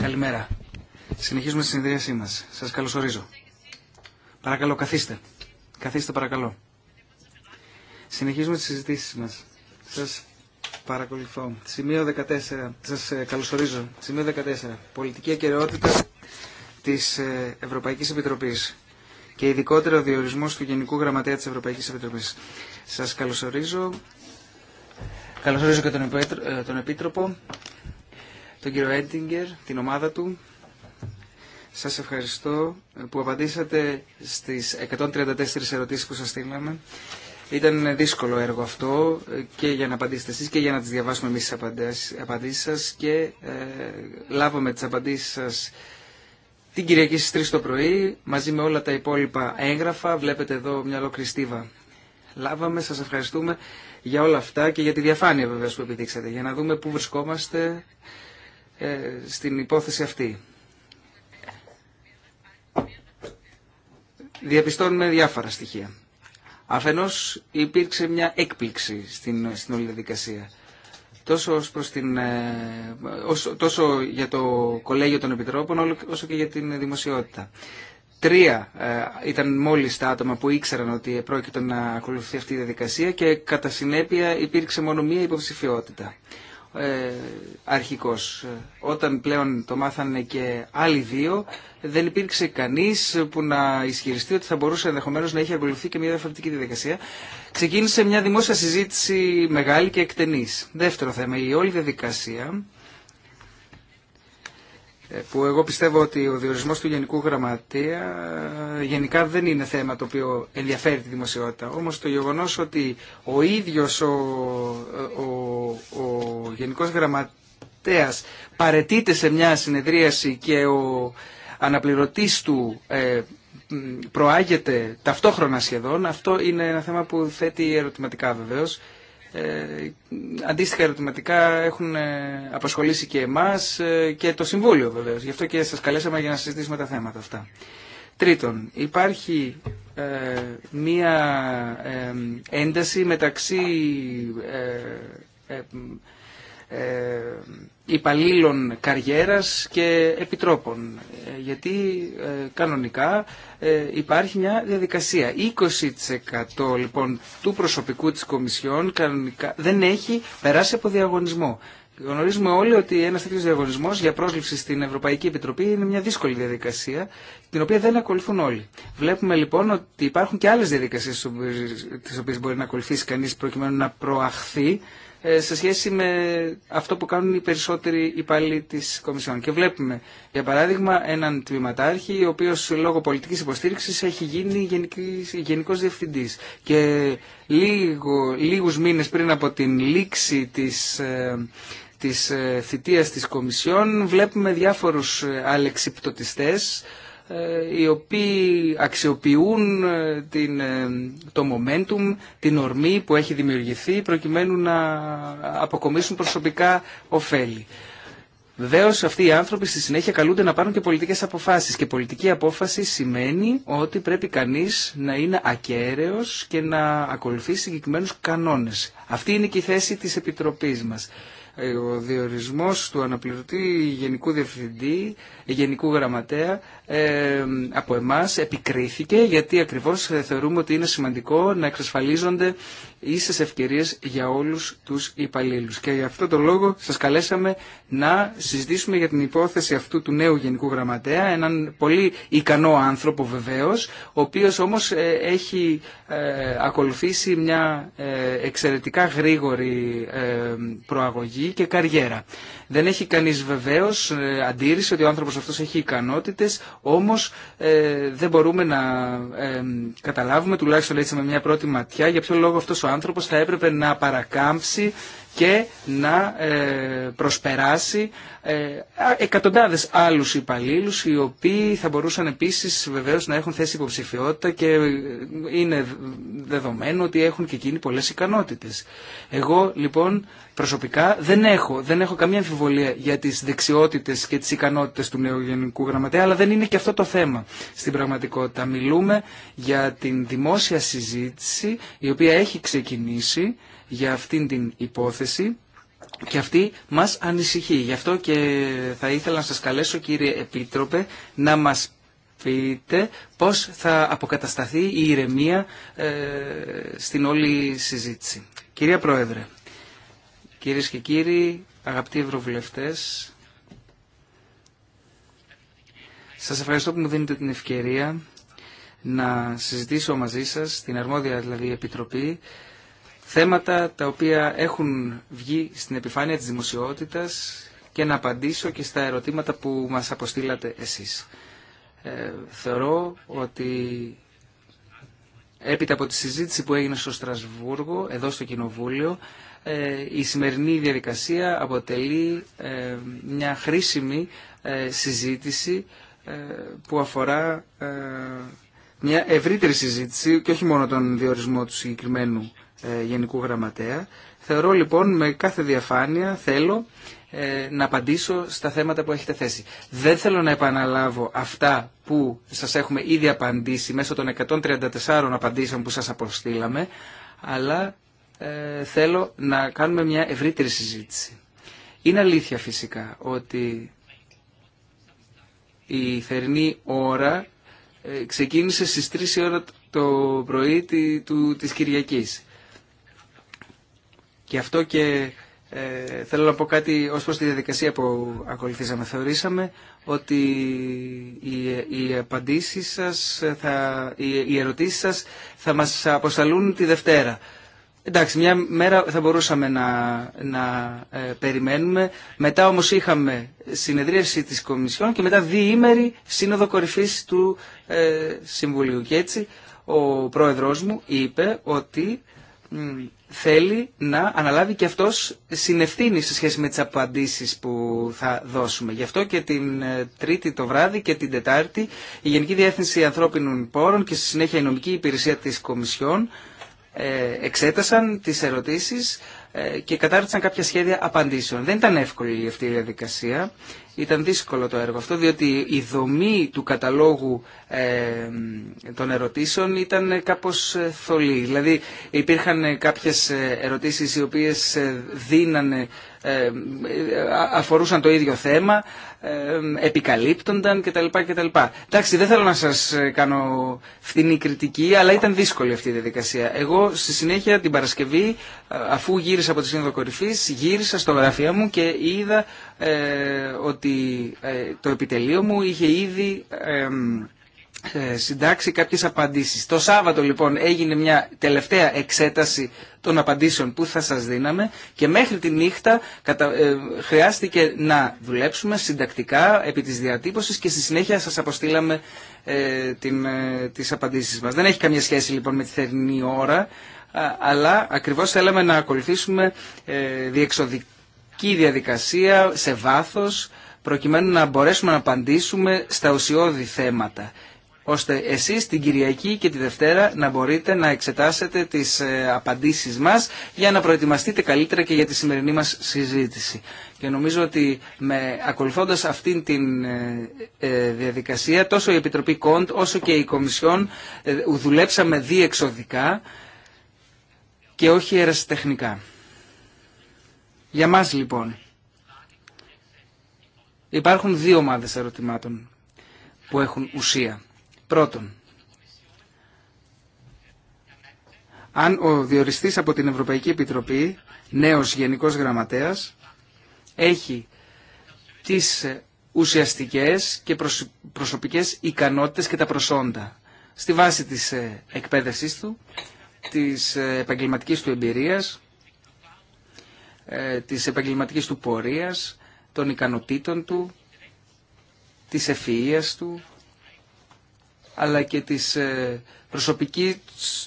Καλημέρα. Συνεχίζουμε τη συνεδρίασή μας. Σας καλωσορίζω. Παρακαλώ, καθίστε. Καθίστε, παρακαλώ. Συνεχίζουμε τις συζητήσει μας. Σας παρακολουθώ. Σημείο 14. Σας ε, καλωσορίζω. Σημείο 14. Πολιτική ακαιρεότητα της ε, Ευρωπαϊκής Επιτροπής και ειδικότερα ο διορισμός του Γενικού Γραμματέα της Ευρωπαϊκής Επιτροπή. Σα καλωσορίζω Καλωσορίζω και ε, τον Επίτροπο, τον κύριο Έντιγκερ, την ομάδα του. Σας ευχαριστώ ε, που απαντήσατε στις 134 ερωτήσεις που σας στείλαμε. Ήταν δύσκολο έργο αυτό ε, και για να απαντήσετε εσείς και για να τις διαβάσουμε εμείς τις απαντήσεις σας και λάβαμε τις απαντήσεις σας την Κυριακή στις 3 το πρωί μαζί με όλα τα υπόλοιπα έγγραφα. Βλέπετε εδώ μια ολόκληρη στίβα. Λάβαμε, σας ευχαριστούμε για όλα αυτά και για τη διαφάνεια βεβαίως που επιδείξατε, για να δούμε πού βρισκόμαστε ε, στην υπόθεση αυτή. Διαπιστώνουμε διάφορα στοιχεία. Αφενός υπήρξε μια έκπληξη στην, στην όλη διαδικασία. Τόσο, ως προς την, ε, τόσο για το Κολέγιο των Επιτρόπων όσο και για την δημοσιότητα. Τρία ε, ήταν μόλι τα άτομα που ήξεραν ότι πρόκειται να ακολουθεί αυτή η διαδικασία και κατά συνέπεια υπήρξε μόνο μία υποψηφιότητα ε, αρχικός. Όταν πλέον το μάθανε και άλλοι δύο, δεν υπήρξε κανείς που να ισχυριστεί ότι θα μπορούσε ενδεχομένως να έχει ακολουθεί και μια διαφορετική διαδικασία. Ξεκίνησε μια δημόσια συζήτηση μεγάλη και εκτενής. Δεύτερο θέμα, η όλη διαδικασία ε, που εγώ πιστεύω ότι ο διορισμός του Γενικού Γραμματέα ε, γενικά δεν είναι θέμα το οποίο ενδιαφέρει τη δημοσιότητα. Όμως το γεγονός ότι ο ίδιος ο, ε, ο, ο Γενικός Γραμματέας παρετείται σε μια συνεδρίαση και ο αναπληρωτής του ε, προάγεται ταυτόχρονα σχεδόν, αυτό είναι ένα θέμα που θέτει ερωτηματικά βεβαίως ε, αντίστοιχα ερωτηματικά έχουν ε, απασχολήσει και εμάς ε, και το Συμβούλιο βεβαίως. Γι' αυτό και σας καλέσαμε για να συζητήσουμε τα θέματα αυτά. Τρίτον, υπάρχει ε, μία ένταση μεταξύ ε, υπαλλήλων καριέρας και επιτρόπων. Ε, γιατί ε, κανονικά ε, υπάρχει μια διαδικασία. 20% λοιπόν του προσωπικού της Κομισιόν κανονικά δεν έχει περάσει από διαγωνισμό. Γνωρίζουμε όλοι ότι ένας τέτοιο διαγωνισμός για πρόσληψη στην Ευρωπαϊκή Επιτροπή είναι μια δύσκολη διαδικασία, την οποία δεν ακολουθούν όλοι. Βλέπουμε λοιπόν ότι υπάρχουν και άλλες διαδικασίε τι οποίες μπορεί να ακολουθήσει κανείς προκειμένου να προαχθεί ε, σε σχέση με αυτό που κάνουν οι περισσότεροι υπάλληλοι της Κομισιόν. Και βλέπουμε, για παράδειγμα, έναν τμήματάρχη, ο οποίος λόγω πολιτικής υποστήριξη έχει γίνει γενικός διευθυντή. Και λίγο, λίγους μήνες πριν από την λήξη της ε, της ε, θητείας της Κομισιόν βλέπουμε διάφορους αλεξιπτοτιστές ε, οι οποίοι αξιοποιούν ε, την, ε, το momentum, την ορμή που έχει δημιουργηθεί προκειμένου να αποκομίσουν προσωπικά ωφέλη. Βεβαίω αυτοί οι άνθρωποι στη συνέχεια καλούνται να πάρουν και πολιτικές αποφάσεις και πολιτική απόφαση σημαίνει ότι πρέπει κανείς να είναι ακέραιος και να ακολουθεί συγκεκριμένους κανόνες. Αυτή είναι και η θέση της Επιτροπής μας. Ο διορισμός του αναπληρωτή γενικού διευθυντή, γενικού γραμματέα ε, από εμάς επικρίθηκε γιατί ακριβώς θεωρούμε ότι είναι σημαντικό να εξασφαλίζονται ίσες ευκαιρίες για όλους τους υπαλλήλους. Και γι' αυτό το λόγο σας καλέσαμε να συζητήσουμε για την υπόθεση αυτού του νέου Γενικού Γραμματέα, έναν πολύ ικανό άνθρωπο βεβαίως, ο οποίος όμως ε, έχει ε, ακολουθήσει μια ε, εξαιρετικά γρήγορη προαγωγή και καριέρα. Δεν έχει κανείς βεβαίως αντίρρηση ότι ο άνθρωπος αυτός έχει ικανότητες, όμως δεν μπορούμε να καταλάβουμε, τουλάχιστον έτσι με μια πρώτη ματιά, για ποιο λόγο αυτός ο άνθρωπος θα έπρεπε να παρακάμψει και να ε, προσπεράσει ε, εκατοντάδες άλλους υπαλλήλους οι οποίοι θα μπορούσαν επίσης βεβαίως να έχουν θέση υποψηφιότητα και ε, είναι δεδομένο ότι έχουν και εκείνοι πολλές ικανότητες. Εγώ λοιπόν προσωπικά δεν έχω, δεν έχω καμία αμφιβολία για τις δεξιότητες και τις ικανότητες του νέου Γενικού Γραμματέα αλλά δεν είναι και αυτό το θέμα στην πραγματικότητα. Μιλούμε για την δημόσια συζήτηση η οποία έχει ξεκινήσει για αυτήν την υπόθεση και αυτή μας ανησυχεί. Γι' αυτό και θα ήθελα να σας καλέσω κύριε Επίτροπε να μας πείτε πώς θα αποκατασταθεί η ηρεμία ε, στην όλη συζήτηση. Κυρία Πρόεδρε, κυρίες και κύριοι, αγαπητοί ευρωβουλευτές, σας ευχαριστώ που μου δίνετε την ευκαιρία να συζητήσω μαζί σας, την αρμόδια δηλαδή επιτροπή, θέματα τα οποία έχουν βγει στην επιφάνεια της δημοσιότητας και να απαντήσω και στα ερωτήματα που μας αποστήλατε εσείς. Ε, θεωρώ ότι έπειτα από τη συζήτηση που έγινε στο Στρασβούργο, εδώ στο Κοινοβούλιο, ε, η σημερινή διαδικασία αποτελεί ε, μια χρήσιμη ε, συζήτηση που αφορά μια ευρύτερη συζήτηση και όχι μόνο τον διορισμό του συγκεκριμένου ε, Γενικού Γραμματέα. Θεωρώ λοιπόν με κάθε διαφάνεια θέλω ε, να απαντήσω στα θέματα που έχετε θέσει. Δεν θέλω να επαναλάβω αυτά που σας έχουμε ήδη απαντήσει μέσω των 134 απαντήσεων που σας αποστήλαμε, αλλά ε, θέλω να κάνουμε μια ευρύτερη συζήτηση. Είναι αλήθεια φυσικά ότι η θερινή ώρα ξεκίνησε στις 3 η ώρα το πρωί της Κυριακής. Και αυτό και ε, θέλω να πω κάτι ως προς τη διαδικασία που ακολουθήσαμε. Θεωρήσαμε ότι οι, οι απαντήσεις θα, οι, οι ερωτήσεις σας θα μας αποσταλούν τη Δευτέρα. Εντάξει, μια μέρα θα μπορούσαμε να, να ε, περιμένουμε. Μετά όμως είχαμε συνεδρίαση της Κομισιόν και μετά διήμερη σύνοδο κορυφής του ε, Συμβουλίου. Και έτσι ο πρόεδρος μου είπε ότι θέλει να αναλάβει και αυτός συνευθύνη σε σχέση με τις απαντήσεις που θα δώσουμε. Γι' αυτό και την ε, Τρίτη το βράδυ και την Τετάρτη η Γενική Διεύθυνση Ανθρώπινων Πόρων και στη συνέχεια η Νομική Υπηρεσία της Κομισιόν ε, εξέτασαν τις ερωτήσεις ε, και κατάρτισαν κάποια σχέδια απαντήσεων. Δεν ήταν εύκολη αυτή η διαδικασία. Ήταν δύσκολο το έργο αυτό, διότι η δομή του καταλόγου ε, των ερωτήσεων ήταν κάπως ε, θολή. Δηλαδή υπήρχαν κάποιες ερωτήσεις οι οποίες δίνανε ε, αφορούσαν το ίδιο θέμα, ε, επικαλύπτονταν κτλ. κτλ. Εντάξει, δεν θέλω να σας ε, κάνω φθηνή κριτική, αλλά ήταν δύσκολη αυτή η διαδικασία. Εγώ στη συνέχεια την Παρασκευή, αφού γύρισα από τη Σύνοδο Κορυφής, γύρισα στο γραφείο μου και είδα ε, ότι το επιτελείο μου είχε ήδη... Ε, ε, συντάξει κάποιες απαντήσεις. Το Σάββατο λοιπόν έγινε μια τελευταία εξέταση των απαντήσεων που θα σας δίναμε και μέχρι τη νύχτα ε, χρειάστηκε να δουλέψουμε συντακτικά επί της διατύπωσης και στη συνέχεια σας αποστήλαμε ε, την, τις απαντήσεις μας. Δεν έχει καμία σχέση λοιπόν με τη θερινή ώρα, αλλά ακριβώς θέλαμε να ακολουθήσουμε διεξοδική διαδικασία σε βάθος προκειμένου να μπορέσουμε να απαντήσουμε στα ουσιώδη θέματα ώστε εσείς την Κυριακή και τη Δευτέρα να μπορείτε να εξετάσετε τις ε, απαντήσεις μας για να προετοιμαστείτε καλύτερα και για τη σημερινή μας συζήτηση. Και νομίζω ότι με, ακολουθώντας αυτήν την ε, ε, διαδικασία τόσο η Επιτροπή Κοντ όσο και η Κομισιόν ε, δουλέψαμε διεξοδικά και όχι ερασιτεχνικά. Για μας λοιπόν υπάρχουν δύο ομάδες ερωτημάτων που έχουν ουσία. Πρώτον, αν ο διοριστής από την Ευρωπαϊκή Επιτροπή, νέος Γενικός Γραμματέας, έχει τις ουσιαστικές και προσωπικές ικανότητες και τα προσόντα στη βάση της ε, εκπαίδευσής του, της ε, επαγγελματικής του εμπειρίας, ε, της επαγγελματικής του πορείας, των ικανοτήτων του, της ευφυΐας του, αλλά και της ε, προσωπικής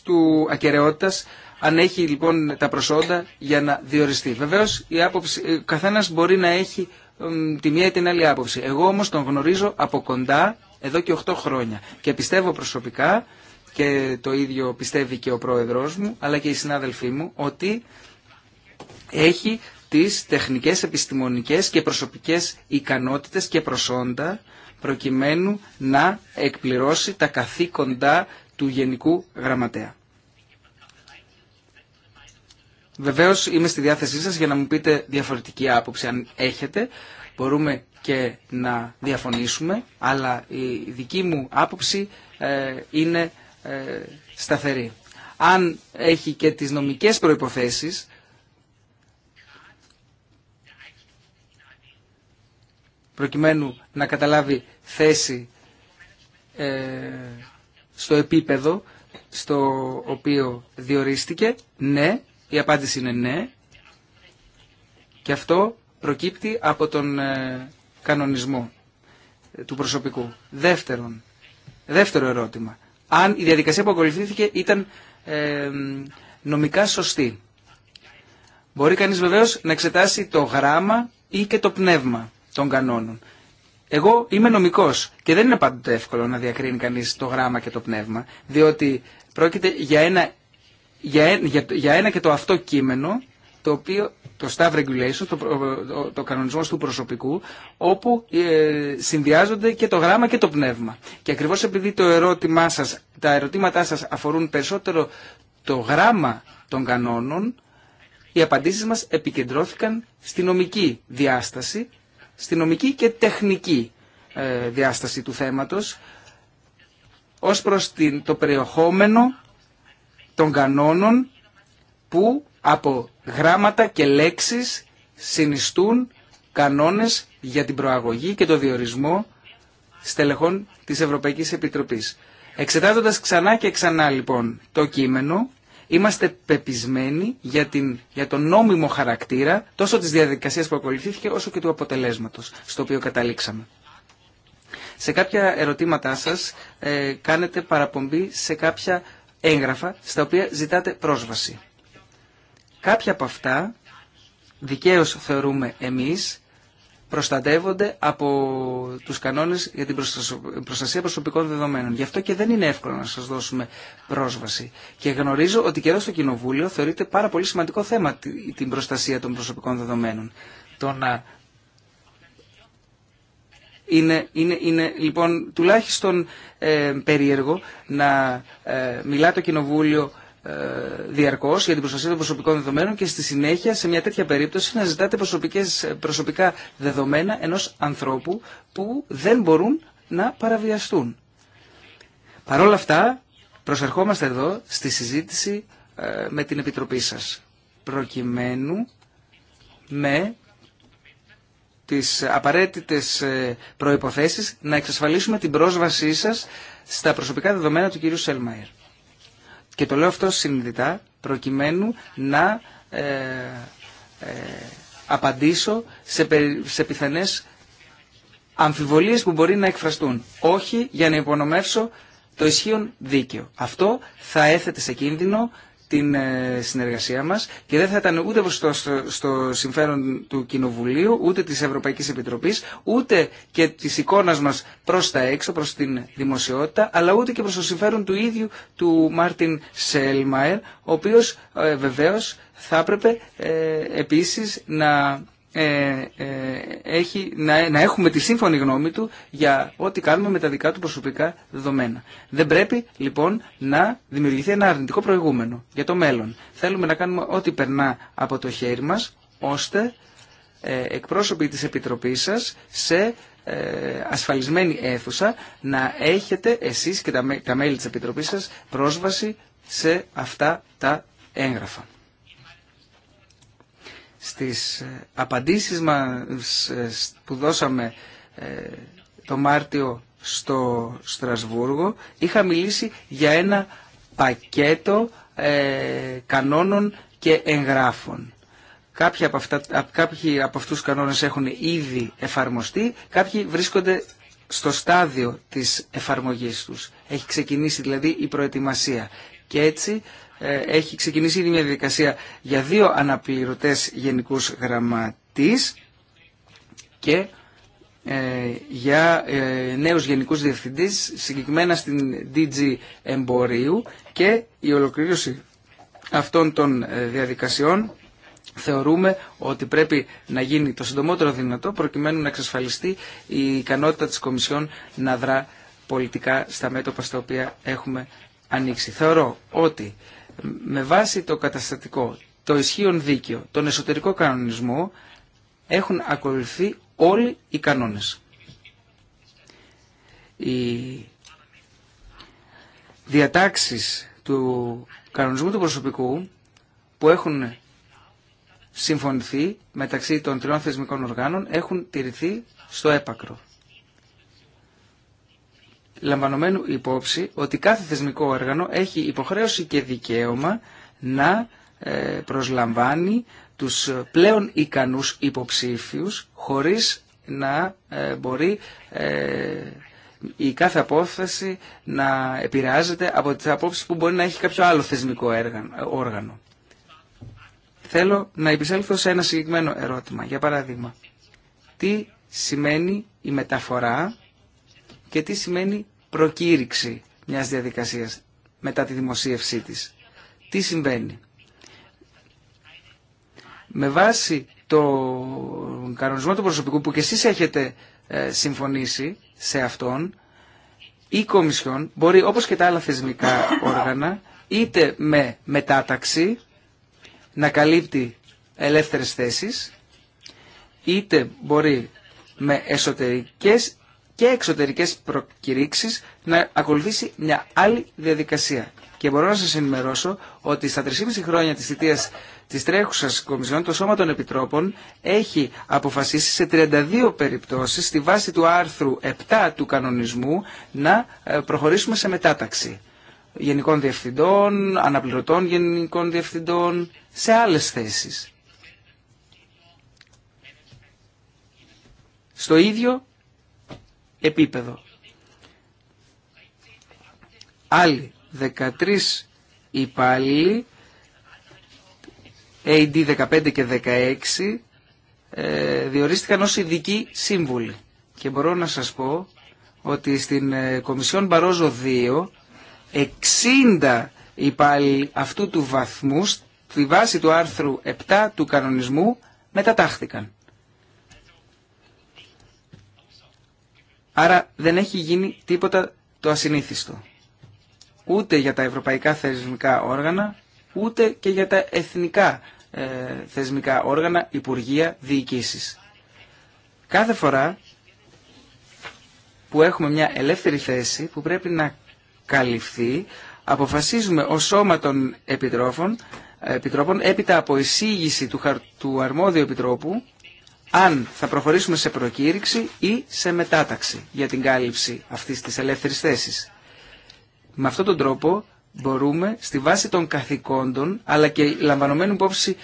του ακαιρεότητας αν έχει λοιπόν τα προσόντα για να διοριστεί. Βεβαίως η άποψη, ε, καθένας μπορεί να έχει τη μία ή την άλλη άποψη. Εγώ όμως τον γνωρίζω από κοντά εδώ και 8 χρόνια και πιστεύω προσωπικά και το ίδιο πιστεύει και ο πρόεδρός μου αλλά και οι συνάδελφοί μου ότι έχει τις τεχνικές, επιστημονικές και προσωπικές ικανότητες και προσόντα προκειμένου να εκπληρώσει τα καθήκοντα του Γενικού Γραμματέα. Βεβαίω είμαι στη διάθεσή σας για να μου πείτε διαφορετική άποψη αν έχετε. Μπορούμε και να διαφωνήσουμε, αλλά η δική μου άποψη ε, είναι ε, σταθερή. Αν έχει και τις νομικές προϋποθέσεις προκειμένου να καταλάβει θέση ε, στο επίπεδο στο οποίο διορίστηκε. Ναι, η απάντηση είναι ναι. Και αυτό προκύπτει από τον ε, κανονισμό ε, του προσωπικού. Δεύτερον, δεύτερο ερώτημα. Αν η διαδικασία που ακολουθήθηκε ήταν νομικά σωστή. Μπορεί κανείς βεβαίως να εξετάσει το γράμμα ή και το πνεύμα των κανόνων. Εγώ είμαι νομικός και δεν είναι πάντοτε εύκολο να διακρίνει κανείς το γράμμα και το πνεύμα, διότι πρόκειται για ένα, για, για, ένα και το αυτό κείμενο, το οποίο το staff regulation, το, το, κανονισμός του προσωπικού, όπου ε, συνδυάζονται και το γράμμα και το πνεύμα. Και ακριβώς επειδή το ερώτημά σας, τα ερωτήματά σα αφορούν περισσότερο το γράμμα των κανόνων, οι απαντήσεις μας επικεντρώθηκαν στη νομική διάσταση στη νομική και τεχνική ε, διάσταση του θέματος ως προς το περιεχόμενο των κανόνων που από γράμματα και λέξεις συνιστούν κανόνες για την προαγωγή και το διορισμό στελεχών της Ευρωπαϊκής Επιτροπής. Εξετάζοντας ξανά και ξανά λοιπόν το κείμενο, Είμαστε πεπισμένοι για, την, για τον νόμιμο χαρακτήρα τόσο της διαδικασίας που ακολουθήθηκε όσο και του αποτελέσματος στο οποίο καταλήξαμε. Σε κάποια ερωτήματά σας ε, κάνετε παραπομπή σε κάποια έγγραφα στα οποία ζητάτε πρόσβαση. Κάποια από αυτά δικαίως θεωρούμε εμείς προστατεύονται από τους κανόνες για την προστασία προσωπικών δεδομένων. Γι' αυτό και δεν είναι εύκολο να σας δώσουμε πρόσβαση. Και γνωρίζω ότι και εδώ στο Κοινοβούλιο θεωρείται πάρα πολύ σημαντικό θέμα την προστασία των προσωπικών δεδομένων. Το να είναι, είναι, είναι λοιπόν τουλάχιστον ε, περίεργο να ε, μιλά το Κοινοβούλιο ε, Διαρκώ για την προστασία των προσωπικών δεδομένων και στη συνέχεια σε μια τέτοια περίπτωση να ζητάτε προσωπικές, προσωπικά δεδομένα ενός ανθρώπου που δεν μπορούν να παραβιαστούν. Παρ' όλα αυτά προσερχόμαστε εδώ στη συζήτηση ε, με την Επιτροπή σας προκειμένου με τις απαραίτητες ε, προϋποθέσεις να εξασφαλίσουμε την πρόσβασή σας στα προσωπικά δεδομένα του κυρίου Σελμαϊρ. Και το λέω αυτό συνειδητά προκειμένου να ε, ε, απαντήσω σε, σε πιθανές αμφιβολίες που μπορεί να εκφραστούν. Όχι για να υπονομεύσω το ισχύον δίκαιο. Αυτό θα έθετε σε κίνδυνο την ε, συνεργασία μας και δεν θα ήταν ούτε στο, στο συμφέρον του Κοινοβουλίου, ούτε της Ευρωπαϊκής Επιτροπής, ούτε και της εικόνας μας προς τα έξω, προς την δημοσιότητα, αλλά ούτε και προς το συμφέρον του ίδιου του Μάρτιν Σέλμαερ, ο οποίος ε, βεβαίως θα έπρεπε ε, επίσης να ε, ε, έχει, να, να έχουμε τη σύμφωνη γνώμη του για ό,τι κάνουμε με τα δικά του προσωπικά δεδομένα. Δεν πρέπει λοιπόν να δημιουργηθεί ένα αρνητικό προηγούμενο για το μέλλον. Θέλουμε να κάνουμε ό,τι περνά από το χέρι μας ώστε ε, εκπρόσωποι της Επιτροπής σας σε ε, ασφαλισμένη αίθουσα να έχετε εσείς και τα, τα μέλη της Επιτροπής σας πρόσβαση σε αυτά τα έγγραφα στις απαντήσεις μας ε, που δώσαμε ε, το Μάρτιο στο Στρασβούργο είχα μιλήσει για ένα πακέτο ε, κανόνων και εγγράφων. Κάποιοι από, αυτά, κάποιοι από αυτούς τους κανόνες έχουν ήδη εφαρμοστεί, κάποιοι βρίσκονται στο στάδιο της εφαρμογής τους. Έχει ξεκινήσει δηλαδή η προετοιμασία. Και έτσι ε, έχει ξεκινήσει ήδη μια διαδικασία για δύο αναπληρωτές γενικούς γραμματείς και ε, για ε, νέους γενικούς διευθυντής, συγκεκριμένα στην DG Εμπορίου και η ολοκλήρωση αυτών των διαδικασιών θεωρούμε ότι πρέπει να γίνει το συντομότερο δυνατό προκειμένου να εξασφαλιστεί η ικανότητα της Κομισιόν να δρά πολιτικά στα μέτωπα στα οποία έχουμε ανοίξει. Θεωρώ ότι με βάση το καταστατικό, το ισχύον δίκαιο, τον εσωτερικό κανονισμό έχουν ακολουθεί όλοι οι κανόνες. Οι διατάξεις του κανονισμού του προσωπικού που έχουν συμφωνηθεί μεταξύ των τριών θεσμικών οργάνων έχουν τηρηθεί στο έπακρο λαμβανομένου υπόψη ότι κάθε θεσμικό όργανο έχει υποχρέωση και δικαίωμα να ε, προσλαμβάνει τους πλέον ικανούς υποψήφιους χωρίς να ε, μπορεί ε, η κάθε απόφαση να επηρεάζεται από τις απόψεις που μπορεί να έχει κάποιο άλλο θεσμικό όργανο. Θέλω να επισέλθω σε ένα συγκεκριμένο ερώτημα. Για παράδειγμα, τι σημαίνει η μεταφορά και τι σημαίνει προκήρυξη μιας διαδικασίας μετά τη δημοσίευσή της. Τι συμβαίνει. Με βάση τον κανονισμό του προσωπικού που και εσείς έχετε ε, συμφωνήσει σε αυτόν, η Κομισιόν μπορεί όπως και τα άλλα θεσμικά όργανα είτε με μετάταξη να καλύπτει ελεύθερες θέσεις είτε μπορεί με εσωτερικές και εξωτερικές προκηρύξεις να ακολουθήσει μια άλλη διαδικασία. Και μπορώ να σας ενημερώσω ότι στα 3,5 χρόνια της θητείας της τρέχουσας Κομισιόν το Σώμα των Επιτρόπων έχει αποφασίσει σε 32 περιπτώσεις στη βάση του άρθρου 7 του κανονισμού να ε, προχωρήσουμε σε μετάταξη γενικών διευθυντών, αναπληρωτών γενικών διευθυντών, σε άλλες θέσεις. Στο ίδιο επίπεδο. Άλλοι 13 υπάλληλοι, AD 15 και 16, ε, διορίστηκαν ως ειδικοί σύμβουλοι. Και μπορώ να σας πω ότι στην ε, Κομισιόν Μπαρόζο 2 60 υπάλληλοι αυτού του βαθμού στη βάση του άρθρου 7 του κανονισμού μετατάχθηκαν. Άρα δεν έχει γίνει τίποτα το ασυνήθιστο. Ούτε για τα ευρωπαϊκά θεσμικά όργανα, ούτε και για τα εθνικά ε, θεσμικά όργανα, υπουργεία, διοικήσεις. Κάθε φορά που έχουμε μια ελεύθερη θέση που πρέπει να καλυφθεί, αποφασίζουμε ως σώμα των επιτρόπων, ε, επιτρόπων έπειτα από εισήγηση του, του αρμόδιου επιτρόπου, αν θα προχωρήσουμε σε προκήρυξη ή σε μετάταξη για την κάλυψη αυτής της ελεύθερης θέσης. Με αυτόν τον τρόπο μπορούμε στη βάση των καθηκόντων αλλά και λαμβανωμένου υπόψη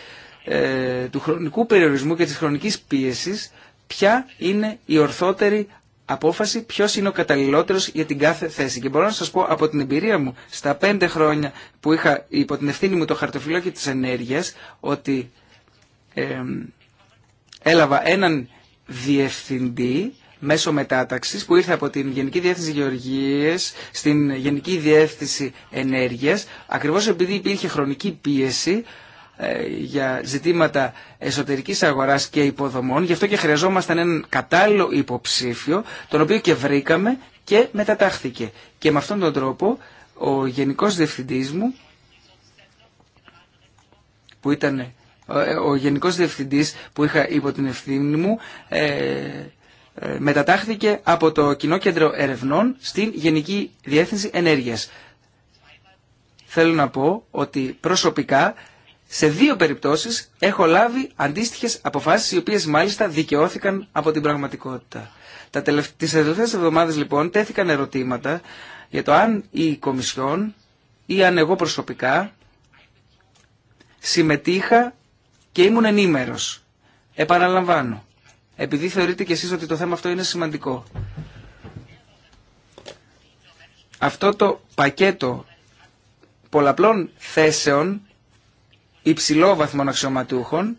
ε, του χρονικού περιορισμού και της χρονικής πίεσης ποια είναι η ορθότερη απόφαση ποιος είναι ο καταλληλότερος για την κάθε θέση. Και μπορώ να σας πω από την εμπειρία μου στα πέντε χρόνια που είχα υπό την ευθύνη μου το και της ενέργειας ότι... Ε, έλαβα έναν διευθυντή μέσω μετάταξης που ήρθε από την Γενική Διεύθυνση Γεωργίες στην Γενική Διεύθυνση Ενέργειας ακριβώς επειδή υπήρχε χρονική πίεση ε, για ζητήματα εσωτερικής αγοράς και υποδομών γι' αυτό και χρειαζόμασταν έναν κατάλληλο υποψήφιο τον οποίο και βρήκαμε και μετατάχθηκε και με αυτόν τον τρόπο ο Γενικός Διευθυντής μου που ήταν ε, ο Γενικός Διευθυντής που είχα υπό την ευθύνη μου ε, ε, μετατάχθηκε από το Κοινό Κέντρο Ερευνών στην Γενική Διεύθυνση Ενέργειας. Θέλω να πω ότι προσωπικά σε δύο περιπτώσεις έχω λάβει αντίστοιχες αποφάσεις οι οποίες μάλιστα δικαιώθηκαν από την πραγματικότητα. Τα τελευ... Τις εβδομάδες λοιπόν τέθηκαν ερωτήματα για το αν η Κομισιόν ή αν εγώ προσωπικά συμμετείχα και ήμουν ενήμερο. Επαναλαμβάνω, επειδή θεωρείτε κι εσείς ότι το θέμα αυτό είναι σημαντικό. Αυτό το πακέτο πολλαπλών θέσεων υψηλόβαθμων αξιωματούχων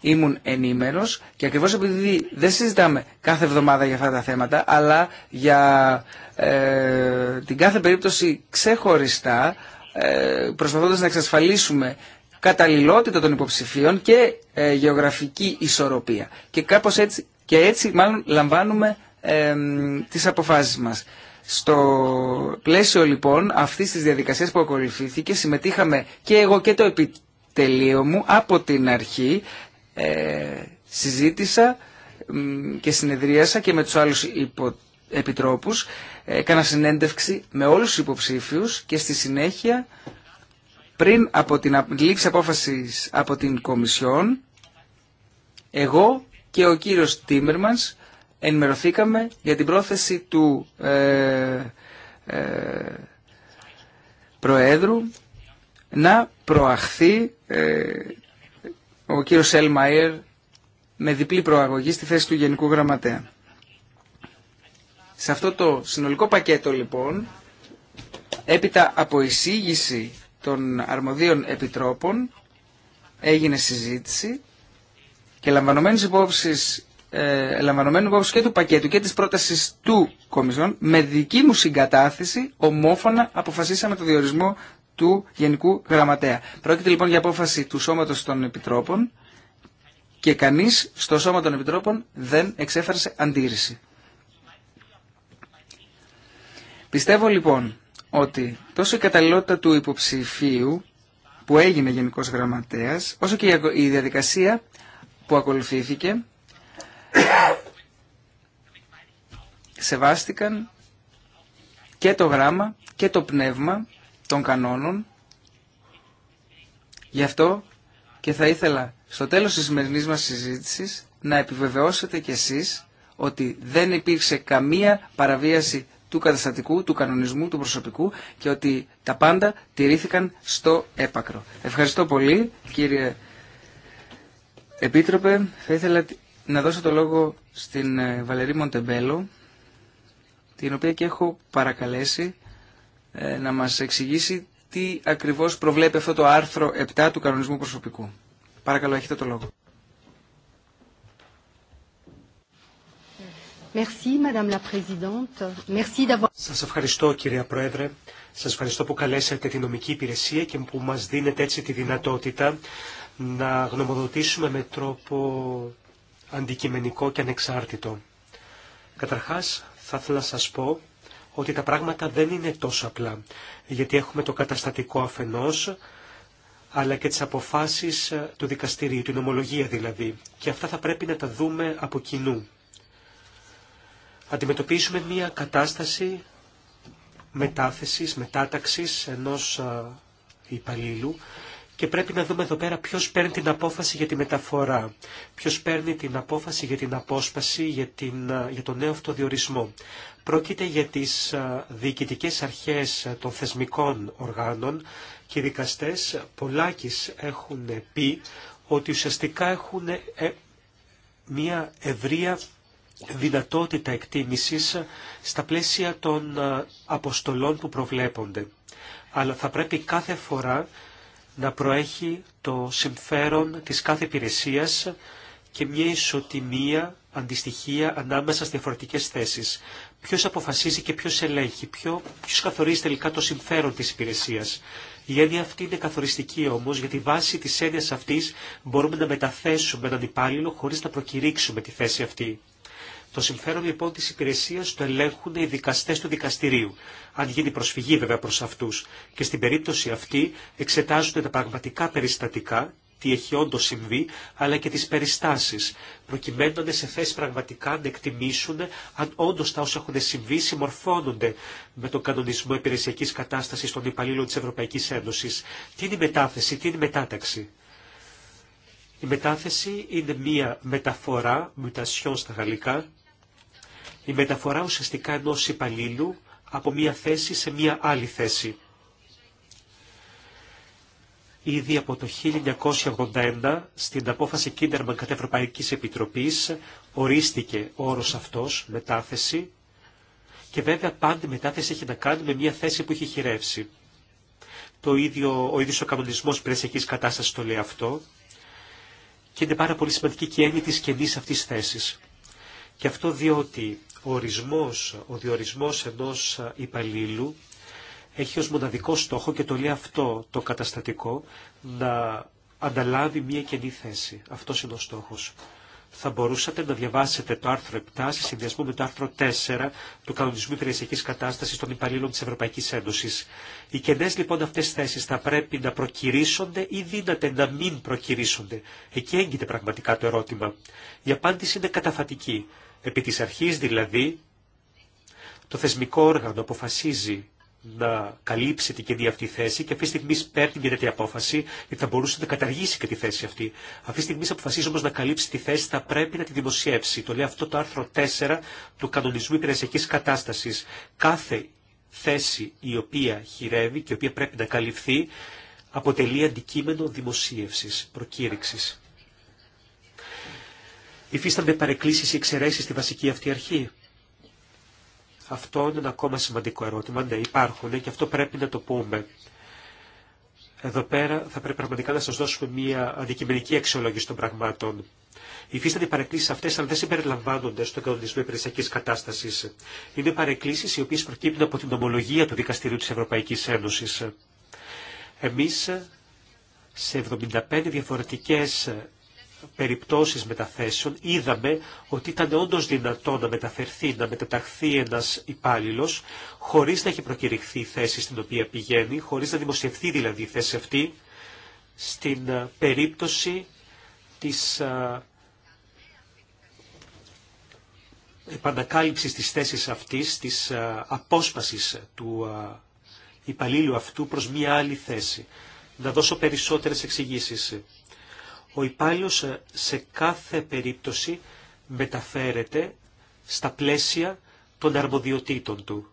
ήμουν ενήμερος και ακριβώς επειδή δεν συζητάμε κάθε εβδομάδα για αυτά τα θέματα αλλά για ε, την κάθε περίπτωση ξεχωριστά ε, προσπαθώντας να εξασφαλίσουμε καταλληλότητα των υποψηφίων και ε, γεωγραφική ισορροπία. Και κάπως έτσι, και έτσι μάλλον λαμβάνουμε τις αποφάσεις μας. Στο πλαίσιο λοιπόν αυτής της διαδικασίας που ακολουθήθηκε συμμετείχαμε και εγώ και το επιτελείο μου από την αρχή ε, συζήτησα και συνεδρίασα και με τους άλλους υποτελείους επιτρόπους, ε, έκανα συνέντευξη με όλους τους υποψήφιους και στη συνέχεια πριν από την λήψη απόφασης από την Κομισιόν, εγώ και ο κύριος Τίμερμανς ενημερωθήκαμε για την πρόθεση του ε, ε, Προέδρου να προαχθεί ο κύριος Ελμαϊερ με διπλή προαγωγή στη θέση του Γενικού Γραμματέα. Σε αυτό το συνολικό πακέτο λοιπόν, έπειτα από εισήγηση των αρμοδίων επιτρόπων, έγινε συζήτηση και λαμβανομένης υπόψης ε, λαμβανομένου υπόψη και του πακέτου και της πρότασης του Κομισιόν, με δική μου συγκατάθεση ομόφωνα αποφασίσαμε το διορισμό του Γενικού Γραμματέα. Πρόκειται λοιπόν για απόφαση του Σώματος των Επιτρόπων και κανείς στο Σώμα των Επιτρόπων δεν εξέφρασε αντίρρηση. Πιστεύω λοιπόν ότι τόσο η καταλληλότητα του υποψηφίου που έγινε Γενικός Γραμματέας, όσο και η διαδικασία που ακολουθήθηκε, σεβάστηκαν και το γράμμα και το πνεύμα των κανόνων. Γι' αυτό και θα ήθελα στο τέλος της σημερινή μας συζήτησης να επιβεβαιώσετε κι εσείς ότι δεν υπήρξε καμία παραβίαση του καταστατικού, του κανονισμού, του προσωπικού και ότι τα πάντα τηρήθηκαν στο έπακρο. Ευχαριστώ πολύ κύριε Επίτροπε. Θα ήθελα να δώσω το λόγο στην ε, Βαλερή Μοντεμπέλο, την οποία και έχω παρακαλέσει ε, να μας εξηγήσει τι ακριβώς προβλέπει αυτό το άρθρο 7 του κανονισμού προσωπικού. Παρακαλώ, έχετε το λόγο. Σας ευχαριστώ κυρία Πρόεδρε. Σας ευχαριστώ που καλέσατε την νομική υπηρεσία και που μας δίνετε έτσι τη δυνατότητα να γνωμοδοτήσουμε με τρόπο αντικειμενικό και ανεξάρτητο. Καταρχάς θα ήθελα να σας πω ότι τα πράγματα δεν είναι τόσο απλά, γιατί έχουμε το καταστατικό αφενός, αλλά και τις αποφάσεις του δικαστηρίου, την ομολογία δηλαδή, και αυτά θα πρέπει να τα δούμε από κοινού. Αντιμετωπίσουμε μια κατάσταση μετάθεσης, μετάταξης ενός υπαλλήλου και πρέπει να δούμε εδώ πέρα ποιος παίρνει την απόφαση για τη μεταφορά, ποιος παίρνει την απόφαση για την απόσπαση, για, την, για τον νέο αυτοδιορισμό. Πρόκειται για τις διοικητικές αρχές των θεσμικών οργάνων και οι δικαστές πολλάκις έχουν πει ότι ουσιαστικά έχουν ε, μία ευρεία δυνατότητα εκτίμησης στα πλαίσια των ε, αποστολών που προβλέπονται. Αλλά θα πρέπει κάθε φορά να προέχει το συμφέρον της κάθε υπηρεσία και μια ισοτιμία, αντιστοιχεία ανάμεσα στις διαφορετικές θέσεις. Ποιος αποφασίζει και ποιος ελέγχει, ποιο, ποιος καθορίζει τελικά το συμφέρον της υπηρεσίας. Η έννοια αυτή είναι καθοριστική όμως, γιατί βάσει της έννοιας αυτής μπορούμε να μεταθέσουμε έναν υπάλληλο χωρίς να προκηρύξουμε τη θέση αυτή. Το συμφέρον λοιπόν τη υπηρεσία το ελέγχουν οι δικαστέ του δικαστηρίου. Αν γίνει προσφυγή βέβαια προ αυτού. Και στην περίπτωση αυτή εξετάζονται τα πραγματικά περιστατικά, τι έχει όντω συμβεί, αλλά και τι περιστάσει. Προκειμένου να σε θέση πραγματικά να εκτιμήσουν αν όντω τα όσα έχουν συμβεί συμμορφώνονται με τον κανονισμό υπηρεσιακή κατάσταση των υπαλλήλων τη Ευρωπαϊκή Ένωση. Τι είναι η μετάθεση, τι είναι η μετάταξη. Η μετάθεση είναι μία μεταφορά, mutation στα γαλλικά, η μεταφορά ουσιαστικά ενό υπαλλήλου από μία θέση σε μία άλλη θέση. Ήδη από το 1981 στην απόφαση Κίντερμαν κατά Ευρωπαϊκής Επιτροπής ορίστηκε όρος αυτός, μετάθεση, και βέβαια πάντα μετάθεση έχει να κάνει με μία θέση που έχει χειρεύσει. Το ίδιο, ο ίδιος ο κανονισμός πρεσιακής κατάστασης το λέει αυτό και είναι πάρα πολύ σημαντική και η έννοια της καινής αυτής θέσης. Και αυτό διότι ορισμός, ο διορισμός ενός υπαλλήλου έχει ως μοναδικό στόχο και το λέει αυτό το καταστατικό να ανταλάβει μία καινή θέση. Αυτό είναι ο στόχος. Θα μπορούσατε να διαβάσετε το άρθρο 7 σε συνδυασμό με το άρθρο 4 του Κανονισμού Υπηρεσιακής Κατάστασης των Υπαλλήλων της Ευρωπαϊκής Ένωσης. Οι κενές λοιπόν αυτές θέσεις θα πρέπει να προκυρήσονται ή δύναται να μην προκυρήσονται. Εκεί έγκυται πραγματικά το ερώτημα. Η απάντηση είναι καταφατική. Επί της αρχής δηλαδή, το θεσμικό όργανο αποφασίζει να καλύψει την κεντή αυτή θέση και αυτή τη στιγμή παίρνει μια τέτοια απόφαση γιατί θα μπορούσε να καταργήσει και τη θέση αυτή. Αυτή τη στιγμή αποφασίζει όμω να καλύψει τη θέση, θα πρέπει να τη δημοσιεύσει. Το λέει αυτό το άρθρο 4 του κανονισμού υπηρεσιακή κατάσταση. Κάθε θέση η οποία χειρεύει και η οποία πρέπει να καλυφθεί αποτελεί αντικείμενο δημοσίευση, προκήρυξη. Υφίστανται παρεκκλήσεις ή εξαιρέσεις στη βασική αυτή αρχή. Αυτό είναι ένα ακόμα σημαντικό ερώτημα. Ναι, υπάρχουν και αυτό πρέπει να το πούμε. Εδώ πέρα θα πρέπει πραγματικά να σας δώσουμε μια αντικειμενική αξιολόγηση των πραγμάτων. Υφίστανται οι παρεκκλήσει αυτέ, αλλά δεν συμπεριλαμβάνονται στον κανονισμό υπηρεσιακή κατάσταση. Είναι παρεκκλήσει οι οποίε προκύπτουν από την ομολογία του Δικαστηρίου τη Ευρωπαϊκή Ένωση. Εμεί σε 75 διαφορετικές περιπτώσεις μεταθέσεων είδαμε ότι ήταν όντως δυνατό να μεταφερθεί, να μεταταχθεί ένας υπάλληλος χωρίς να έχει προκηρυχθεί η θέση στην οποία πηγαίνει, χωρίς να δημοσιευθεί δηλαδή η θέση αυτή, στην ε, περίπτωση της ε, επανακάλυψης της θέσης αυτής, της ε, απόσπασης του υπαλλήλου αυτού προς μία άλλη θέση. Να δώσω περισσότερες εξηγήσεις ο υπάλληλο ε, σε κάθε περίπτωση μεταφέρεται στα πλαίσια των αρμοδιοτήτων του.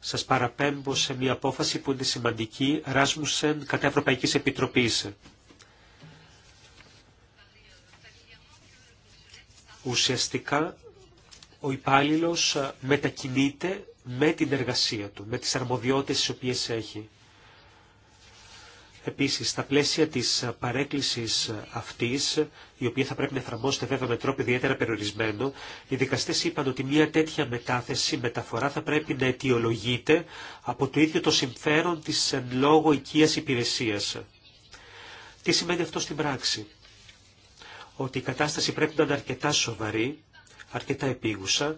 Σας παραπέμπω σε μια απόφαση που είναι σημαντική, Ράσμουσεν κατά Ευρωπαϊκής Επιτροπής. Ουσιαστικά ο υπάλληλος ε, μετακινείται με την εργασία του, με τις αρμοδιότητες τις οποίες έχει. Επίσης, στα πλαίσια της παρέκκλησης αυτής, η οποία θα πρέπει να εφαρμόσετε βέβαια με τρόπο ιδιαίτερα περιορισμένο, οι δικαστές είπαν ότι μια τέτοια μετάθεση, μεταφορά θα πρέπει να αιτιολογείται από το ίδιο το συμφέρον της εν λόγω οικίας υπηρεσίας. Τι σημαίνει αυτό στην πράξη. Ότι η κατάσταση πρέπει να είναι αρκετά σοβαρή, αρκετά επίγουσα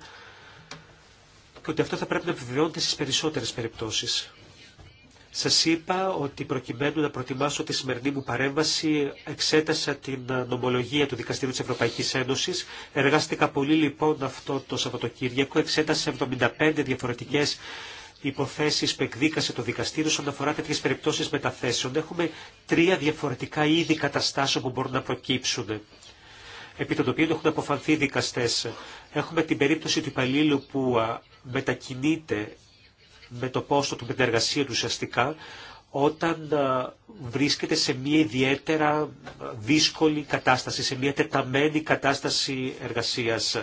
και ότι αυτό θα πρέπει να επιβεβαιώνεται στις περισσότερες περιπτώσεις. Σα είπα ότι προκειμένου να προτιμάσω τη σημερινή μου παρέμβαση εξέτασα την νομολογία του Δικαστηρίου τη Ευρωπαϊκή Ένωση. Εργάστηκα πολύ λοιπόν αυτό το Σαββατοκύριακο. Εξέτασα 75 διαφορετικέ υποθέσει που εκδίκασε το δικαστήριο όσον αφορά τέτοιε περιπτώσει μεταθέσεων. Έχουμε τρία διαφορετικά είδη καταστάσεων που μπορούν να προκύψουν επί των οποίων έχουν αποφανθεί δικαστές. Έχουμε την περίπτωση του υπαλλήλου που μετακινείται με το πόσο του, με εργασία του ουσιαστικά, όταν ε, βρίσκεται σε μια ιδιαίτερα ε, δύσκολη κατάσταση, σε μια τεταμένη κατάσταση εργασίας.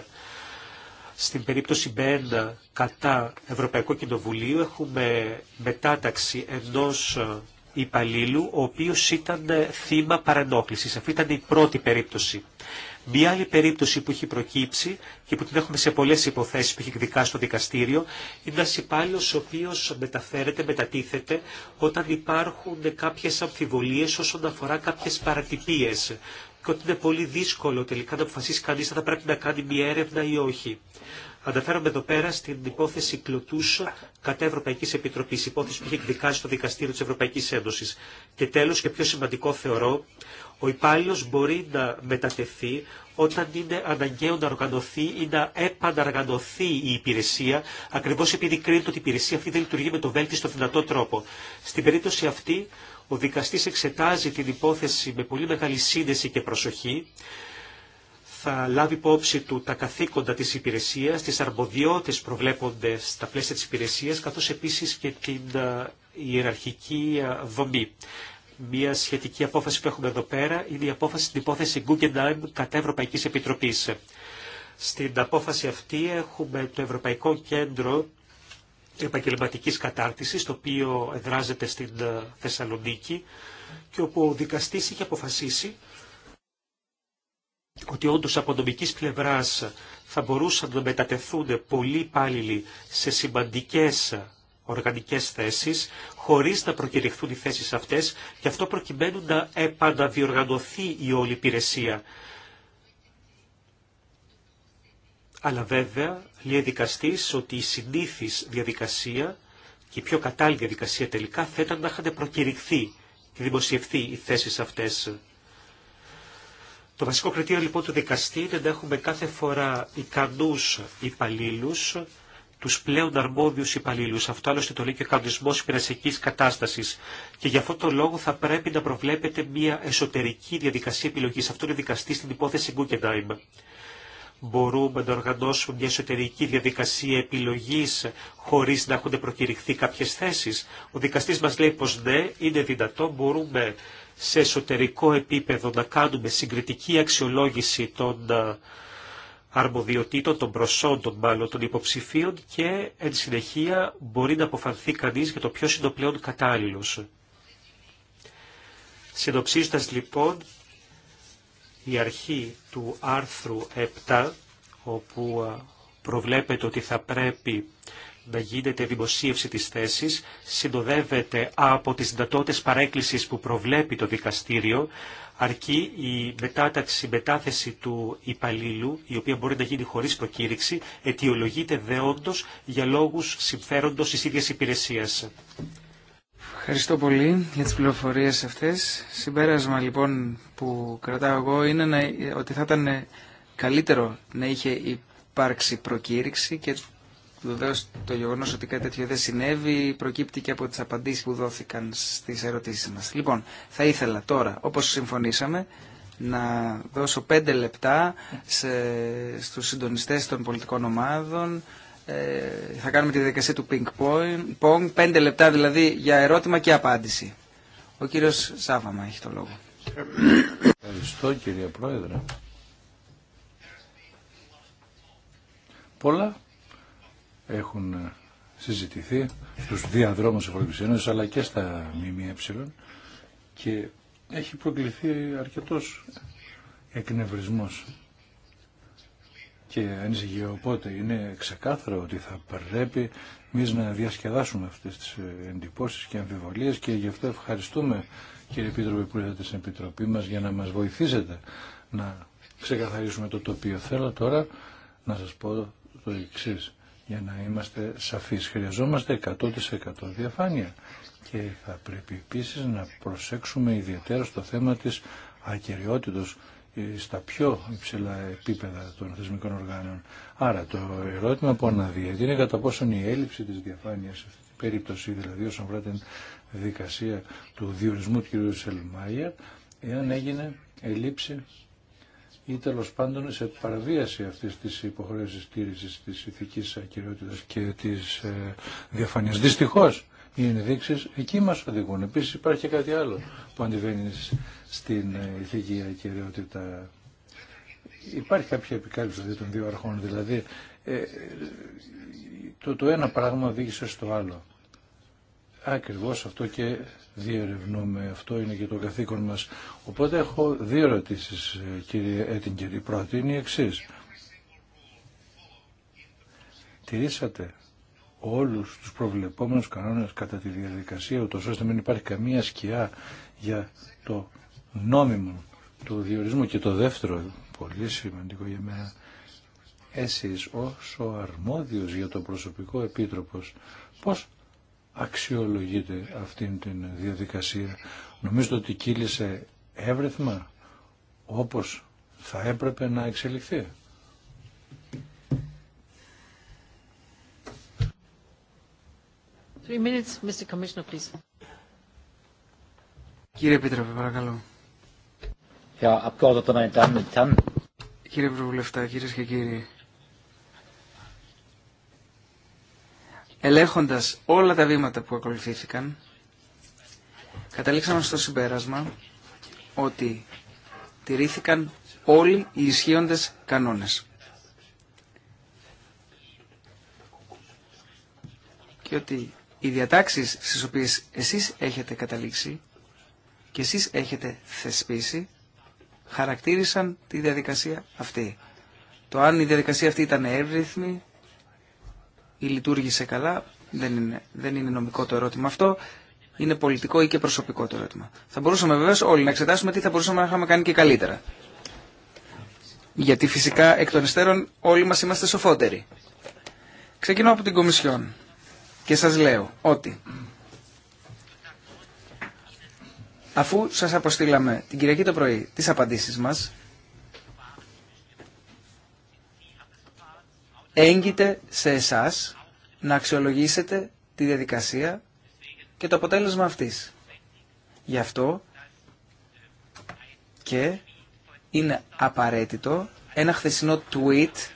Στην περίπτωση Μπεν ε, κατά Ευρωπαϊκό Κοινοβουλίο έχουμε μετάταξη ενός υπαλλήλου, ο οποίος ήταν θύμα παρενόχλησης. Αυτή ήταν η πρώτη περίπτωση. Μία άλλη περίπτωση που έχει προκύψει και που την έχουμε σε πολλέ υποθέσει που έχει εκδικάσει στο δικαστήριο είναι ένα υπάλληλο ο οποίο μεταφέρεται, μετατίθεται όταν υπάρχουν κάποιε αμφιβολίε όσον αφορά κάποιε παρατυπίε και ότι είναι πολύ δύσκολο τελικά να αποφασίσει κανεί αν θα πρέπει να κάνει μία έρευνα ή όχι. Αναφέρομαι εδώ πέρα στην υπόθεση κλωτου κατά Ευρωπαϊκή Επιτροπή, υπόθεση που έχει εκδικάσει το Δικαστήριο τη Ευρωπαϊκή Ένωση. Και τέλο και πιο σημαντικό θεωρώ ο υπάλληλο μπορεί να μετατεθεί όταν είναι αναγκαίο να οργανωθεί ή να επαναργανωθεί η υπηρεσία, ακριβώς επειδή κρίνεται ότι η υπηρεσια ακριβω επειδη κρινεται αυτή δεν λειτουργεί με το βέλτιστο δυνατό τρόπο. Στην περίπτωση αυτή, ο δικαστή εξετάζει την υπόθεση με πολύ μεγάλη σύνδεση και προσοχή, θα λάβει υπόψη του τα καθήκοντα της υπηρεσίας, τις αρμοδιότητες προβλέπονται στα πλαίσια τη υπηρεσία, καθώ επίση και την ε, ιεραρχική ε, δομή μια σχετική απόφαση που έχουμε εδώ πέρα είναι η απόφαση στην υπόθεση Guggenheim κατά Ευρωπαϊκής Επιτροπής. Στην απόφαση αυτή έχουμε το Ευρωπαϊκό Κέντρο Επαγγελματικής Κατάρτισης, το οποίο εδράζεται στην ε, Θεσσαλονίκη και όπου ο δικαστής είχε αποφασίσει ότι όντω από νομικής πλευράς θα μπορούσαν να μετατεθούν πολλοί υπάλληλοι σε σημαντικές οργανικές θέσεις χωρίς να προκηρυχθούν οι θέσεις αυτές και αυτό προκειμένου να επαναδιοργανωθεί η όλη υπηρεσία. Αλλά βέβαια λέει δικαστής ότι η συνήθις διαδικασία και η πιο κατάλληλη διαδικασία τελικά θα ήταν να είχαν προκηρυχθεί και δημοσιευθεί οι θέσεις αυτές. Το βασικό κριτήριο λοιπόν του δικαστή είναι να έχουμε κάθε φορά ικανούς υπαλλήλους του πλέον αρμόδιου υπαλλήλου, Αυτό άλλωστε το λέει και ο κανονισμό υπηρεσιακής κατάστασης. Και για αυτόν τον λόγο θα πρέπει να προβλέπετε μια εσωτερική διαδικασία επιλογή, Αυτό είναι δικαστή στην υπόθεση Guggenheim. Μπορούμε να οργανώσουμε μια εσωτερική διαδικασία επιλογή χωρί να έχουν προκηρυχθεί κάποιε θέσει. Ο δικαστή μα λέει πω ναι, είναι δυνατό, μπορούμε σε εσωτερικό επίπεδο να κάνουμε συγκριτική αξιολόγηση των ε, αρμοδιοτήτων, των προσόντων μάλλον, των υποψηφίων και εν συνεχεία μπορεί να αποφανθεί κανείς για το ποιος είναι ο πλέον κατάλληλος. Συνοψίζοντας λοιπόν η αρχή του άρθρου 7, όπου προβλέπεται ότι θα πρέπει να γίνεται δημοσίευση της θέσης, συνοδεύεται από τις δυνατότητες παρέκκλησης που προβλέπει το δικαστήριο, αρκεί η μετάταξη, η μετάθεση του υπαλλήλου, η οποία μπορεί να γίνει χωρίς προκήρυξη, αιτιολογείται δεόντως για λόγους συμφέροντος της ίδιας υπηρεσίας. Ευχαριστώ πολύ για τις πληροφορίες αυτές. Συμπέρασμα λοιπόν που κρατάω εγώ είναι να, ότι θα ήταν καλύτερο να είχε υπάρξει προκήρυξη και Βεβαίω το γεγονό ότι κάτι τέτοιο δεν συνέβη προκύπτει και από τι απαντήσει που δόθηκαν στι ερωτήσει μα. Λοιπόν, θα ήθελα τώρα, όπω συμφωνήσαμε, να δώσω πέντε λεπτά σε, στους συντονιστές των πολιτικών ομάδων. Ε, θα κάνουμε τη διαδικασία του Pink pong Πέντε λεπτά δηλαδή για ερώτημα και απάντηση. Ο κύριος Σάβαμα έχει το λόγο. Ευχαριστώ κύριε Πρόεδρε. Πολλά έχουν ε, συζητηθεί στους διαδρόμους Ευρωπαϊκή Ένωσης αλλά και στα ΜΜΕ και έχει προκληθεί αρκετός εκνευρισμός και ανησυχία. Οπότε είναι ξεκάθαρο ότι θα πρέπει εμεί να διασκεδάσουμε αυτές τις ε, εντυπώσεις και αμφιβολίες και γι' αυτό ευχαριστούμε κύριε Επίτροπε που ήρθατε στην Επιτροπή μας για να μας βοηθήσετε να ξεκαθαρίσουμε το τοπίο. Θέλω τώρα να σας πω το εξή για να είμαστε σαφείς. Χρειαζόμαστε 100% διαφάνεια και θα πρέπει επίσης να προσέξουμε ιδιαίτερα στο θέμα της ακυριότητος ε, στα πιο υψηλά επίπεδα των θεσμικών οργάνων. Άρα το ερώτημα που αναδύεται είναι κατά πόσον η έλλειψη της διαφάνειας σε αυτή την περίπτωση, δηλαδή όσον αφορά την δικασία του διορισμού του κ. Σελμάγερ, εάν έγινε ελλείψη ή τέλο πάντων σε παραβίαση αυτή τη υποχρέωση τήρηση της ηθική ακυριότητα και τη ε, διαφανείας. Δυστυχώς οι ενδείξεις εκεί μα οδηγούν. Επίση υπάρχει και κάτι άλλο που αντιβαίνει στην ε, ηθική ακυριότητα. Υπάρχει κάποια επικάλυψη δηλαδή, των δύο αρχών, δηλαδή ε, το, το ένα πράγμα οδήγησε στο άλλο. Ακριβώ αυτό και διερευνούμε. Αυτό είναι και το καθήκον μας. Οπότε έχω δύο ερωτήσει, ε, κύριε Έτιγκερ. Η πρώτη είναι η εξή. Τηρήσατε όλους τους προβλεπόμενους κανόνες κατά τη διαδικασία, ούτως ώστε να μην υπάρχει καμία σκιά για το νόμιμο του διορισμού. Και το δεύτερο, πολύ σημαντικό για μένα, εσείς ως ο αρμόδιος για το προσωπικό επίτροπος, πώς Αξιολογείται αυτήν την διαδικασία. Νομίζω ότι κύλησε εύρεθμα όπως θα έπρεπε να εξελιχθεί. Κύριε Επίτροπε, παρακαλώ. Κύριε Προβουλευτά, κυρίε και κύριοι, Ελέγχοντας όλα τα βήματα που ακολουθήθηκαν, καταλήξαμε στο συμπέρασμα ότι τηρήθηκαν όλοι οι ισχύοντες κανόνες. Και ότι οι διατάξεις στις οποίες εσείς έχετε καταλήξει και εσείς έχετε θεσπίσει χαρακτήρισαν τη διαδικασία αυτή. Το αν η διαδικασία αυτή ήταν εύρυθμη ή λειτουργήσε καλά, δεν είναι, δεν είναι νομικό το ερώτημα αυτό, είναι πολιτικό ή και προσωπικό το ερώτημα. Θα μπορούσαμε βεβαίω όλοι να εξετάσουμε τι θα μπορούσαμε να είχαμε κάνει και καλύτερα. Γιατί φυσικά εκ των υστέρων όλοι μας είμαστε σοφότεροι. Ξεκινώ από την Κομισιόν και σας λέω ότι αφού σας αποστήλαμε την Κυριακή το πρωί τις απαντήσει μα. έγκυται σε εσάς να αξιολογήσετε τη διαδικασία και το αποτέλεσμα αυτής. Γι' αυτό και είναι απαραίτητο ένα χθεσινό tweet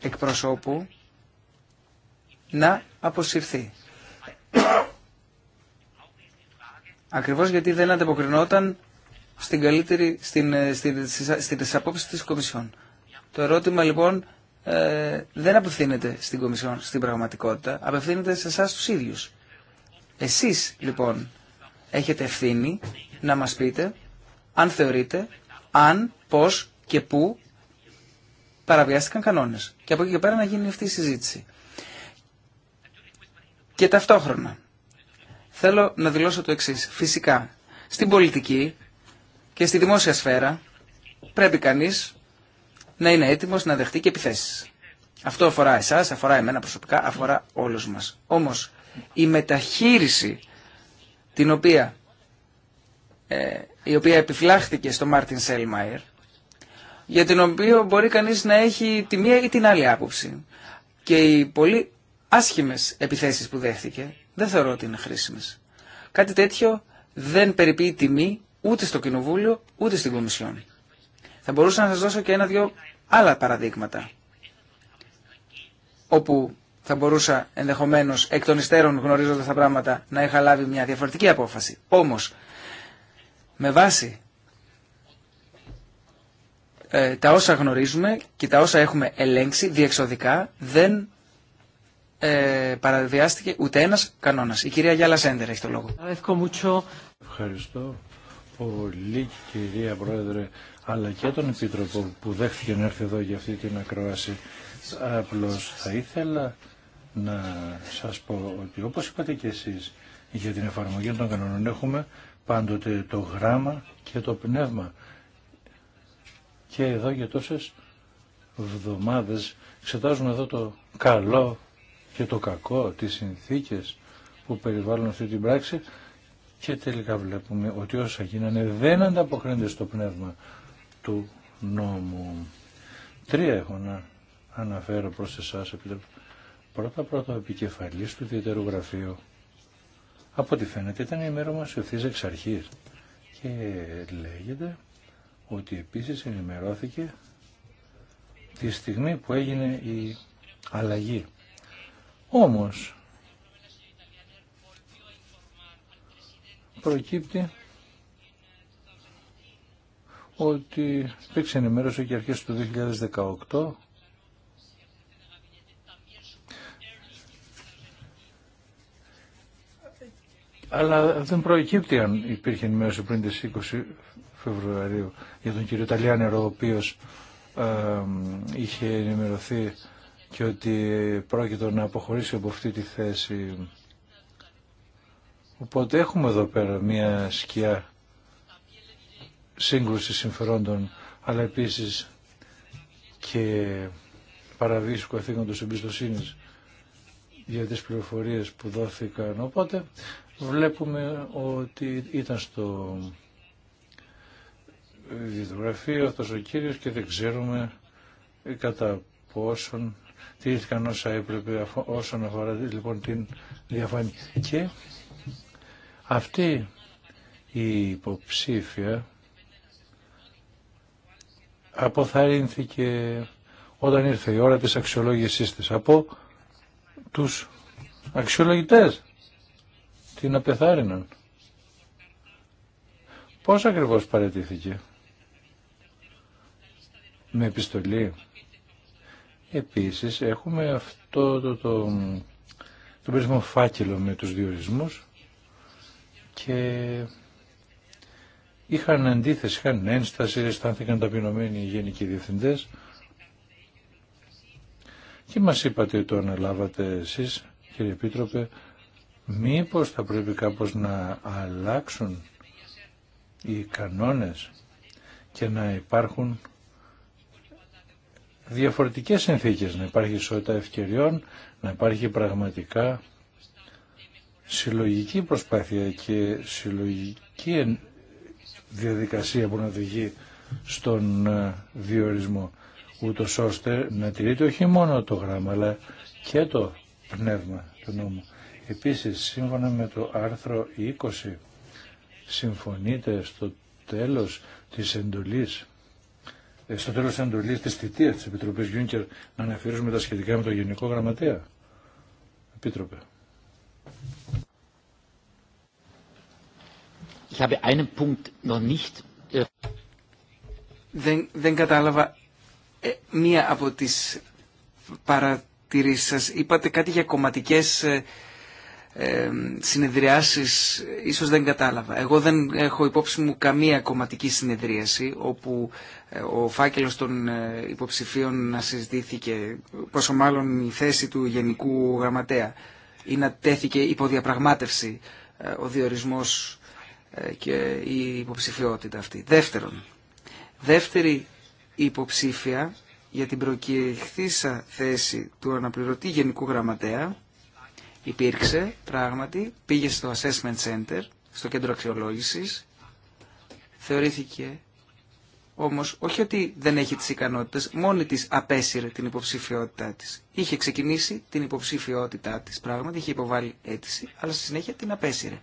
εκπροσώπου να αποσυρθεί. Ακριβώς γιατί δεν αντεποκρινόταν στην καλύτερη, στην, ε, στην, ε, στις απόψεις της Κομισιόν. Το ερώτημα λοιπόν ε, δεν απευθύνεται στην Κομισιόν στην πραγματικότητα, απευθύνεται σε εσά τους ίδιους. Εσείς λοιπόν έχετε ευθύνη να μας πείτε αν θεωρείτε, αν, πώς και πού παραβιάστηκαν κανόνες. Και από εκεί και πέρα να γίνει αυτή η συζήτηση. Και ταυτόχρονα θέλω να δηλώσω το εξής. Φυσικά, στην πολιτική και στη δημόσια σφαίρα πρέπει κανείς να είναι έτοιμος να δεχτεί και επιθέσεις. Αυτό αφορά εσάς, αφορά εμένα προσωπικά, αφορά όλους μας. Όμως η μεταχείριση την οποία, ε, η οποία επιφλάχθηκε στο Μάρτιν Σέλμαϊρ, για την οποία μπορεί κανείς να έχει τη μία ή την άλλη άποψη. Και οι πολύ άσχημες επιθέσεις που δέχτηκε δεν θεωρώ ότι είναι χρήσιμες. Κάτι τέτοιο δεν περιποιεί τιμή ούτε στο Κοινοβούλιο, ούτε στην Κομισιόν. Θα μπορούσα να σας δώσω και ένα-δυο άλλα παραδείγματα, όπου θα μπορούσα ενδεχομένως εκ των υστέρων γνωρίζοντας τα πράγματα να είχα λάβει μια διαφορετική απόφαση. Όμως, με βάση ε, τα όσα γνωρίζουμε και τα όσα έχουμε ελέγξει διεξοδικά, δεν ε, ούτε ένας κανόνας. Η κυρία Γιάλα Σέντερ έχει το λόγο. Ευχαριστώ πολύ κυρία Πρόεδρε αλλά και τον Επίτροπο που δέχθηκε να έρθει εδώ για αυτή την ακρόαση. Απλώς θα ήθελα να σας πω ότι όπως είπατε και εσείς για την εφαρμογή των κανονών έχουμε πάντοτε το γράμμα και το πνεύμα. Και εδώ για τόσες βδομάδες εξετάζουμε εδώ το καλό και το κακό, τις συνθήκες που περιβάλλουν αυτή την πράξη και τελικά βλέπουμε ότι όσα γίνανε δεν ανταποκρίνονται στο πνεύμα του νόμου. Τρία έχω να αναφέρω προς εσάς Πρώτα πρώτα ο επικεφαλής του ιδιαίτερου γραφείου. Από ό,τι φαίνεται ήταν η μας ευθύς εξ αρχής. Και λέγεται ότι επίσης ενημερώθηκε τη στιγμή που έγινε η αλλαγή. Όμως προκύπτει ότι υπήρξε ενημέρωση και αρχές του 2018 αλλά δεν προκύπτει αν υπήρχε ενημέρωση πριν τις 20 Φεβρουαρίου για τον κύριο Ταλιάνερο ο οποίος είχε ενημερωθεί και ότι πρόκειτο να αποχωρήσει από αυτή τη θέση Οπότε έχουμε εδώ πέρα μία σκιά σύγκρουση συμφερόντων, αλλά επίσης και παραβίαση του καθήκοντος εμπιστοσύνη για τις πληροφορίες που δόθηκαν. Οπότε βλέπουμε ότι ήταν στο βιβλιογραφείο αυτός ο κύριος και δεν ξέρουμε κατά πόσον τηρήθηκαν όσα έπρεπε όσον αφορά λοιπόν την διαφάνεια. Και αυτή η υποψήφια αποθαρρύνθηκε όταν ήρθε η ώρα της αξιολόγησής της από τους αξιολογητές την απεθάρρυναν. Πώς ακριβώς παρετήθηκε. Με επιστολή. Επίσης έχουμε αυτό το, το, φάκελο με τους διορισμούς και είχαν αντίθεση, είχαν ένσταση, αισθάνθηκαν ταπεινωμένοι οι γενικοί διευθυντές και μας είπατε το αναλάβατε εσείς κύριε Επίτροπε μήπως θα πρέπει κάπως να αλλάξουν οι κανόνες και να υπάρχουν διαφορετικές συνθήκες, να υπάρχει ισότητα ευκαιριών, να υπάρχει πραγματικά συλλογική προσπάθεια και συλλογική διαδικασία που να οδηγεί στον ε, διορισμό ούτω ώστε να τηρείται όχι μόνο το γράμμα αλλά και το πνεύμα του νόμου. Επίσης, σύμφωνα με το άρθρο 20, συμφωνείται στο τέλος της εντολής ε, στο τέλο της εντολή τη θητεία τη Επιτροπή Γιούνκερ να αναφέρουμε τα σχετικά με το Γενικό Γραμματέα. Επίτροπε. Äh, δεν, κατάλαβα ε, μία από τις παρατηρήσεις σας. Είπατε κάτι για κομματικές ε, ε, συνεδριάσεις, ίσως δεν κατάλαβα. Εγώ δεν έχω υπόψη μου καμία κομματική συνεδρίαση όπου ε, ο φάκελος των ε, υποψηφίων να συζητήθηκε, πόσο μάλλον η θέση του Γενικού Γραμματέα ή να τέθηκε υποδιαπραγμάτευση ε, ο διορισμός ε, και η υποψηφιότητα αυτή. Δεύτερον, δεύτερη υποψήφια για την προκηρυχθήσα θέση του αναπληρωτή Γενικού Γραμματέα υπήρξε πράγματι, πήγε στο Assessment Center, στο κέντρο αξιολόγησης, θεωρήθηκε Όμω, όχι ότι δεν έχει τι ικανότητε, μόνη τη απέσυρε την υποψηφιότητά τη. Είχε ξεκινήσει την υποψηφιότητά τη, πράγματι, είχε υποβάλει αίτηση, αλλά στη συνέχεια την απέσυρε.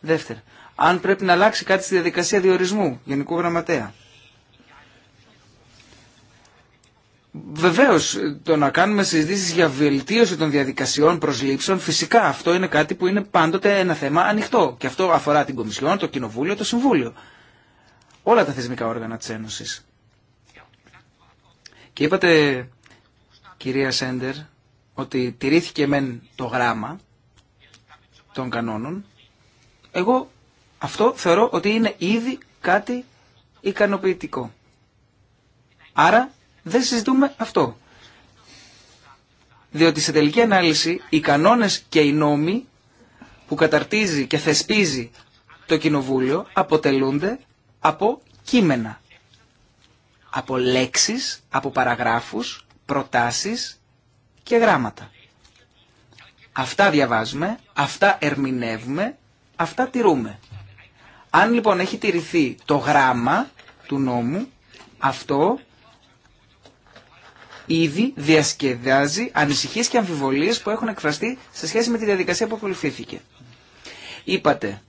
Δεύτερον, αν πρέπει να αλλάξει κάτι στη διαδικασία διορισμού Γενικού Γραμματέα. Βεβαίω, το να κάνουμε συζητήσει για βελτίωση των διαδικασιών προσλήψεων, φυσικά αυτό είναι κάτι που είναι πάντοτε ένα θέμα ανοιχτό. Και αυτό αφορά την Κομισιόν, το Κοινοβούλιο, το Συμβούλιο όλα τα θεσμικά όργανα της Ένωσης. Και είπατε, κυρία Σέντερ, ότι τηρήθηκε μεν το γράμμα των κανόνων. Εγώ αυτό θεωρώ ότι είναι ήδη κάτι ικανοποιητικό. Άρα δεν συζητούμε αυτό. Διότι σε τελική ανάλυση οι κανόνες και οι νόμοι που καταρτίζει και θεσπίζει το Κοινοβούλιο αποτελούνται από κείμενα. Από λέξεις, από παραγράφους, προτάσεις και γράμματα. Αυτά διαβάζουμε, αυτά ερμηνεύουμε, αυτά τηρούμε. Αν λοιπόν έχει τηρηθεί το γράμμα του νόμου, αυτό ήδη διασκεδάζει ανησυχίες και αμφιβολίες που έχουν εκφραστεί σε σχέση με τη διαδικασία που ακολουθήθηκε. Είπατε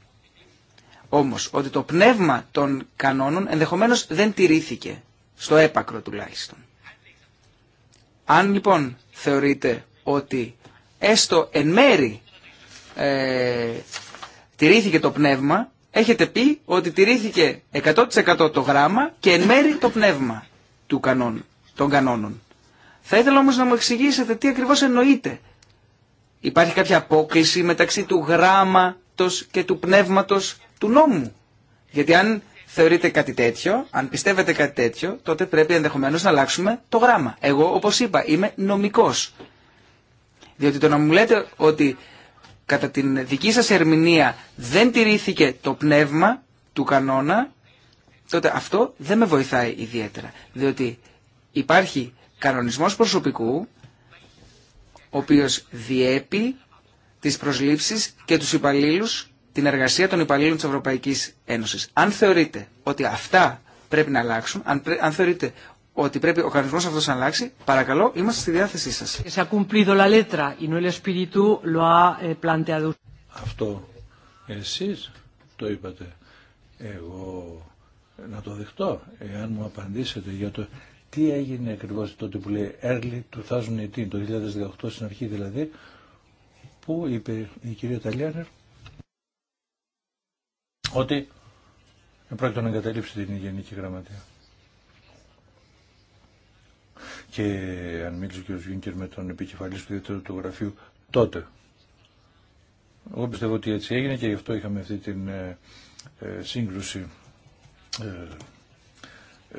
όμως ότι το πνεύμα των κανόνων ενδεχομένως δεν τηρήθηκε, στο έπακρο τουλάχιστον. Αν λοιπόν θεωρείτε ότι έστω εν μέρη ε, τηρήθηκε το πνεύμα, έχετε πει ότι τηρήθηκε 100% το γράμμα και εν μέρη το πνεύμα του κανόν, των κανόνων. Θα ήθελα όμως να μου εξηγήσετε τι ακριβώς εννοείτε. Υπάρχει κάποια απόκληση μεταξύ του γράμματος και του πνεύματος του νόμου. Γιατί αν θεωρείτε κάτι τέτοιο, αν πιστεύετε κάτι τέτοιο, τότε πρέπει ενδεχομένως να αλλάξουμε το γράμμα. Εγώ, όπως είπα, είμαι νομικός. Διότι το να μου λέτε ότι κατά την δική σας ερμηνεία δεν τηρήθηκε το πνεύμα του κανόνα, τότε αυτό δεν με βοηθάει ιδιαίτερα. Διότι υπάρχει κανονισμός προσωπικού, ο οποίος διέπει τις προσλήψεις και τους υπαλλήλους την εργασία των υπαλλήλων τη Ευρωπαϊκή Ένωση. Αν θεωρείτε ότι αυτά πρέπει να αλλάξουν, αν, αν θεωρείτε ότι πρέπει ο κανονισμό αυτό να αλλάξει, παρακαλώ, είμαστε στη διάθεσή σας. Αυτό εσεί το είπατε. Εγώ να το δεχτώ, εάν μου απαντήσετε για το τι έγινε ακριβώ τότε που λέει early 2018, το 2018 στην αρχή δηλαδή, που είπε η κυρία Ταλιάνερ ότι πρόκειται να εγκαταλείψει την Γενική Γραμματεία. Και αν μίλησε ο κ. Γιούνκερ με τον επικεφαλής του ιδιαίτερου του γραφείου τότε. Εγώ πιστεύω ότι έτσι έγινε και γι' αυτό είχαμε αυτή την ε, ε σύγκρουση ε,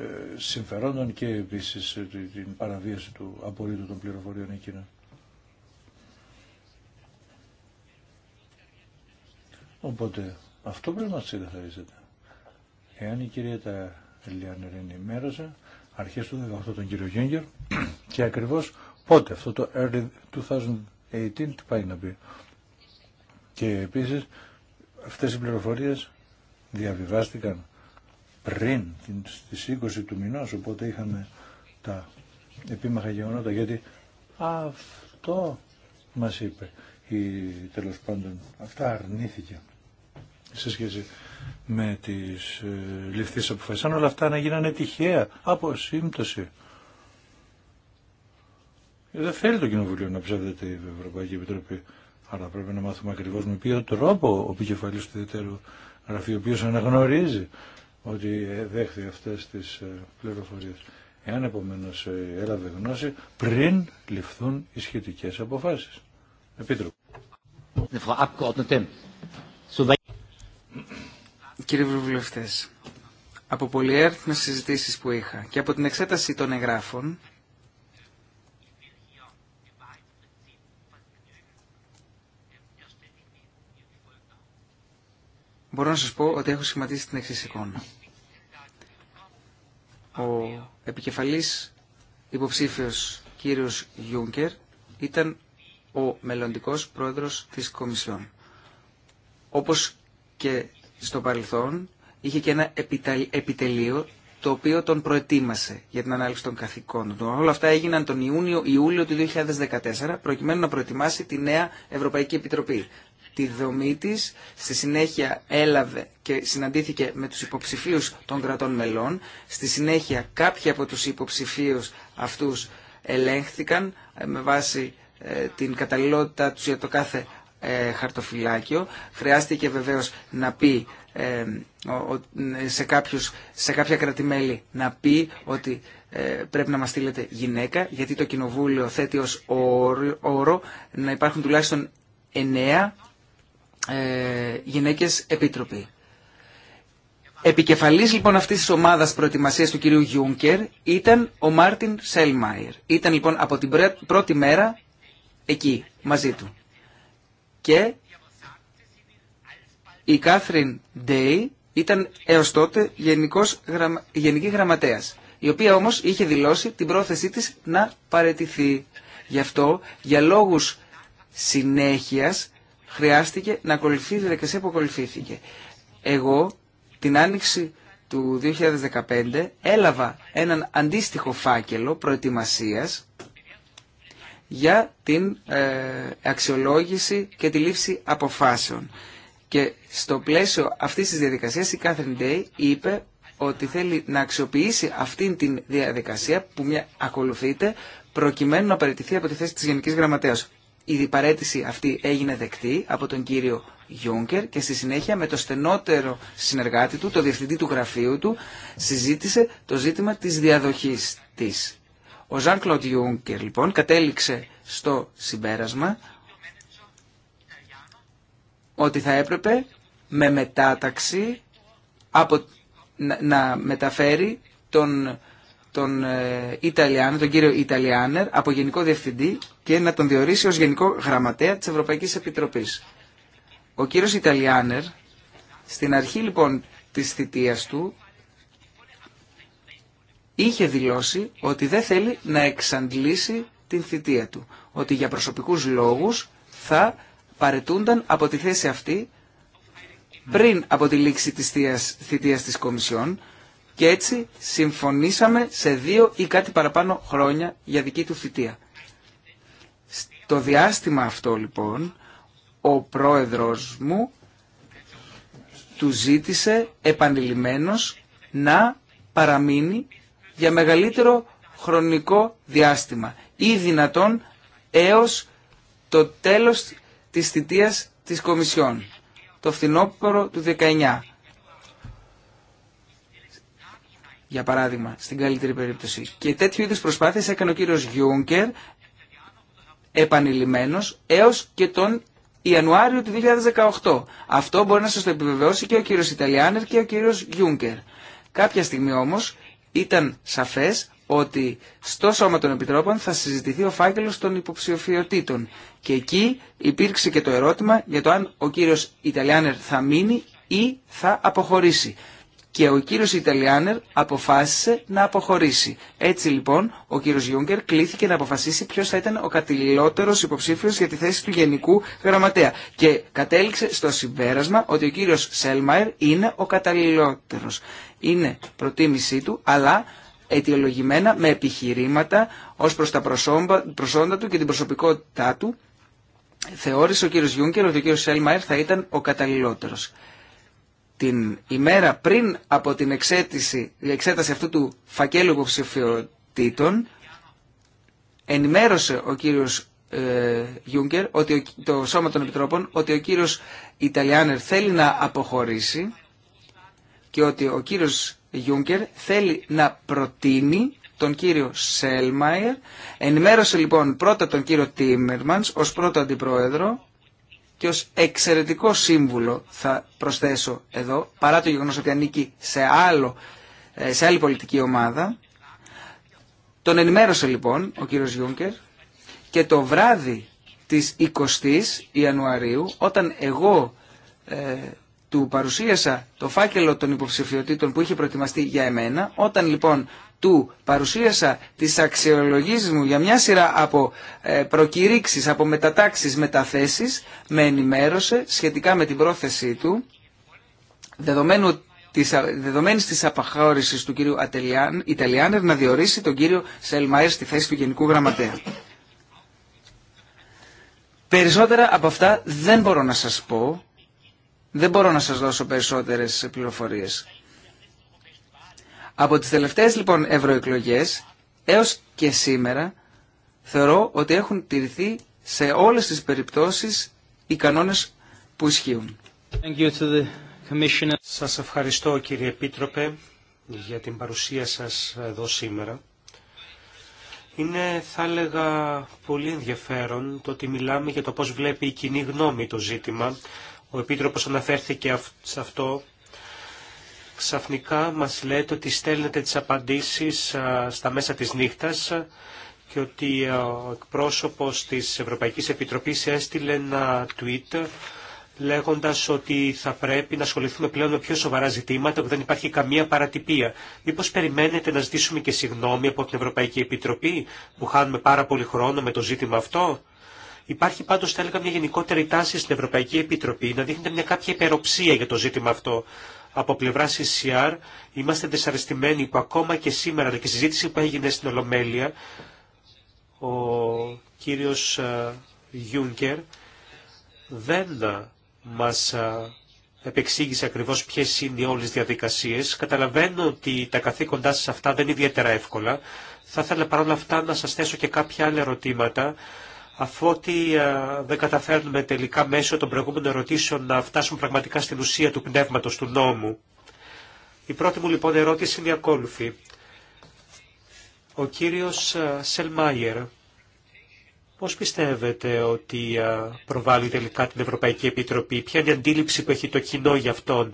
ε, συμφερόντων και επίσης ε, την παραβίαση του απορρίτου των πληροφοριών εκείνων. Οπότε αυτό πρέπει να μα Εάν η κυρία τα μέρωσε ενημέρωσε αρχές του 18 τον κύριο Γιούγκερ και ακριβώς πότε αυτό το early 2018 τι πάει να πει. Και επίσης αυτές οι πληροφορίες διαβιβάστηκαν πριν στις 20 του μηνός οπότε είχαμε τα επίμαχα γεγονότα γιατί αυτό μας είπε η τέλος πάντων αυτά αρνήθηκε σε σχέση με τις ε, ληφθείς αποφάσεις. Αν όλα αυτά να γίνανε τυχαία, από σύμπτωση. Δεν θέλει το Κοινοβουλίο να ψεύδεται η Ευρωπαϊκή Επιτροπή. Άρα πρέπει να μάθουμε ακριβώς με ποιο τρόπο ο επικεφαλής του ιδιαίτερου Γραφείου, ο οποίος αναγνωρίζει ότι ε, δέχθη αυτές τις ε, πληροφορίες. Εάν επομένως ε, έλαβε γνώση πριν ληφθούν οι σχετικές αποφάσεις. Επίτροπο κύριοι βουλευτέ, από πολυέρθμε συζητήσει που είχα και από την εξέταση των εγγράφων, μπορώ να σας πω ότι έχω σχηματίσει την εξή εικόνα. Ο επικεφαλής υποψήφιος κύριος Γιούγκερ ήταν ο μελλοντικός πρόεδρος της Κομισιόν. Όπως και στο παρελθόν είχε και ένα επιτελείο το οποίο τον προετοίμασε για την ανάλυση των καθηκόντων Όλα αυτά έγιναν τον Ιούνιο-Ιούλιο του 2014 προκειμένου να προετοιμάσει τη νέα Ευρωπαϊκή Επιτροπή. Τη δομή τη στη συνέχεια έλαβε και συναντήθηκε με τους υποψηφίους των κρατών μελών. Στη συνέχεια κάποιοι από τους υποψηφίους αυτούς ελέγχθηκαν ε, με βάση ε, την καταλληλότητά του για το κάθε ε, χαρτοφυλάκιο. Χρειάστηκε βεβαίως να πει ε, σε, κάποιους, σε κάποια κρατημέλη να πει ότι ε, πρέπει να μας στείλετε γυναίκα γιατί το Κοινοβούλιο θέτει ως όρο να υπάρχουν τουλάχιστον εννέα γυναίκες επίτροποι. Επικεφαλής λοιπόν αυτής της ομάδας προετοιμασίας του κυρίου Γιούνκερ ήταν ο Μάρτιν Σέλμαϊρ. Ήταν λοιπόν από την πρώτη μέρα εκεί μαζί του και η Κάθριν Ντέι ήταν έως τότε γενικός, γενική γραμματέας, η οποία όμως είχε δηλώσει την πρόθεσή της να παρετηθεί. Γι' αυτό, για λόγους συνέχειας, χρειάστηκε να ακολουθεί η διαδικασία που ακολουθήθηκε. Εγώ, την άνοιξη του 2015, έλαβα έναν αντίστοιχο φάκελο προετοιμασίας, για την ε, αξιολόγηση και τη λήψη αποφάσεων. Και στο πλαίσιο αυτής της διαδικασίας η Κάθριν Ντέι είπε ότι θέλει να αξιοποιήσει αυτήν την διαδικασία που μια ακολουθείται προκειμένου να παραιτηθεί από τη θέση της Γενικής Γραμματέας. Η παρέτηση αυτή έγινε δεκτή από τον κύριο Γιούγκερ και στη συνέχεια με το στενότερο συνεργάτη του, το διευθυντή του γραφείου του, συζήτησε το ζήτημα της διαδοχής της. Ο Ζαν Κλοντ λοιπόν κατέληξε στο συμπέρασμα ότι θα έπρεπε με μετάταξη από, να, μεταφέρει τον, τον, ε, τον κύριο Ιταλιάνερ από Γενικό Διευθυντή και να τον διορίσει ως Γενικό Γραμματέα της Ευρωπαϊκής Επιτροπής. Ο κύριος Ιταλιάνερ στην αρχή λοιπόν της θητείας του είχε δηλώσει ότι δεν θέλει να εξαντλήσει την θητεία του. Ότι για προσωπικούς λόγους θα παρετούνταν από τη θέση αυτή πριν από τη λήξη της θητείας της Κομισιόν και έτσι συμφωνήσαμε σε δύο ή κάτι παραπάνω χρόνια για δική του θητεία. Στο διάστημα αυτό λοιπόν ο πρόεδρος μου του ζήτησε επανειλημμένος να παραμείνει για μεγαλύτερο χρονικό διάστημα ή δυνατόν έως το τέλος της θητείας της Κομισιόν, το φθινόπωρο του 19. Για παράδειγμα, στην καλύτερη περίπτωση. Και τέτοιου είδους προσπάθειες έκανε ο κύριος Γιούγκερ επανειλημμένος έως και τον Ιανουάριο του 2018. Αυτό μπορεί να σας το επιβεβαιώσει και ο κύριος Ιταλιάνερ και ο κύριος Γιούγκερ. Κάποια στιγμή όμως ήταν σαφές ότι στο Σώμα των Επιτρόπων θα συζητηθεί ο φάκελος των υποψηφιωτήτων και εκεί υπήρξε και το ερώτημα για το αν ο κύριος Ιταλιάνερ θα μείνει ή θα αποχωρήσει και ο κύριος Ιταλιάνερ αποφάσισε να αποχωρήσει. Έτσι λοιπόν ο κύριος Γιούγκερ κλήθηκε να αποφασίσει ποιος θα ήταν ο κατηλότερος υποψήφιος για τη θέση του Γενικού Γραμματέα και κατέληξε στο συμπέρασμα ότι ο κύριος Σέλμαερ είναι ο καταλληλότερος. Είναι προτίμησή του αλλά αιτιολογημένα με επιχειρήματα ως προς τα προσόντα του και την προσωπικότητά του θεώρησε ο κύριος Γιούγκερ ότι ο κύριος Σέλμαερ θα ήταν ο καταλληλότερος την ημέρα πριν από την εξέτηση, εξέταση αυτού του φακέλου υποψηφιότητων ενημέρωσε ο κύριος ε, ότι το Σώμα των Επιτρόπων, ότι ο κύριος Ιταλιάνερ θέλει να αποχωρήσει και ότι ο κύριος Γιούγκερ θέλει να προτείνει τον κύριο Σέλμαερ. Ενημέρωσε λοιπόν πρώτα τον κύριο Τίμερμανς ως πρώτο αντιπρόεδρο και ως εξαιρετικό σύμβουλο θα προσθέσω εδώ, παρά το γεγονός ότι ανήκει σε, άλλο, ε, σε άλλη πολιτική ομάδα. Τον ενημέρωσε λοιπόν ο κύριος Γιούγκερ και το βράδυ της 20ης Ιανουαρίου, όταν εγώ ε, του παρουσίασα το φάκελο των υποψηφιωτήτων που είχε προετοιμαστεί για εμένα, όταν λοιπόν του παρουσίασα τις αξιολογήσεις μου για μια σειρά από ε, προκηρύξεις, από μετατάξεις, μεταθέσεις, με ενημέρωσε σχετικά με την πρόθεσή του, δεδομένου της, δεδομένης της απαχώρησης του κύριου Ιταλιάνερ να διορίσει τον κύριο Σελμαέρ στη θέση του Γενικού Γραμματέα. Περισσότερα από αυτά δεν μπορώ να σας πω, δεν μπορώ να σας δώσω περισσότερες πληροφορίες. Από τις τελευταίες λοιπόν ευρωεκλογέ έως και σήμερα θεωρώ ότι έχουν τηρηθεί σε όλες τις περιπτώσεις οι κανόνες που ισχύουν. Thank you to the σας ευχαριστώ κύριε Επίτροπε για την παρουσία σας εδώ σήμερα. Είναι, θα έλεγα, πολύ ενδιαφέρον το ότι μιλάμε για το πώς βλέπει η κοινή γνώμη το ζήτημα. Ο Επίτροπος αναφέρθηκε σε αυτό ξαφνικά μας λέτε ότι στέλνετε τις απαντήσεις στα μέσα της νύχτας και ότι ο εκπρόσωπος της Ευρωπαϊκής Επιτροπής έστειλε ένα tweet λέγοντας ότι θα πρέπει να ασχοληθούμε πλέον με πιο σοβαρά ζητήματα που δεν υπάρχει καμία παρατυπία. Μήπως περιμένετε να ζητήσουμε και συγγνώμη από την Ευρωπαϊκή Επιτροπή που χάνουμε πάρα πολύ χρόνο με το ζήτημα αυτό. Υπάρχει πάντω, θα έλεγα, μια γενικότερη τάση στην Ευρωπαϊκή Επιτροπή να δείχνεται μια κάποια υπεροψία για το ζήτημα αυτό από πλευρά CCR είμαστε δυσαρεστημένοι που ακόμα και σήμερα και συζήτηση που έγινε στην Ολομέλεια ο κύριος ε, Γιούνκερ δεν ε, μας ε, επεξήγησε ακριβώς ποιες είναι οι τις διαδικασίες. Καταλαβαίνω ότι τα καθήκοντά σας αυτά δεν είναι ιδιαίτερα εύκολα. Θα ήθελα παρόλα αυτά να σας θέσω και κάποια άλλα ερωτήματα αφότι ε, δεν καταφέρνουμε τελικά μέσω των προηγούμενων ερωτήσεων να φτάσουμε πραγματικά στην ουσία του πνεύματος του νόμου. Η πρώτη μου λοιπόν ερώτηση είναι η ακόλουθη. Ο κύριος ε, Σελμάιερ, πώς πιστεύετε ότι ε, προβάλλει τελικά την Ευρωπαϊκή Επιτροπή, ποια είναι η αντίληψη που έχει το κοινό για αυτόν,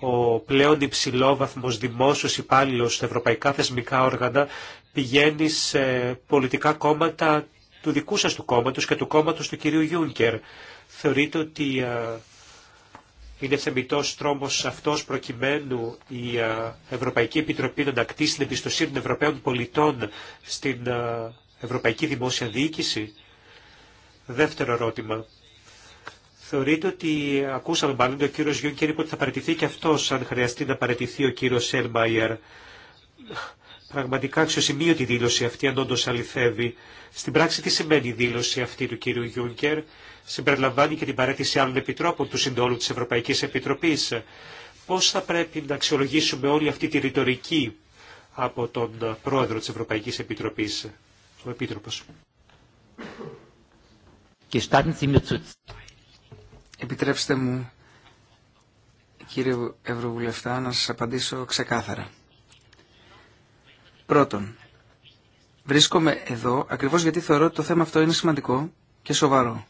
ο πλέον υψηλόβαθμο δημόσιος υπάλληλος στα ευρωπαϊκά θεσμικά όργανα πηγαίνει σε πολιτικά κόμματα του δικού σας του κόμματος και του κόμματος του κυρίου Γιούνκερ. Θεωρείτε ότι είναι θεμητός τρόμος αυτός προκειμένου η Ευρωπαϊκή Επιτροπή να ανακτήσει την εμπιστοσύνη των Ευρωπαίων πολιτών στην Ευρωπαϊκή Δημόσια Διοίκηση. Δεύτερο ερώτημα. Θεωρείτε ότι ακούσαμε μάλλον ότι ο κύριος Γιούνκερ είπε ότι θα παραιτηθεί και αυτός αν χρειαστεί να παραιτηθεί ο κύριος Σέλμαϊερ πραγματικά αξιοσημείωτη δήλωση αυτή, αν όντω αληθεύει. Στην πράξη, τι σημαίνει η δήλωση αυτή του κύριου Γιούνκερ, συμπεριλαμβάνει και την παρέτηση άλλων επιτρόπων του συντόλου τη Ευρωπαϊκή Επιτροπή. Πώ θα πρέπει να αξιολογήσουμε όλη αυτή τη ρητορική από τον πρόεδρο τη Ευρωπαϊκή Επιτροπή, ο Επίτροπο. Επιτρέψτε μου, κύριε Ευρωβουλευτά, να σας απαντήσω ξεκάθαρα. Πρώτον, βρίσκομαι εδώ ακριβώς γιατί θεωρώ ότι το θέμα αυτό είναι σημαντικό και σοβαρό.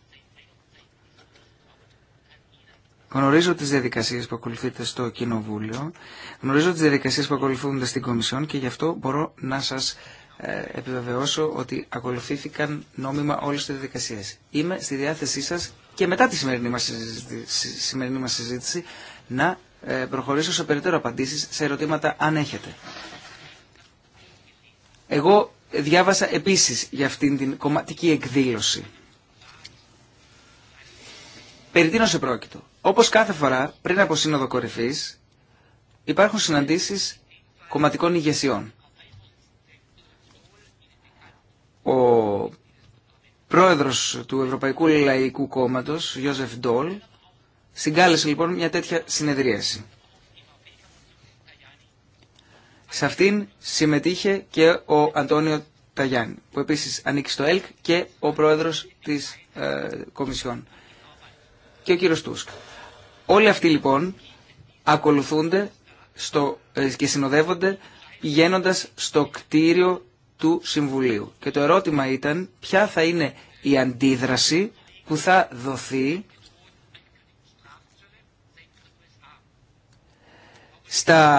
Γνωρίζω τις διαδικασίες που ακολουθείτε στο Κοινοβούλιο, γνωρίζω τις διαδικασίες που ακολουθούνται στην Κομισιόν και γι' αυτό μπορώ να σας ε, επιβεβαιώσω ότι ακολουθήθηκαν νόμιμα όλες τις διαδικασίες. Είμαι στη διάθεσή σας και μετά τη σημερινή μας συζήτηση, σημερινή να ε, προχωρήσω σε περαιτέρω απαντήσεις σε ερωτήματα αν έχετε. Εγώ διάβασα επίσης για αυτήν την κομματική εκδήλωση. Περί σε πρόκειτο. Όπως κάθε φορά πριν από σύνοδο κορυφής υπάρχουν συναντήσεις κομματικών ηγεσιών. Ο πρόεδρος του Ευρωπαϊκού Λαϊκού Κόμματος, Γιώζεφ Ντόλ, συγκάλεσε λοιπόν μια τέτοια συνεδρίαση. Σε αυτήν συμμετείχε και ο Αντώνιο Ταγιάννη, που επίσης ανήκει στο ΕΛΚ και ο πρόεδρος της ε, Κομισιόν και ο κύριος Τούσκ. Όλοι αυτοί λοιπόν ακολουθούνται στο, ε, και συνοδεύονται πηγαίνοντας στο κτίριο του Συμβουλίου. Και το ερώτημα ήταν ποια θα είναι η αντίδραση που θα δοθεί στα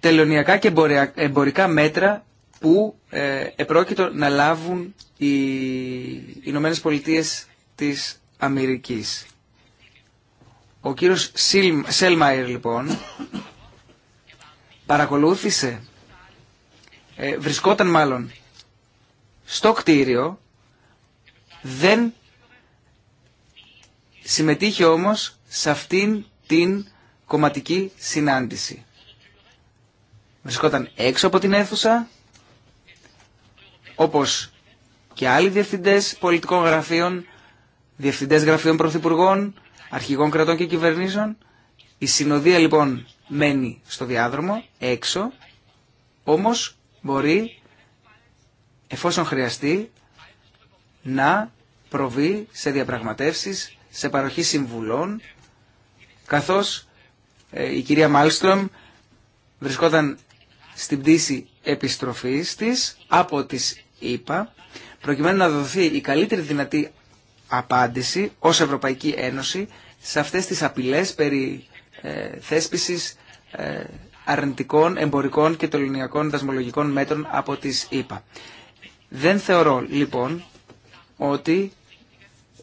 τελωνιακά και εμπορικά μέτρα που ε, επρόκειτο να λάβουν οι Ηνωμένε Πολιτείε της Αμερικής. Ο κύριος Σέλμαϊρ λοιπόν παρακολούθησε, ε, βρισκόταν μάλλον στο κτίριο, δεν συμμετείχε όμως σε αυτήν την κομματική συνάντηση βρισκόταν έξω από την αίθουσα, όπως και άλλοι διευθυντές πολιτικών γραφείων, διευθυντές γραφείων πρωθυπουργών, αρχηγών κρατών και κυβερνήσεων. Η συνοδεία λοιπόν μένει στο διάδρομο, έξω, όμως μπορεί, εφόσον χρειαστεί, να προβεί σε διαπραγματεύσεις, σε παροχή συμβουλών, καθώς ε, η κυρία Μάλστρομ βρισκόταν στην πτήση επιστροφής της από τις ΗΠΑ προκειμένου να δοθεί η καλύτερη δυνατή απάντηση ως Ευρωπαϊκή Ένωση σε αυτές τις απειλές περί ε, θέσπισης ε, αρνητικών, εμπορικών και τελωνιακών δασμολογικών μέτρων από τις ΗΠΑ. Δεν θεωρώ λοιπόν ότι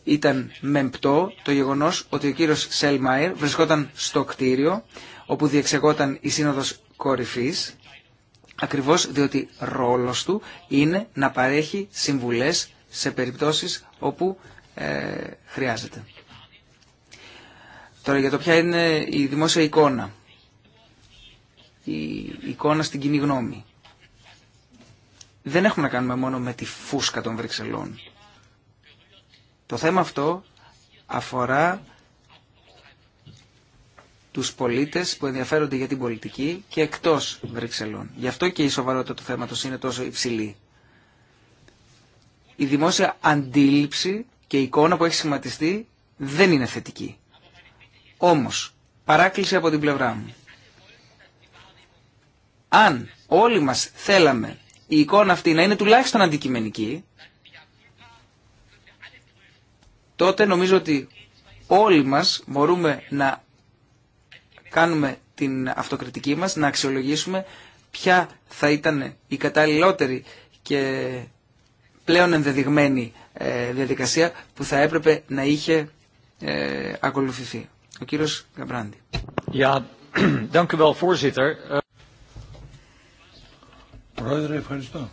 ήταν μεμπτό το γεγονός ότι ο κύριος Σέλμαϊρ βρισκόταν στο κτίριο όπου διεξεγόταν η Σύνοδος Κορυφής ακριβώς διότι ρόλος του είναι να παρέχει συμβουλές σε περιπτώσεις όπου ε, χρειάζεται. Τώρα για το ποια είναι η δημόσια εικόνα. Η εικόνα στην κοινή γνώμη. Δεν έχουμε να κάνουμε μόνο με τη φούσκα των Βρυξελών. Το θέμα αυτό αφορά τους πολίτες που ενδιαφέρονται για την πολιτική και εκτός Βρυξελών. Γι' αυτό και η σοβαρότητα του θέματος είναι τόσο υψηλή. Η δημόσια αντίληψη και η εικόνα που έχει σχηματιστεί δεν είναι θετική. Όμως, παράκληση από την πλευρά μου. Αν όλοι μας θέλαμε η εικόνα αυτή να είναι τουλάχιστον αντικειμενική, τότε νομίζω ότι όλοι μας μπορούμε να κάνουμε την αυτοκριτική μας, να αξιολογήσουμε ποια θα ήταν η καταλληλότερη και πλέον ενδεδειγμένη ε, διαδικασία που θα έπρεπε να είχε ε, ακολουθηθεί. Ο κύριος Γαμπράντη. Yeah. Ε, πρόεδρε, ευχαριστώ.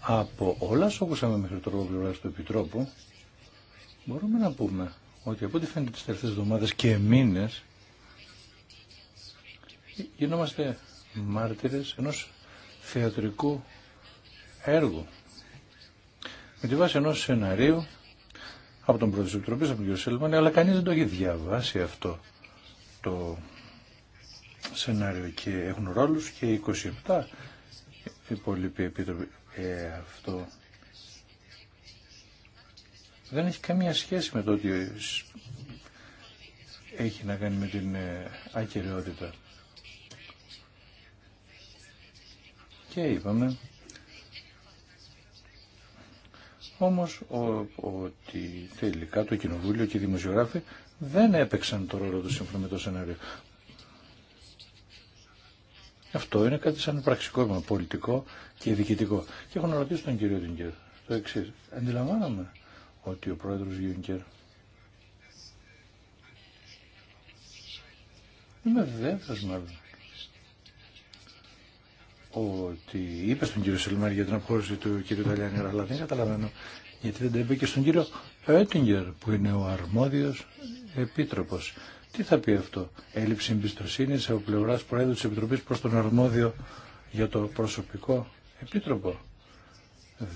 Από όλα όσα ακούσαμε μέχρι τώρα του Επιτρόπου, μπορούμε να πούμε ότι από ό,τι φαίνεται τις τελευταίες εβδομάδες και μήνες γινόμαστε μάρτυρες ενός θεατρικού έργου με τη βάση ενός σεναρίου από τον πρώτο της Επιτροπής, από τον κ. Σέλμαν, αλλά κανείς δεν το έχει διαβάσει αυτό το σενάριο και έχουν ρόλους και 27 υπόλοιποι επίτροποι. Ε, αυτό δεν έχει καμία σχέση με το ότι έχει να κάνει με την ε, ακυριότητα. Και είπαμε όμως ότι τελικά το κοινοβούλιο και οι δημοσιογράφοι δεν έπαιξαν το ρόλο του σύμφωνα με το σενάριο. Αυτό είναι κάτι σαν πραξικόπημα πολιτικό και διοικητικό. Και έχω να ρωτήσω τον κύριο Τιγκέρ το εξή. Αντιλαμβάνομαι ότι ο πρόεδρος Γιούνκερ είμαι βέβαιος μάλλον ότι είπε στον κύριο Σελμάρ για την αποχώρηση του κύριου Ταλιάνη, αλλά δεν καταλαβαίνω γιατί δεν το είπε και στον κύριο Έτιγκερ που είναι ο αρμόδιος επίτροπος. Τι θα πει αυτό, έλλειψη εμπιστοσύνη από πλευρά Προέδρου τη Επιτροπή προ τον αρμόδιο για το προσωπικό επίτροπο.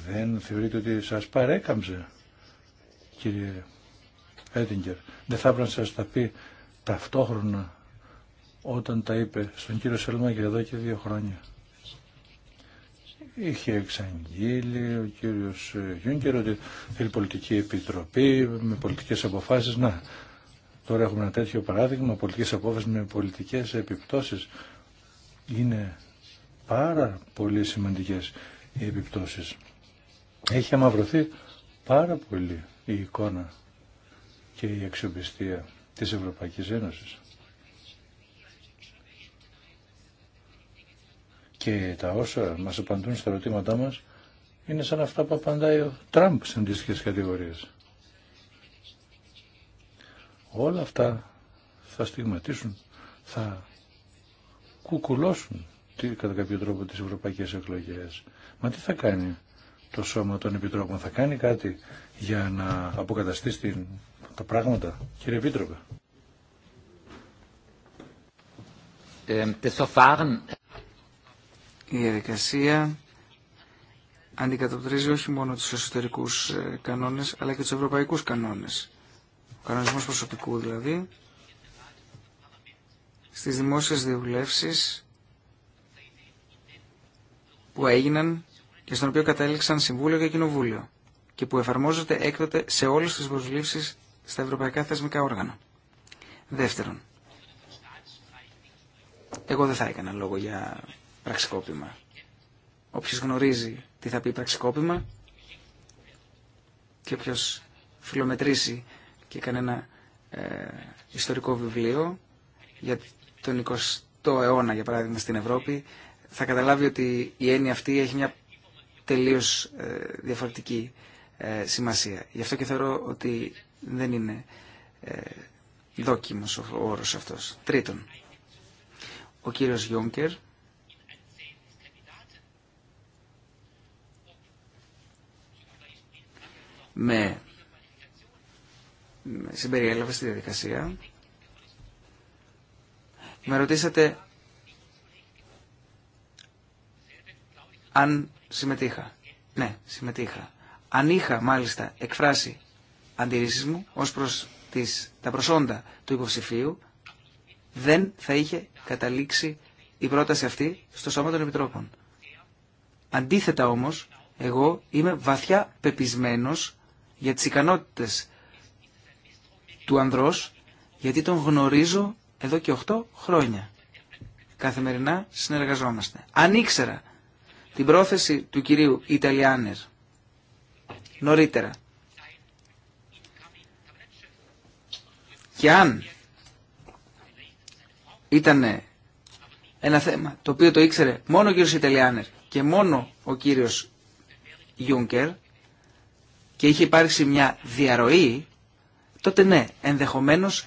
Δεν θεωρείτε ότι σας παρέκαμψε κύριε Έντιγκερ Δεν θα έπρεπε να σας τα πει ταυτόχρονα όταν τα είπε στον κύριο Σελμάκη εδώ και δύο χρόνια. Είχε εξαγγείλει ο κύριος Γιούγκερ ότι θέλει πολιτική επιτροπή με πολιτικές αποφάσεις. Να, τώρα έχουμε ένα τέτοιο παράδειγμα, πολιτικές απόφασεις με πολιτικές επιπτώσεις. Είναι πάρα πολύ σημαντικές οι επιπτώσεις. Έχει αμαυρωθεί πάρα πολύ η εικόνα και η αξιοπιστία της Ευρωπαϊκής Ένωσης. Και τα όσα μας απαντούν στα ερωτήματά μας είναι σαν αυτά που απαντάει ο Τραμπ σε αντίστοιχε κατηγορίες. Όλα αυτά θα στιγματίσουν, θα κουκουλώσουν κατά κάποιο τρόπο τις ευρωπαϊκές εκλογές. Μα τι θα κάνει το σώμα των επιτρόπων, θα κάνει κάτι για να αποκαταστήσει τα πράγματα, κύριε Επίτροπε. Ε, ε, Η διαδικασία αντικατοπτρίζει όχι μόνο τους εσωτερικούς ε, κανόνες, αλλά και τους ευρωπαϊκούς κανόνες. Ο κανονισμός προσωπικού δηλαδή, στις δημόσιες διευλεύσεις που έγιναν και στον οποίο κατέληξαν Συμβούλιο και Κοινοβούλιο και που εφαρμόζεται έκτοτε σε όλες τις προσλήψεις στα ευρωπαϊκά θεσμικά όργανα. Δεύτερον, εγώ δεν θα έκανα λόγο για πραξικόπημα. Όποιο γνωρίζει τι θα πει πραξικόπημα και όποιο φιλομετρήσει και κανένα ένα ε, ιστορικό βιβλίο για τον 20ο αιώνα, για παράδειγμα, στην Ευρώπη, θα καταλάβει ότι η έννοια αυτή έχει μια τελείως ε, διαφορετική ε, σημασία. Γι' αυτό και θεωρώ ότι δεν είναι ε, δόκιμος ο όρος αυτός. Τρίτον, ο κύριος Γιόνκερ με συμπεριέλαβε στη διαδικασία. Με ρωτήσατε αν συμμετείχα. Ναι, συμμετείχα. Αν είχα μάλιστα εκφράσει αντιρρήσεις μου ως προς τις, τα προσόντα του υποψηφίου, δεν θα είχε καταλήξει η πρόταση αυτή στο Σώμα των Επιτρόπων. Αντίθετα όμως, εγώ είμαι βαθιά πεπισμένος για τις ικανότητες του ανδρός, γιατί τον γνωρίζω εδώ και 8 χρόνια. Καθημερινά συνεργαζόμαστε. Αν ήξερα την πρόθεση του κυρίου Ιταλιάνερ νωρίτερα. Και αν ήταν ένα θέμα το οποίο το ήξερε μόνο ο κύριος Ιταλιάνερ και μόνο ο κύριος Γιούγκερ και είχε υπάρξει μια διαρροή, τότε ναι, ενδεχομένως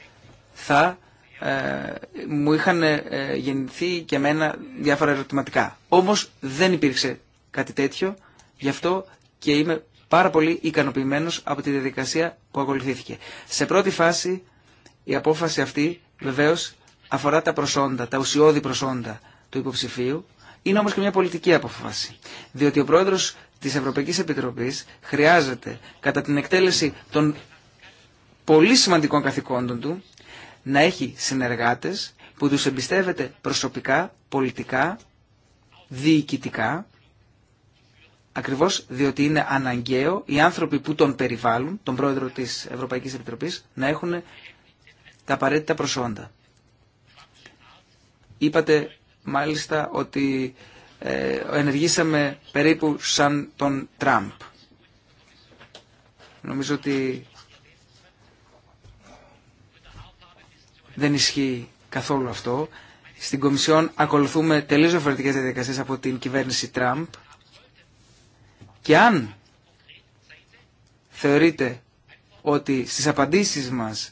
θα ε, μου είχαν ε, γεννηθεί και εμένα διάφορα ερωτηματικά. Όμως δεν υπήρξε κάτι τέτοιο, γι' αυτό και είμαι πάρα πολύ ικανοποιημένο από τη διαδικασία που ακολουθήθηκε. Σε πρώτη φάση η απόφαση αυτή βεβαίως αφορά τα προσόντα, τα ουσιώδη προσόντα του υποψηφίου, είναι όμως και μια πολιτική αποφάση. Διότι ο πρόεδρος της Ευρωπαϊκής Επιτροπής χρειάζεται κατά την εκτέλεση των πολύ σημαντικών καθηκόντων του να έχει συνεργάτες που τους εμπιστεύεται προσωπικά, πολιτικά, διοικητικά Ακριβώς διότι είναι αναγκαίο οι άνθρωποι που τον περιβάλλουν, τον πρόεδρο της Ευρωπαϊκής Επιτροπής, να έχουν τα απαραίτητα προσόντα. Είπατε μάλιστα ότι ε, ενεργήσαμε περίπου σαν τον Τραμπ. Νομίζω ότι δεν ισχύει καθόλου αυτό. Στην Κομισιόν ακολουθούμε τελείως διαφορετικές διαδικασίες από την κυβέρνηση Τραμπ. Και αν θεωρείτε ότι στις απαντήσεις μας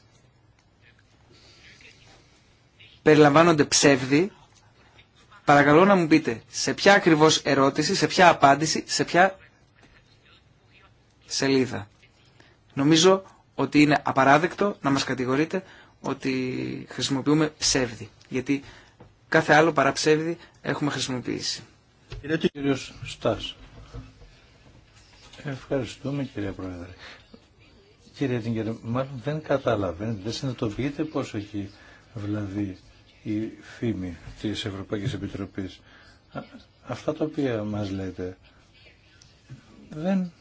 περιλαμβάνονται ψεύδι, παρακαλώ να μου πείτε σε ποια ακριβώς ερώτηση, σε ποια απάντηση, σε ποια σελίδα. Νομίζω ότι είναι απαράδεκτο να μας κατηγορείτε ότι χρησιμοποιούμε ψεύδι, γιατί κάθε άλλο παρά ψεύδι έχουμε χρησιμοποιήσει. Κύριος Στάς. Ευχαριστούμε κύριε Πρόεδρε. Κύριε Τιγκερ, μάλλον δεν καταλαβαίνετε, δεν συνειδητοποιείτε πόσο έχει βλαβεί η φήμη της Ευρωπαϊκής Επιτροπής. Αυτά τα οποία μας λέτε δεν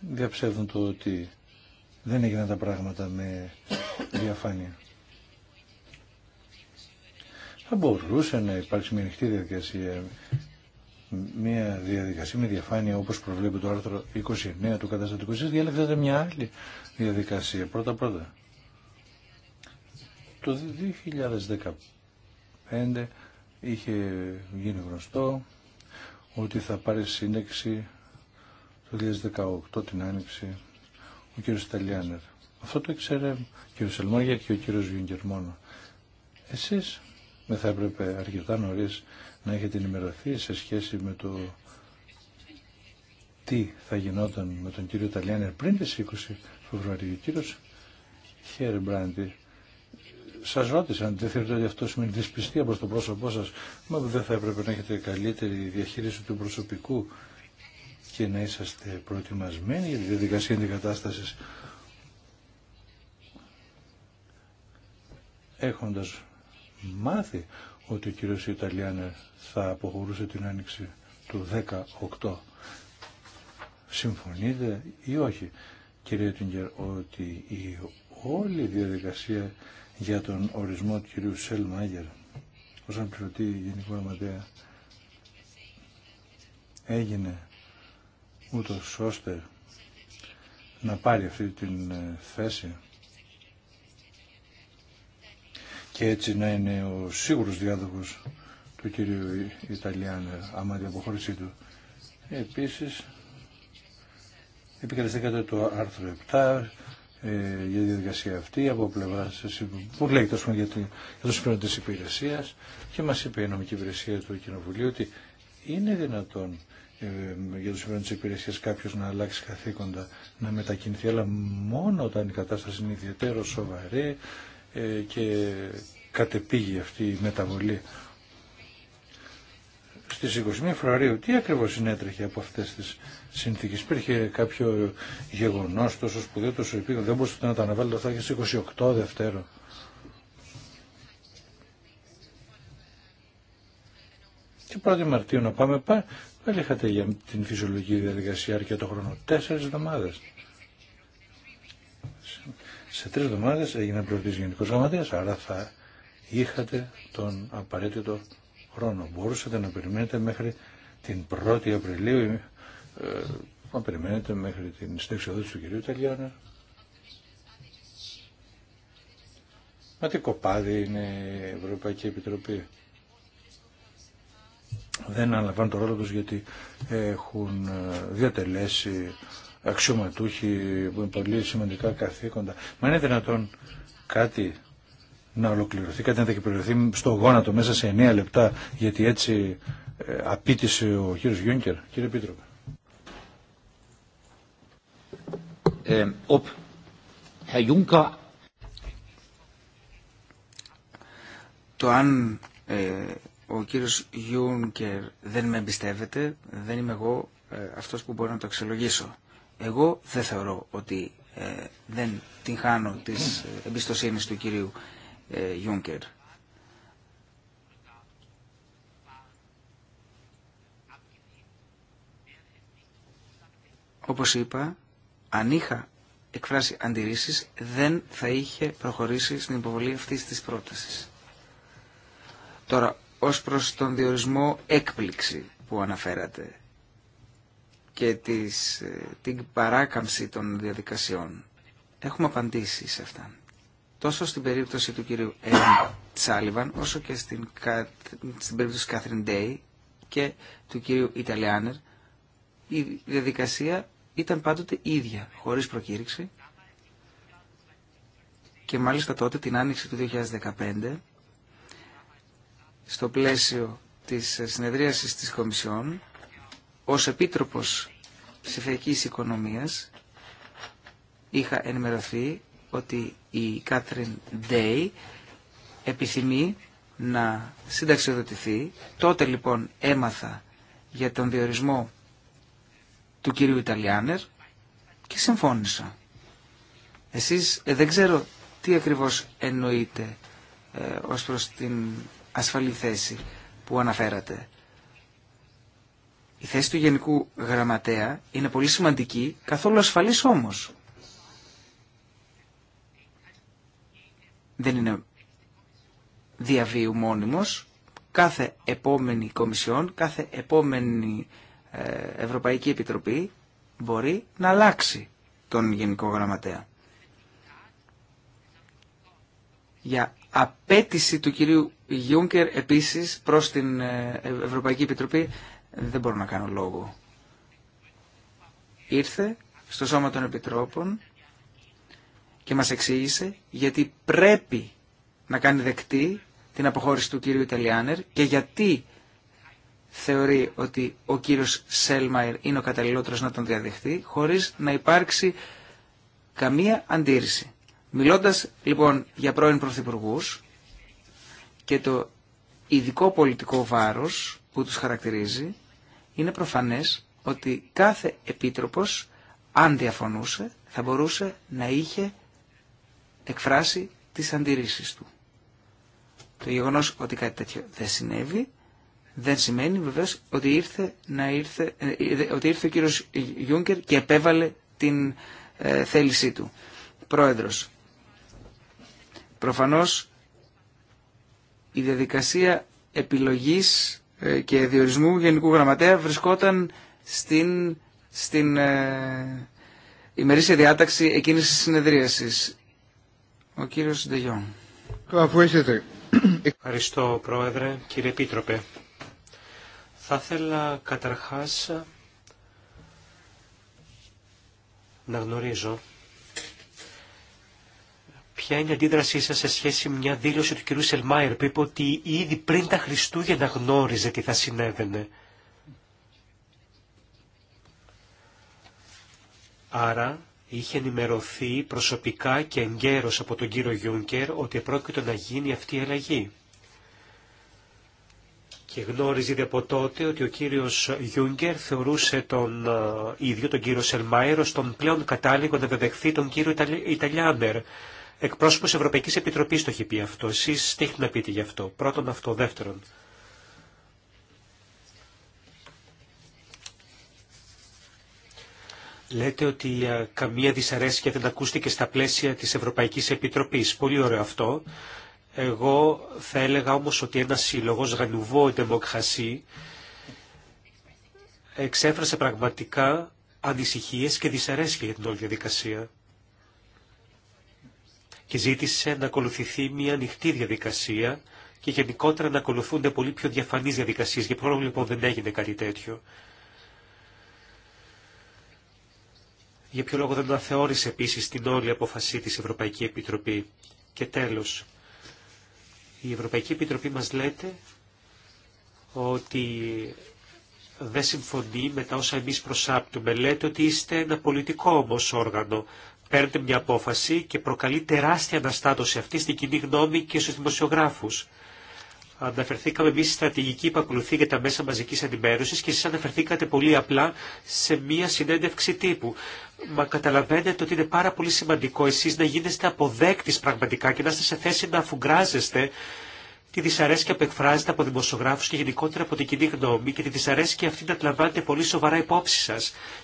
διαψεύδουν το ότι δεν έγιναν τα πράγματα με διαφάνεια. Θα μπορούσε να υπάρξει μια ανοιχτή διαδικασία, μια διαδικασία με διαφάνεια όπως προβλέπει το άρθρο 29 του καταστατικού εσείς διάλεξατε μια άλλη διαδικασία πρώτα πρώτα το 2015 είχε γίνει γνωστό ότι θα πάρει σύνταξη το 2018 την άνοιξη ο κύριος Σταλιάνερ. αυτό το ήξερε ο κύριος και ο κύριος Γιούγκερ εσείς με θα έπρεπε αρκετά νωρίς να έχετε ενημερωθεί σε σχέση με το τι θα γινόταν με τον κύριο Ταλιάνερ πριν τις 20 Φεβρουαρίου. Ο κύριος Μπράντι, σας αν δεν θεωρείτε ότι αυτό σημαίνει δυσπιστία προς το πρόσωπό σας, μα δεν θα έπρεπε να έχετε καλύτερη διαχείριση του προσωπικού και να είσαστε προετοιμασμένοι για τη διαδικασία αντικατάστασης έχοντας μάθει ότι ο κύριος Ιταλιάνε θα αποχωρούσε την άνοιξη του 18. Συμφωνείτε ή όχι, κύριε Τιγκερ, ότι η όλη διαδικασία για τον ορισμό του κυρίου Σελμάγερ ως η Γενικού Αματέα έγινε ούτως ώστε να πάρει αυτή την θέση και έτσι να είναι ο σίγουρος διάδοχος του κυρίου Ιταλιάν άμα την αποχώρησή του. Επίσης, επικαλεστήκατε το άρθρο 7 ε, για τη διαδικασία αυτή από πλευρά σας, που λέει τόσο, για, για το συμφέρον της υπηρεσίας και μας είπε η νομική υπηρεσία του Κοινοβουλίου ότι είναι δυνατόν ε, για το συμφέρον τη υπηρεσία κάποιο να αλλάξει καθήκοντα, να μετακινηθεί, αλλά μόνο όταν η κατάσταση είναι ιδιαίτερο σοβαρή, ε, και κατεπήγει αυτή η μεταβολή. Στις 21 Φεβρουαρίου τι ακριβώς συνέτρεχε από αυτές τις συνθήκες. Υπήρχε κάποιο γεγονός τόσο σπουδαίο, τόσο επίγον, δεν μπορούσατε να τα αναβάλλετε αυτά και 28 Δευτέρω Και 1η Μαρτίου να πάμε πάλι είχατε για την φυσιολογική διαδικασία αρκετό χρόνο. Τέσσερις εβδομάδες σε τρεις εβδομάδε έγινε προεδρής Γενικός Γραμματέα, άρα θα είχατε τον απαραίτητο χρόνο. Μπορούσατε να περιμένετε μέχρι την 1η Απριλίου, ε, να περιμένετε μέχρι την στέξη του κυρίου Τελειάνα. Μα τι κοπάδι είναι η Ευρωπαϊκή Επιτροπή. Δεν αναλαμβάνουν το ρόλο τους γιατί έχουν ε, διατελέσει αξιωματούχοι που είναι πολύ σημαντικά καθήκοντα. Μα είναι δυνατόν κάτι να ολοκληρωθεί, κάτι να δεκυπηρεωθεί στο γόνατο μέσα σε 9 λεπτά, γιατί έτσι ε, απίτησε ο κύριος Γιούνκερ. Κύριε πίτρο. Ε, οπ, Herr Το αν ε, ο κύριος Γιούνκερ δεν με εμπιστεύεται, δεν είμαι εγώ ε, αυτός που μπορώ να το αξιολογήσω. Εγώ δεν θεωρώ ότι ε, δεν την χάνω της ε, εμπιστοσύνης του κυρίου ε, Όπως είπα, αν είχα εκφράσει αντιρρήσεις, δεν θα είχε προχωρήσει στην υποβολή αυτής της πρότασης. Τώρα, ως προς τον διορισμό έκπληξη που αναφέρατε, και τις, την παράκαμψη των διαδικασιών. Έχουμε απαντήσει σε αυτά. Τόσο στην περίπτωση του κυρίου Έμι Τσάλιβαν, όσο και στην, στην περίπτωση Κάθριν Ντέι και του κυρίου Ιταλιάνερ, η διαδικασία ήταν πάντοτε ίδια, χωρίς προκήρυξη. Και μάλιστα τότε, την άνοιξη του 2015, στο πλαίσιο της συνεδρίασης της Κομισιόν, ως Επίτροπος Ψηφιακής Οικονομίας είχα ενημερωθεί ότι η Κάτριν Ντέι επιθυμεί να συνταξιοδοτηθεί. Τότε λοιπόν έμαθα για τον διορισμό του κυρίου Ιταλιάνερ και συμφώνησα. Εσείς ε, δεν ξέρω τι ακριβώς εννοείτε ε, ως προς την ασφαλή θέση που αναφέρατε. Η θέση του Γενικού Γραμματέα είναι πολύ σημαντική, καθόλου ασφαλής όμως. Δεν είναι διαβίου μόνιμος. Κάθε επόμενη Κομισιόν, κάθε επόμενη ε, Ευρωπαϊκή Επιτροπή μπορεί να αλλάξει τον Γενικό Γραμματέα. Για απέτηση του κυρίου Γιούγκερ επίσης προς την ε, Ευρωπαϊκή Επιτροπή δεν μπορώ να κάνω λόγο. Ήρθε στο Σώμα των Επιτρόπων και μας εξήγησε γιατί πρέπει να κάνει δεκτή την αποχώρηση του κύριου Ιταλιάνερ και γιατί θεωρεί ότι ο κύριος Σέλμαερ είναι ο καταλληλότερος να τον διαδεχτεί χωρίς να υπάρξει καμία αντίρρηση. Μιλώντας λοιπόν για πρώην πρωθυπουργούς και το ειδικό πολιτικό βάρος που τους χαρακτηρίζει είναι προφανές ότι κάθε επίτροπος, αν διαφωνούσε, θα μπορούσε να είχε εκφράσει τις αντιρρήσεις του. Το γεγονός ότι κάτι τέτοιο δεν συνέβη, δεν σημαίνει βεβαίως ότι ήρθε, να ήρθε, ε, ότι ήρθε ο κύριος Γιούγκερ και επέβαλε την ε, θέλησή του. Πρόεδρος, προφανώς η διαδικασία επιλογής ε, και διορισμού Γενικού Γραμματέα βρισκόταν στην, στην ε, ημερήσια διάταξη εκείνης της συνεδρίασης. Ο κύριος Ντεγιόν. Ευχαριστώ Πρόεδρε, κύριε Επίτροπε. Θα ήθελα καταρχάς να γνωρίζω Ποια είναι η αντίδρασή σα σε σχέση με μια δήλωση του κυρίου Σελμάιρ που είπε ότι ήδη πριν τα Χριστούγεννα γνώριζε τι θα συνέβαινε. Άρα είχε ενημερωθεί προσωπικά και εγκαίρως από τον κύριο Γιούνκερ ότι επρόκειτο να γίνει αυτή η αλλαγή. Και γνώριζε ήδη από τότε ότι ο κύριος Γιούγκερ θεωρούσε τον ίδιο τον κύριο Σελμάιρο τον πλέον κατάλληλο να δεδεχθεί τον κύριο Ιταλιάνερ. Εκπρόσωπο Ευρωπαϊκή Επιτροπή το έχει πει αυτό. Εσεί τι έχετε να πείτε γι' αυτό. Πρώτον αυτό. Δεύτερον. Λέτε ότι καμία δυσαρέσκεια δεν ακούστηκε στα πλαίσια της Ευρωπαϊκής Επιτροπής. Πολύ ωραίο αυτό. Εγώ θα έλεγα όμως ότι ένα σύλλογος γανουβό δημοκρασί εξέφρασε πραγματικά ανησυχίες και δυσαρέσκεια για την όλη διαδικασία και ζήτησε να ακολουθηθεί μια ανοιχτή διαδικασία και γενικότερα να ακολουθούνται πολύ πιο διαφανείς διαδικασίες. Για πρόβλημα λοιπόν δεν έγινε κάτι τέτοιο. Για ποιο λόγο δεν αναθεώρησε επίσης την όλη αποφασή της Ευρωπαϊκή Επιτροπή. Και τέλος, η Ευρωπαϊκή Επιτροπή μας λέτε ότι δεν συμφωνεί με τα όσα εμείς προσάπτουμε. Λέτε ότι είστε ένα πολιτικό όμως όργανο παίρνετε μια απόφαση και προκαλεί τεράστια αναστάτωση αυτή στην κοινή γνώμη και στους δημοσιογράφους. Αναφερθήκαμε εμεί στη στρατηγική που ακολουθεί για τα μέσα μαζική ενημέρωση και εσεί αναφερθήκατε πολύ απλά σε μία συνέντευξη τύπου. Μα καταλαβαίνετε ότι είναι πάρα πολύ σημαντικό εσεί να γίνεστε αποδέκτη πραγματικά και να είστε σε θέση να αφουγκράζεστε τη δυσαρέσκεια που εκφράζεται από δημοσιογράφου και γενικότερα από την κοινή γνώμη και τη δυσαρέσκεια αυτή να λαμβάνετε πολύ σοβαρά υπόψη σα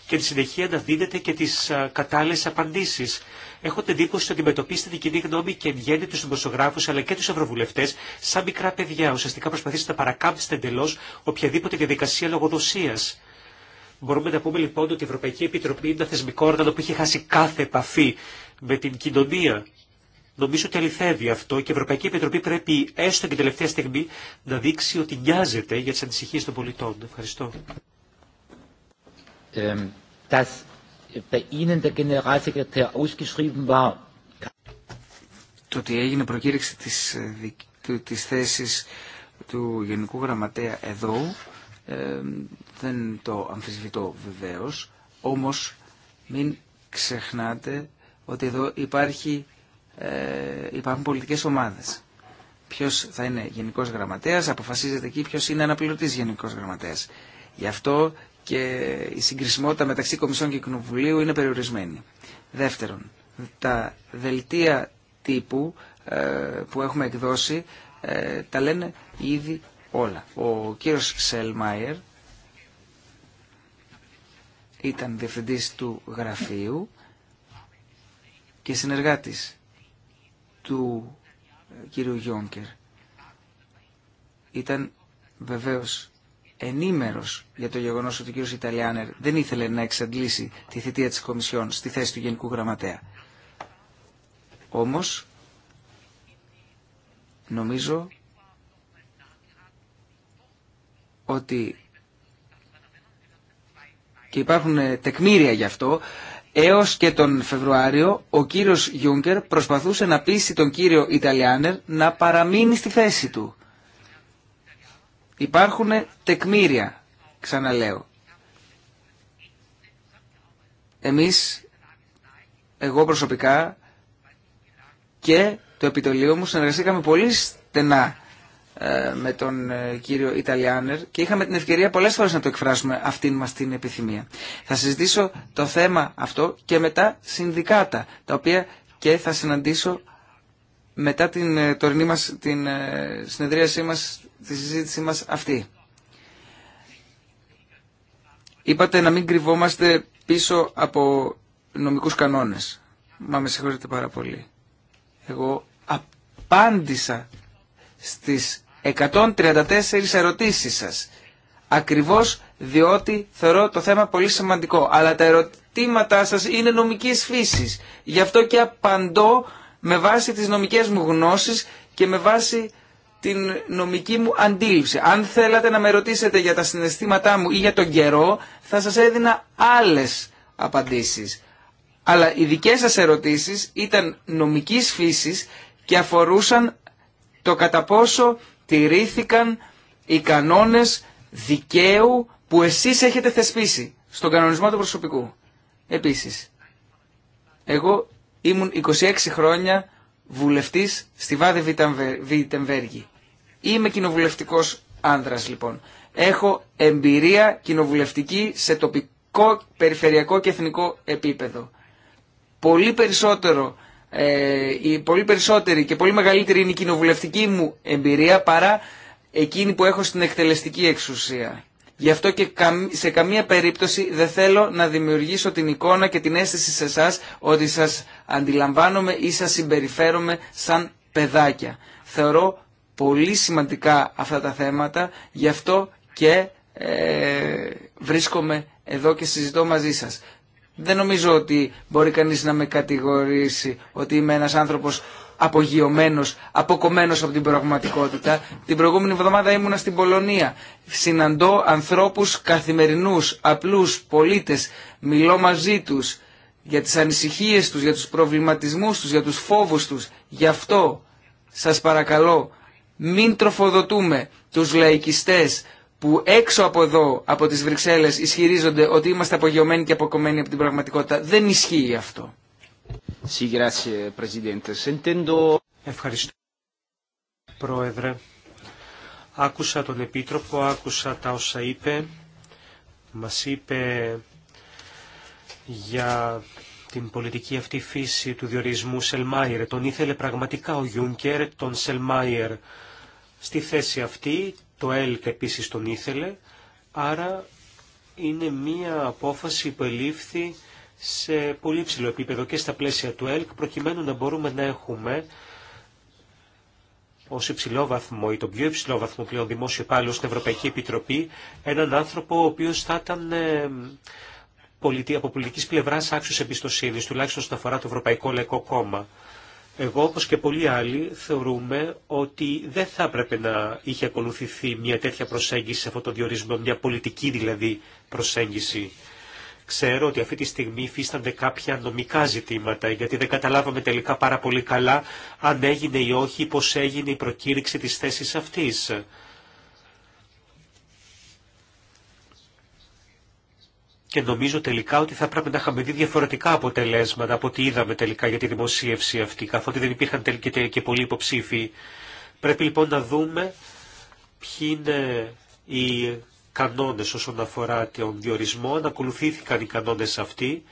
και τη συνεχεία να δίνετε και τι κατάλληλε απαντήσει. Έχω την εντύπωση ότι αντιμετωπίσετε την κοινή γνώμη και εν γέννη του δημοσιογράφου αλλά και του ευρωβουλευτέ σαν μικρά παιδιά. Ουσιαστικά προσπαθήσετε να παρακάμψετε εντελώ οποιαδήποτε διαδικασία λογοδοσία. Μπορούμε να πούμε λοιπόν ότι η Ευρωπαϊκή Επιτροπή είναι ένα θεσμικό όργανο που έχει χάσει κάθε επαφή με την κοινωνία Νομίζω ότι αληθεύει αυτό και η Ευρωπαϊκή Επιτροπή πρέπει έστω και τελευταία στιγμή να δείξει ότι νοιάζεται για τι ανησυχίε των πολιτών. Ευχαριστώ. Το ότι έγινε προκήρυξη της, ε, της θέσης του Γενικού Γραμματέα εδώ δεν το αμφισβητώ βεβαίως, όμως μην ξεχνάτε ότι εδώ υπάρχει ε, υπάρχουν πολιτικές ομάδες. Ποιο θα είναι γενικός γραμματέας, αποφασίζεται εκεί ποιο είναι αναπληρωτή γενικό γραμματέας. Γι' αυτό και η συγκρισιμότητα μεταξύ Κομισιών και Κοινοβουλίου είναι περιορισμένη. Δεύτερον, τα δελτία τύπου ε, που έχουμε εκδώσει ε, τα λένε ήδη όλα. Ο κύριος Σελμάιερ ήταν διευθυντής του γραφείου και συνεργάτης του ε, κύριου Γιόνκερ. Ήταν βεβαίως ενήμερος για το γεγονός ότι ο κύριος Ιταλιάνερ δεν ήθελε να εξαντλήσει τη θητεία της Κομισιόν στη θέση του Γενικού Γραμματέα. Όμως, νομίζω ότι και υπάρχουν ε, τεκμήρια γι' αυτό, Έως και τον Φεβρουάριο ο κύριος Γιούγκερ προσπαθούσε να πείσει τον κύριο Ιταλιάνερ να παραμείνει στη θέση του. Υπάρχουν τεκμήρια, ξαναλέω. Εμείς, εγώ προσωπικά και το επιτολείο μου συνεργαστήκαμε πολύ στενά ε, με τον ε, κύριο Ιταλιάνερ και είχαμε την ευκαιρία πολλές φορές να το εκφράσουμε αυτήν μας την επιθυμία. Θα συζητήσω το θέμα αυτό και μετά συνδικάτα, τα οποία και θα συναντήσω μετά την ε, τωρινή μας, την συνεδρίασή μας, τη συζήτησή μας αυτή. Είπατε να μην κρυβόμαστε πίσω από νομικούς κανόνες. Μα με συγχωρείτε πάρα πολύ. Εγώ απάντησα στις 134 ερωτήσεις σας. Ακριβώς διότι θεωρώ το θέμα πολύ σημαντικό. Αλλά τα ερωτήματά σας είναι νομικής φύσης. Γι' αυτό και απαντώ με βάση τις νομικές μου γνώσεις και με βάση την νομική μου αντίληψη. Αν θέλατε να με ρωτήσετε για τα συναισθήματά μου ή για τον καιρό, θα σας έδινα άλλες απαντήσεις. Αλλά οι δικές σας ερωτήσεις ήταν νομικής φύσης και αφορούσαν το κατά πόσο τηρήθηκαν οι κανόνες δικαίου που εσείς έχετε θεσπίσει στον κανονισμό του προσωπικού. Επίσης, εγώ ήμουν 26 χρόνια βουλευτής στη Βάδε Βιτεμβέργη. Είμαι κοινοβουλευτικός άνδρας λοιπόν. Έχω εμπειρία κοινοβουλευτική σε τοπικό, περιφερειακό και εθνικό επίπεδο. Πολύ περισσότερο ε, η πολύ περισσότερη και πολύ μεγαλύτερη είναι η κοινοβουλευτική μου εμπειρία παρά εκείνη που έχω στην εκτελεστική εξουσία. Γι' αυτό και σε καμία περίπτωση δεν θέλω να δημιουργήσω την εικόνα και την αίσθηση σε εσά ότι σας αντιλαμβάνομαι ή σας συμπεριφέρομαι σαν παιδάκια. Θεωρώ πολύ σημαντικά αυτά τα θέματα, γι' αυτό και ε, βρίσκομαι εδώ και συζητώ μαζί σας. Δεν νομίζω ότι μπορεί κανείς να με κατηγορήσει ότι είμαι ένας άνθρωπος απογειωμένος, αποκομμένος από την πραγματικότητα. Την προηγούμενη εβδομάδα ήμουνα στην Πολωνία. Συναντώ ανθρώπους καθημερινούς, απλούς πολίτες. Μιλώ μαζί τους για τις ανησυχίες τους, για τους προβληματισμούς τους, για τους φόβους τους. Γι' αυτό σας παρακαλώ μην τροφοδοτούμε τους λαϊκιστές, που έξω από εδώ, από τις Βρυξέλλες, ισχυρίζονται ότι είμαστε απογειωμένοι και αποκομμένοι από την πραγματικότητα. Δεν ισχύει αυτό. Ευχαριστώ, Πρόεδρε. Άκουσα τον Επίτροπο, άκουσα τα όσα είπε. Μας είπε για την πολιτική αυτή φύση του διορισμού Σελμάιερ. Τον ήθελε πραγματικά ο Γιούνκερ, τον Σελμάιερ στη θέση αυτή το ΕΛΚ επίσης τον ήθελε, άρα είναι μία απόφαση που ελήφθη σε πολύ ψηλό επίπεδο και στα πλαίσια του ΕΛΚ προκειμένου να μπορούμε να έχουμε ως υψηλό βαθμό ή τον πιο υψηλό βαθμό πλέον δημόσιο υπάλληλο στην Ευρωπαϊκή Επιτροπή έναν άνθρωπο ο οποίος θα ήταν ε, από πολιτικής πλευράς άξιος εμπιστοσύνης, τουλάχιστον όσον αφορά το Ευρωπαϊκό Λαϊκό Κόμμα. Εγώ όπως και πολλοί άλλοι θεωρούμε ότι δεν θα έπρεπε να είχε ακολουθηθεί μια τέτοια προσέγγιση σε αυτό το διορισμό, μια πολιτική δηλαδή προσέγγιση. Ξέρω ότι αυτή τη στιγμή υφίστανται κάποια νομικά ζητήματα, γιατί δεν καταλάβαμε τελικά πάρα πολύ καλά αν έγινε ή όχι, πώς έγινε η προκήρυξη της θέσης αυτής. και νομίζω τελικά ότι θα πρέπει να είχαμε δει διαφορετικά αποτελέσματα από ό,τι είδαμε τελικά για τη δημοσίευση αυτή, καθότι δεν υπήρχαν και, και πολλοί υποψήφοι. Πρέπει λοιπόν να δούμε ποιοι είναι οι κανόνες όσον αφορά τον διορισμό, αν ακολουθήθηκαν οι κανόνες αυτοί.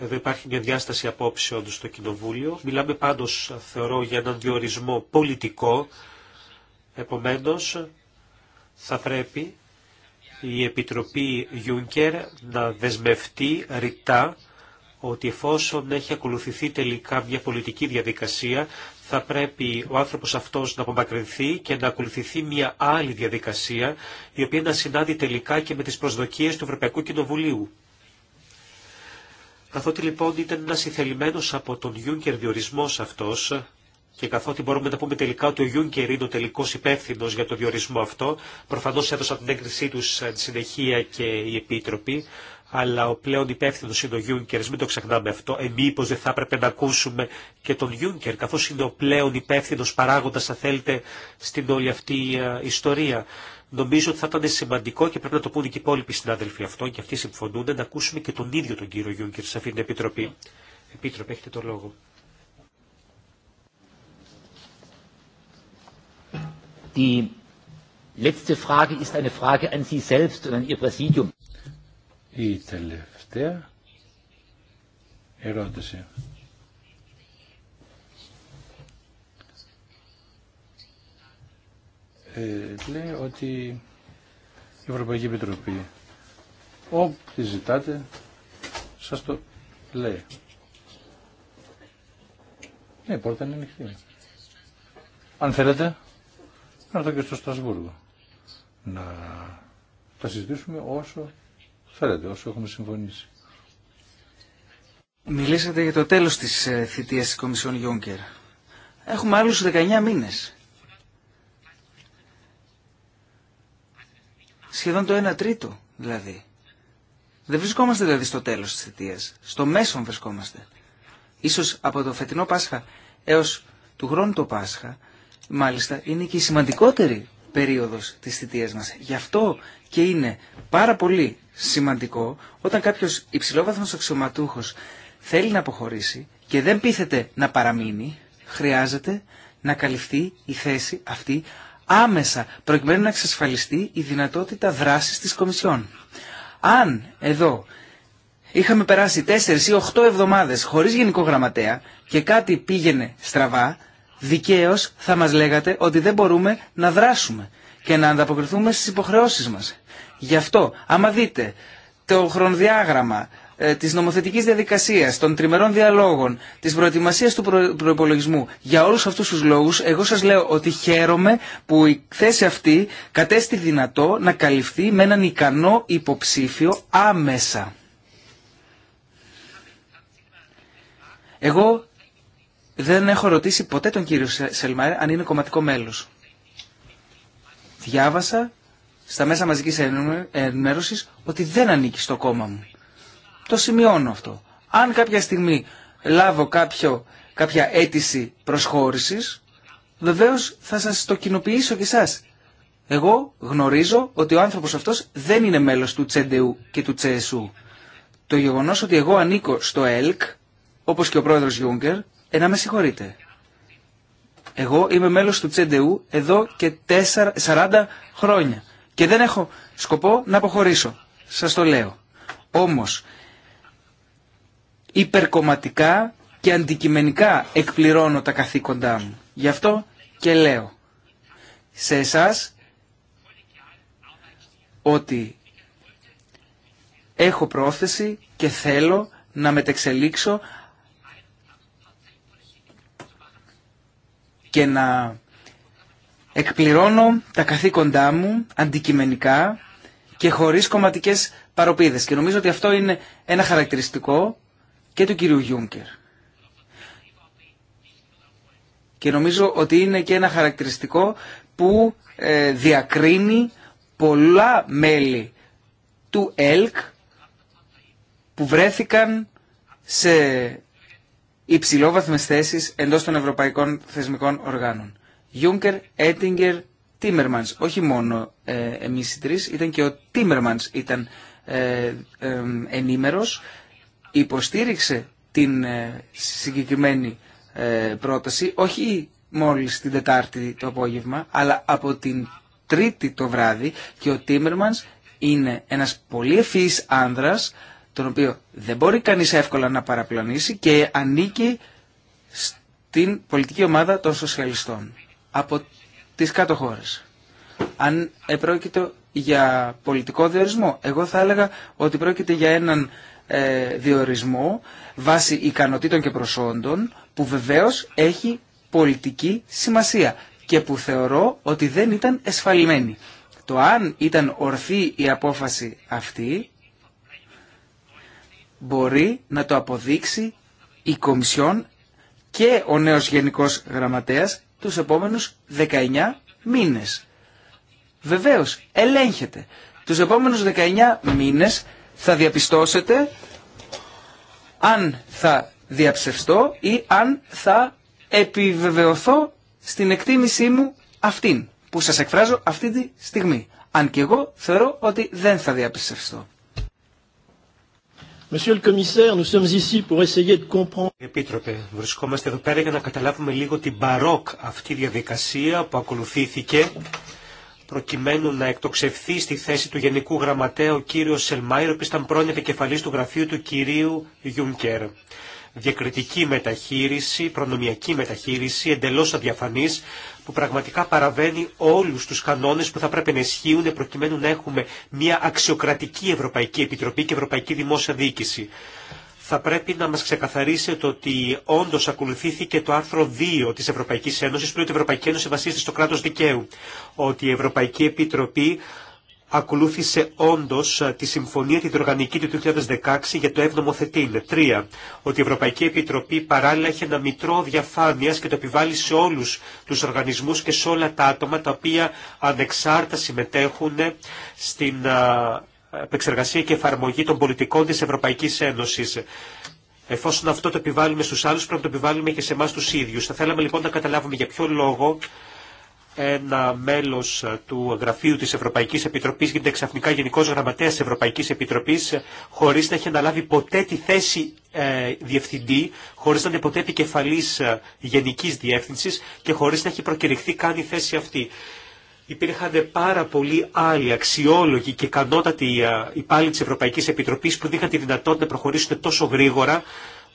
Εδώ υπάρχει μια διάσταση απόψεων στο Κοινοβούλιο. Μιλάμε πάντως, θεωρώ, για έναν διορισμό πολιτικό. Επομένως, θα πρέπει η Επιτροπή Γιούνκερ να δεσμευτεί ρητά ότι εφόσον έχει ακολουθηθεί τελικά μια πολιτική διαδικασία, θα πρέπει ο άνθρωπος αυτός να απομακρυνθεί και να ακολουθηθεί μια άλλη διαδικασία, η οποία να συνάδει τελικά και με τις προσδοκίες του Ευρωπαϊκού Κοινοβουλίου. Καθότι λοιπόν ήταν ένας ηθελημένος από τον Γιούγκερ διορισμός αυτός, και καθότι μπορούμε να πούμε τελικά ότι ο Γιούνκερ είναι ο τελικό υπεύθυνο για το διορισμό αυτό, προφανώ έδωσαν την έγκρισή του στη ε, συνεχεία και οι επίτροποι, αλλά ο πλέον υπεύθυνο είναι ο Γιούνκερ, μην το ξεχνάμε αυτό. Ε, Μήπω δεν θα έπρεπε να ακούσουμε και τον Γιούνκερ, καθώ είναι ο πλέον υπεύθυνο παράγοντα, αν θέλετε, στην όλη αυτή η ε, ιστορία. Νομίζω ότι θα ήταν σημαντικό και πρέπει να το πούνε και οι υπόλοιποι συνάδελφοι αυτό, και αυτοί συμφωνούν, να ακούσουμε και τον ίδιο τον κύριο Γιούνκερ σε αυτή την επιτροπή. Επίτροπε, έχετε το λόγο. Die letzte Frage ist eine Frage an Sie selbst und an Ihr Präsidium. Η τελευταία ερώτηση. Ε, λέει ότι η Ευρωπαϊκή Επιτροπή ό,τι ζητάτε σας το λέει. Ναι, η πόρτα είναι ανοιχτή. Αν θέλετε, να το και στο Στασβούργο. Να τα συζητήσουμε όσο θέλετε, όσο έχουμε συμφωνήσει. Μιλήσατε για το τέλος της ε, θητείας της Κομισιόν Γιόγκερ. Έχουμε άλλους 19 μήνες. Σχεδόν το 1 τρίτο, δηλαδή. Δεν βρισκόμαστε δηλαδή στο τέλος της θητείας. Στο μέσον βρισκόμαστε. Ίσως από το φετινό Πάσχα έως του χρόνου το Πάσχα μάλιστα είναι και η σημαντικότερη περίοδος της θητείας μας. Γι' αυτό και είναι πάρα πολύ σημαντικό όταν κάποιος υψηλόβαθμος αξιωματούχος θέλει να αποχωρήσει και δεν πείθεται να παραμείνει, χρειάζεται να καλυφθεί η θέση αυτή άμεσα προκειμένου να εξασφαλιστεί η δυνατότητα δράσης της Κομισιόν. Αν εδώ είχαμε περάσει 4 ή 8 εβδομάδες χωρίς γενικό γραμματέα και κάτι πήγαινε στραβά, δικαίως θα μας λέγατε ότι δεν μπορούμε να δράσουμε και να ανταποκριθούμε στις υποχρεώσεις μας. Γι' αυτό, άμα δείτε το χρονοδιάγραμμα ε, της νομοθετικής διαδικασίας, των τριμερών διαλόγων, της προετοιμασίας του προ, για όλους αυτούς τους λόγους, εγώ σας λέω ότι χαίρομαι που η θέση αυτή κατέστη δυνατό να καλυφθεί με έναν ικανό υποψήφιο άμεσα. Εγώ δεν έχω ρωτήσει ποτέ τον κύριο Σελμαρέ αν είναι κομματικό μέλος. Διάβασα στα μέσα μαζικής ενημέρωσης ότι δεν ανήκει στο κόμμα μου. Το σημειώνω αυτό. Αν κάποια στιγμή λάβω κάποιο, κάποια αίτηση προσχώρησης, βεβαίως θα σας το κοινοποιήσω και εσάς. Εγώ γνωρίζω ότι ο άνθρωπος αυτός δεν είναι μέλος του Τσεντεού και του Τσέσου. Το γεγονός ότι εγώ ανήκω στο ΕΛΚ, όπως και ο πρόεδρος Γιούγκερ, ε, να με συγχωρείτε. Εγώ είμαι μέλος του Τσεντεού εδώ και 4, 40 χρόνια και δεν έχω σκοπό να αποχωρήσω. Σας το λέω. Όμως, υπερκομματικά και αντικειμενικά εκπληρώνω τα καθήκοντά μου. Γι' αυτό και λέω σε εσάς ότι έχω πρόθεση και θέλω να μετεξελίξω και να εκπληρώνω τα καθήκοντά μου αντικειμενικά και χωρίς κομματικές παροπίδες. Και νομίζω ότι αυτό είναι ένα χαρακτηριστικό και του κυρίου Γιούγκερ. Και νομίζω ότι είναι και ένα χαρακτηριστικό που ε, διακρίνει πολλά μέλη του ΕΛΚ που βρέθηκαν σε υψηλόβαθμες θέσεις εντός των ευρωπαϊκών θεσμικών οργάνων. Γιούγκερ, Έτιγκερ, Τίμερμανς, όχι μόνο ε, εμείς οι τρεις, ήταν και ο Τίμερμανς ήταν ε, ε, ενήμερος, υποστήριξε την ε, συγκεκριμένη ε, πρόταση, όχι μόλις την Τετάρτη το απόγευμα, αλλά από την Τρίτη το βράδυ και ο Τίμερμανς είναι ένας πολύ ευφυής άνδρας, τον οποίο δεν μπορεί κανείς εύκολα να παραπλανήσει και ανήκει στην πολιτική ομάδα των σοσιαλιστών από τις κάτω χώρες. Αν επρόκειτο για πολιτικό διορισμό, εγώ θα έλεγα ότι πρόκειται για έναν ε, διορισμό βάσει ικανοτήτων και προσόντων που βεβαίως έχει πολιτική σημασία και που θεωρώ ότι δεν ήταν εσφαλμένη. Το αν ήταν ορθή η απόφαση αυτή μπορεί να το αποδείξει η Κομισιόν και ο νέος Γενικός Γραμματέας τους επόμενους 19 μήνες. Βεβαίως, ελέγχεται. Τους επόμενους 19 μήνες θα διαπιστώσετε αν θα διαψευστώ ή αν θα επιβεβαιωθώ στην εκτίμησή μου αυτήν που σας εκφράζω αυτή τη στιγμή. Αν και εγώ θεωρώ ότι δεν θα διαψευστώ. Επίτροπε, βρισκόμαστε εδώ πέρα για να καταλάβουμε λίγο την μπαρόκ αυτή διαδικασία που ακολουθήθηκε προκειμένου να εκτοξευθεί στη θέση του Γενικού Γραμματέα ο κύριος Σελμάιρο, που ήταν πρώην επικεφαλής του γραφείου του κυρίου Γιούνκερ. Διακριτική μεταχείριση, προνομιακή μεταχείριση, εντελώς αδιαφανής, που πραγματικά παραβαίνει όλους τους κανόνες που θα πρέπει να ισχύουν προκειμένου να έχουμε μια αξιοκρατική Ευρωπαϊκή Επιτροπή και Ευρωπαϊκή Δημόσια Διοίκηση. Θα πρέπει να μας ξεκαθαρίσετε ότι όντως ακολουθήθηκε το άρθρο 2 της Ευρωπαϊκής Ένωσης που λέει ότι η Ευρωπαϊκή Ένωση βασίζεται στο κράτος δικαίου. Ότι η Ευρωπαϊκή Επιτροπή ακολούθησε όντω τη συμφωνία τη Οργανική του 2016 για το 7ο θετήν. 3. Ότι η Ευρωπαϊκή Επιτροπή παράλληλα έχει ένα μητρό διαφάνεια και το επιβάλλει σε όλου του οργανισμού και σε όλα τα άτομα τα οποία ανεξάρτητα συμμετέχουν ε, στην επεξεργασία και εφαρμογή των πολιτικών τη Ευρωπαϊκή Ένωση. Εφόσον αυτό το επιβάλλουμε στου άλλου, πρέπει να το επιβάλλουμε και σε εμά του ίδιου. Θα θέλαμε λοιπόν να καταλάβουμε για ποιο λόγο ένα μέλος του γραφείου της Ευρωπαϊκής Επιτροπής γίνεται ξαφνικά Γενικός Γραμματέας της Ευρωπαϊκής Επιτροπής χωρίς να έχει αναλάβει ποτέ τη θέση ε, διευθυντή, χωρίς να είναι ποτέ επικεφαλής ε, γενικής διεύθυνσης και χωρίς να έχει προκηρυχθεί καν η θέση αυτή. Υπήρχαν πάρα πολλοί άλλοι αξιόλογοι και ικανότατοι ε, υπάλληλοι της Ευρωπαϊκής Επιτροπής που δεν είχαν τη δυνατότητα να προχωρήσουν τόσο γρήγορα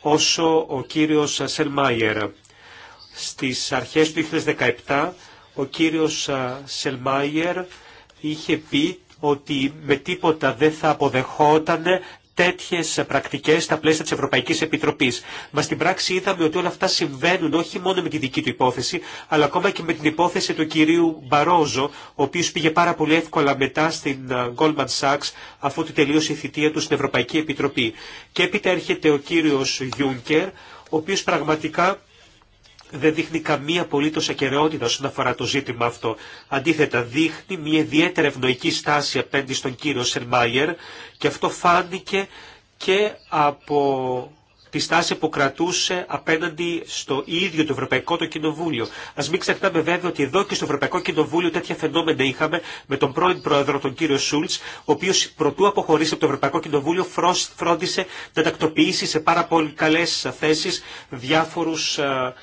όσο ο κύριος Σελμάιερ. Στις αρχές του 2017 ο κύριος Σελμάιερ είχε πει ότι με τίποτα δεν θα αποδεχόταν τέτοιε πρακτικέ στα πλαίσια τη Ευρωπαϊκή Επιτροπή. Μα στην πράξη είδαμε ότι όλα αυτά συμβαίνουν όχι μόνο με τη δική του υπόθεση, αλλά ακόμα και με την υπόθεση του κυρίου Μπαρόζο, ο οποίο πήγε πάρα πολύ εύκολα μετά στην Goldman Sachs, αφού του τελείωσε η θητεία του στην Ευρωπαϊκή Επιτροπή. Και έπειτα έρχεται ο κύριο Γιούνκερ, ο οποίο πραγματικά δεν δείχνει καμία απολύτως ακεραιότητα όσον αφορά το ζήτημα αυτό. Αντίθετα, δείχνει μια ιδιαίτερα ευνοϊκή στάση απέναντι στον κύριο Σερμάγερ και αυτό φάνηκε και από τη στάση που κρατούσε απέναντι στο ίδιο το Ευρωπαϊκό το Κοινοβούλιο. Α μην ξεχνάμε βέβαια ότι εδώ και στο Ευρωπαϊκό Κοινοβούλιο τέτοια φαινόμενα είχαμε με τον πρώην πρόεδρο, τον κύριο Σούλτ, ο οποίο προτού αποχωρήσει από το Ευρωπαϊκό Κοινοβούλιο φρόντισε να τακτοποιήσει σε πάρα πολύ καλέ θέσει διάφορου ε,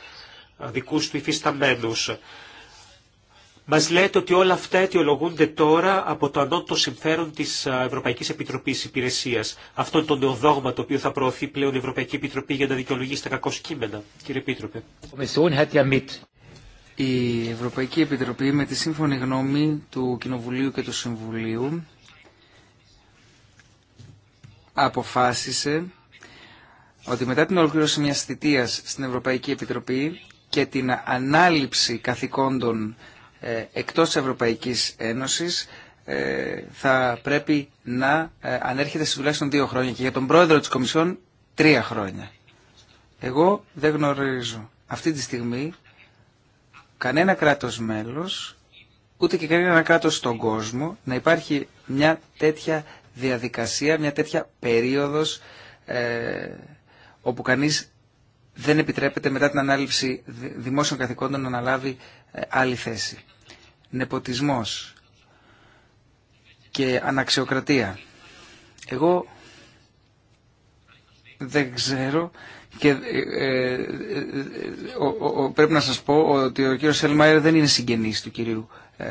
δικούς του υφισταμένους. Μας λέτε ότι όλα αυτά αιτιολογούνται τώρα από το ανώτο συμφέρον της Ευρωπαϊκής Επιτροπής Υπηρεσίας. Αυτό είναι το νεοδόγμα το οποίο θα προωθεί πλέον η Ευρωπαϊκή Επιτροπή για να δικαιολογήσει τα κακό κείμενα. Κύριε Επίτροπε. Η Ευρωπαϊκή Επιτροπή με τη σύμφωνη γνώμη του Κοινοβουλίου και του Συμβουλίου αποφάσισε ότι μετά την ολοκλήρωση μιας θητείας στην Ευρωπαϊκή Επιτροπή και την ανάληψη καθηκόντων ε, εκτός Ευρωπαϊκής Ένωσης ε, θα πρέπει να ε, ανέρχεται σε τουλάχιστον δύο χρόνια και για τον πρόεδρο της Κομισιόν τρία χρόνια. Εγώ δεν γνωρίζω αυτή τη στιγμή κανένα κράτος μέλος, ούτε και κανένα κράτος στον κόσμο, να υπάρχει μια τέτοια διαδικασία, μια τέτοια περίοδος ε, όπου κανείς δεν επιτρέπεται μετά την ανάληψη δημόσιων καθηκόντων να αναλάβει ε, άλλη θέση. Νεποτισμός και αναξιοκρατία. Εγώ δεν ξέρω και ε, ε, ο, πρέπει να σας πω ότι ο κύριος Σέλμαϊρ δεν είναι συγγενής του κυρίου ε,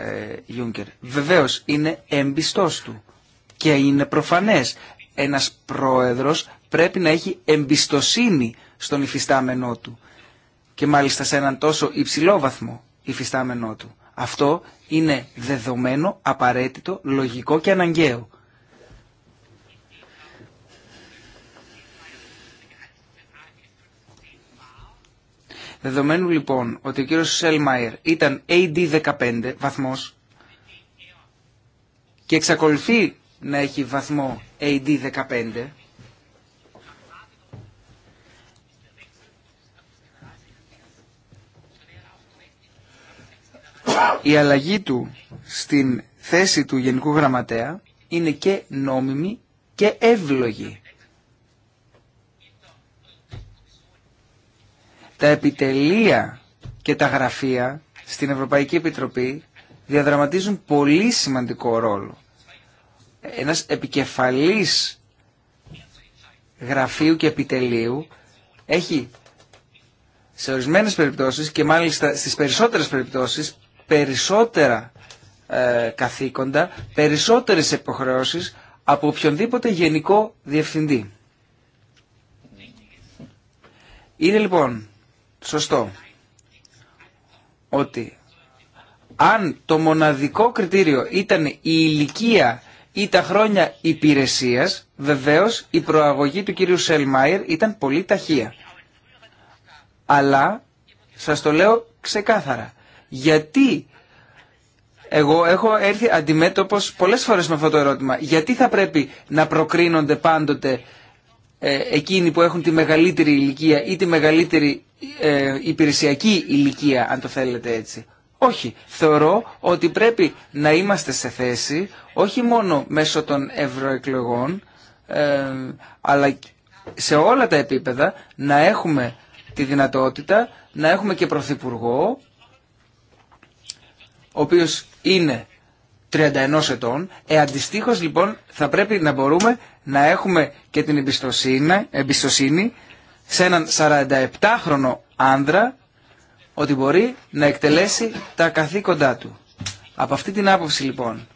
Γιούγκερ. Βεβαίως είναι εμπιστός του και είναι προφανές. Ένας πρόεδρος πρέπει να έχει εμπιστοσύνη στον υφιστάμενό του και μάλιστα σε έναν τόσο υψηλό βαθμό υφιστάμενό του. Αυτό είναι δεδομένο, απαραίτητο, λογικό και αναγκαίο. Δεδομένου λοιπόν ότι ο κυριος σελμαιρ Σελμάιερ ήταν AD15 βαθμός και εξακολουθεί να έχει βαθμό AD15 η αλλαγή του στην θέση του Γενικού Γραμματέα είναι και νόμιμη και εύλογη. Τα επιτελεία και τα γραφεία στην Ευρωπαϊκή Επιτροπή διαδραματίζουν πολύ σημαντικό ρόλο. Ένας επικεφαλής γραφείου και επιτελείου έχει σε ορισμένες περιπτώσεις και μάλιστα στις περισσότερες περιπτώσεις περισσότερα ε, καθήκοντα, περισσότερες υποχρεώσεις από οποιονδήποτε γενικό διευθυντή. Είναι λοιπόν σωστό ότι αν το μοναδικό κριτήριο ήταν η ηλικία ή τα χρόνια υπηρεσίας, βεβαίως η προαγωγή του κυρίου Σελμάιρ ήταν πολύ ταχεία. Αλλά σας το λέω ξεκάθαρα γιατί εγώ έχω έρθει αντιμέτωπος πολλές φορές με αυτό το ερώτημα. Γιατί θα πρέπει να προκρίνονται πάντοτε ε, εκείνοι που έχουν τη μεγαλύτερη ηλικία ή τη μεγαλύτερη ε, υπηρεσιακή ηλικία, αν το θέλετε έτσι. Όχι. Θεωρώ ότι πρέπει να είμαστε σε θέση, όχι μόνο μέσω των ευρωεκλογών, ε, αλλά σε όλα τα επίπεδα, να έχουμε τη δυνατότητα να έχουμε και πρωθυπουργό ο οποίο είναι 31 ετών. Ε, λοιπόν θα πρέπει να μπορούμε να έχουμε και την εμπιστοσύνη, εμπιστοσύνη σε έναν 47χρονο άνδρα ότι μπορεί να εκτελέσει τα καθήκοντά του. Από αυτή την άποψη λοιπόν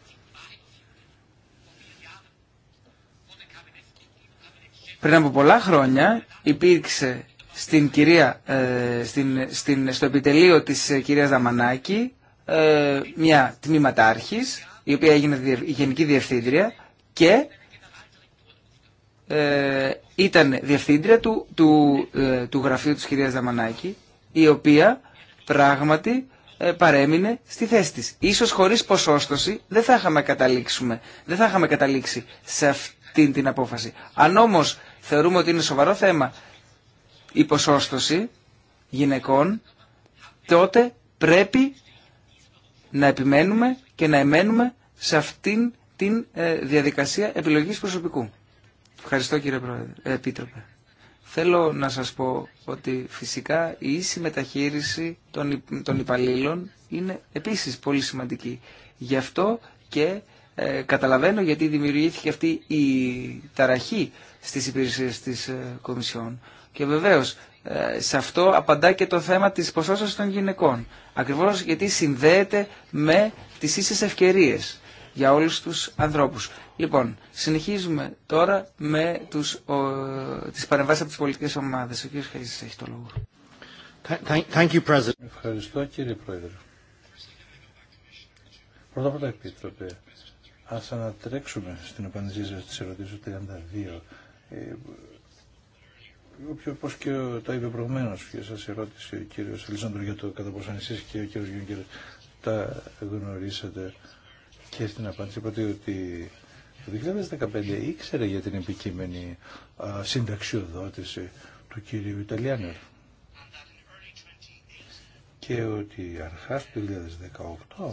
πριν από πολλά χρόνια υπήρξε στην κυρία, ε, στην, στην, στο επιτελείο της ε, κυρίας Δαμανάκη ε, μια τμήματαρχη, η οποία έγινε γενική διευθύντρια και ε, ήταν διευθύντρια του, του, ε, του γραφείου της κυρίας Δαμανάκη, η οποία πράγματι παρέμεινε στη θέση της. Ίσως χωρίς ποσόστοση δεν θα είχαμε, καταλήξουμε, δεν θα είχαμε καταλήξει σε αυτή την απόφαση. Αν όμως θεωρούμε ότι είναι σοβαρό θέμα η ποσόστοση γυναικών, τότε πρέπει να επιμένουμε και να εμένουμε σε αυτήν την ε, διαδικασία επιλογής προσωπικού. Ευχαριστώ κύριε Πρόεδρε, ε, Επίτροπε. Θέλω να σας πω ότι φυσικά η ίση μεταχείριση των υπαλλήλων είναι επίσης πολύ σημαντική. Γι' αυτό και ε, καταλαβαίνω γιατί δημιουργήθηκε αυτή η ταραχή στις υπηρεσίες της ε, Κομισιόν. Και βεβαίως ε, σε αυτό απαντά και το θέμα της ποσότητας των γυναικών. Ακριβώς γιατί συνδέεται με τις ίσες ευκαιρίες για όλους τους ανθρώπους. Λοιπόν, συνεχίζουμε τώρα με τους, ο, τις παρεμβάσεις από τις πολιτικές ομάδες. Ο κ. Χαΐζης έχει το λόγο. Thank you, Ευχαριστώ κύριε Πρόεδρε. Πρώτα απ' όλα επίτροπε, ας ανατρέξουμε στην απαντησή της ερωτήσεως 32 όπω και τα είπε προηγουμένω και σα ερώτησε ο κύριο Ελισάντρου για το κατά πόσο εσεί και ο κύριο Γιούγκερ τα γνωρίσατε και στην απάντηση είπατε ότι το 2015 ήξερε για την επικείμενη συνταξιοδότηση του κύριου Ιταλιάνερ και ότι αρχάς το 2018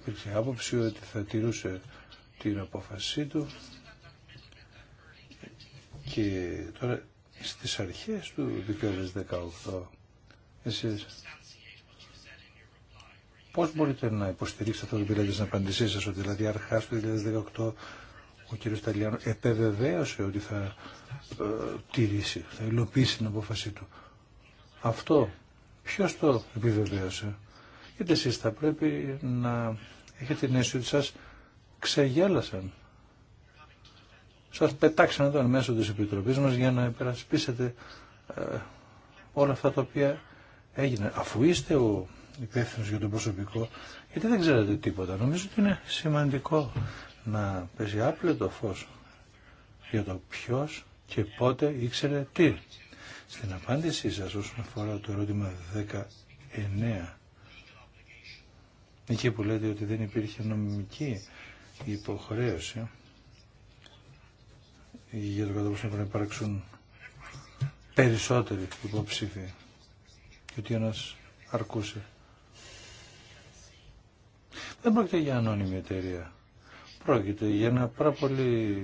υπήρξε άποψη ότι θα τηρούσε την απόφασή του και τώρα στις αρχές του 2018 εσείς πώς μπορείτε να υποστηρίξετε αυτό το πειράζει στην απαντησή σας ότι δηλαδή αρχάς του 2018 ο κύριος Ταλιάνο επεβεβαίωσε ότι θα ε, τηρήσει, θα υλοποιήσει την απόφασή του. Αυτό ποιος το επιβεβαίωσε. Γιατί εσείς θα πρέπει να έχετε την αίσθηση ότι σας ξεγέλασαν. Σας πετάξαν εδώ μέσω της Επιτροπής μας για να υπερασπίσετε ε, όλα αυτά τα οποία έγιναν. Αφού είστε ο υπεύθυνο για το προσωπικό, γιατί δεν ξέρετε τίποτα. Νομίζω ότι είναι σημαντικό να παίζει το φως για το ποιο και πότε ήξερε τι. Στην απάντησή σας όσον αφορά το ερώτημα 19, εκεί που λέτε ότι δεν υπήρχε νομική υποχρέωση για το κατά να υπάρξουν περισσότεροι υποψήφοι και ότι ένας αρκούσε. Δεν πρόκειται για ανώνυμη εταιρεία. Πρόκειται για ένα πάρα πολύ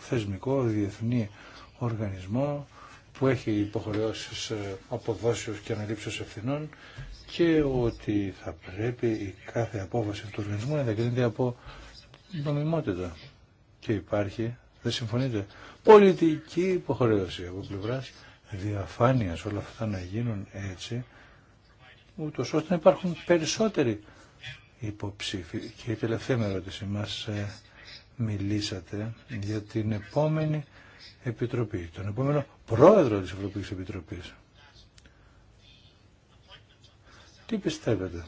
θεσμικό, διεθνή οργανισμό που έχει υποχρεώσεις ε, αποδόσεως και αναλήψεως ευθυνών και ότι θα πρέπει η κάθε απόφαση του οργανισμού να διακρίνεται από νομιμότητα. Και υπάρχει, δεν συμφωνείτε, πολιτική υποχρέωση από πλευρά διαφάνεια όλα αυτά να γίνουν έτσι, ούτω ώστε να υπάρχουν περισσότεροι υποψήφοι. Και η τελευταία ερώτηση μα ε, μιλήσατε για την επόμενη επιτροπή, τον επόμενο πρόεδρο της Ευρωπαϊκής Επιτροπής. Τι πιστεύετε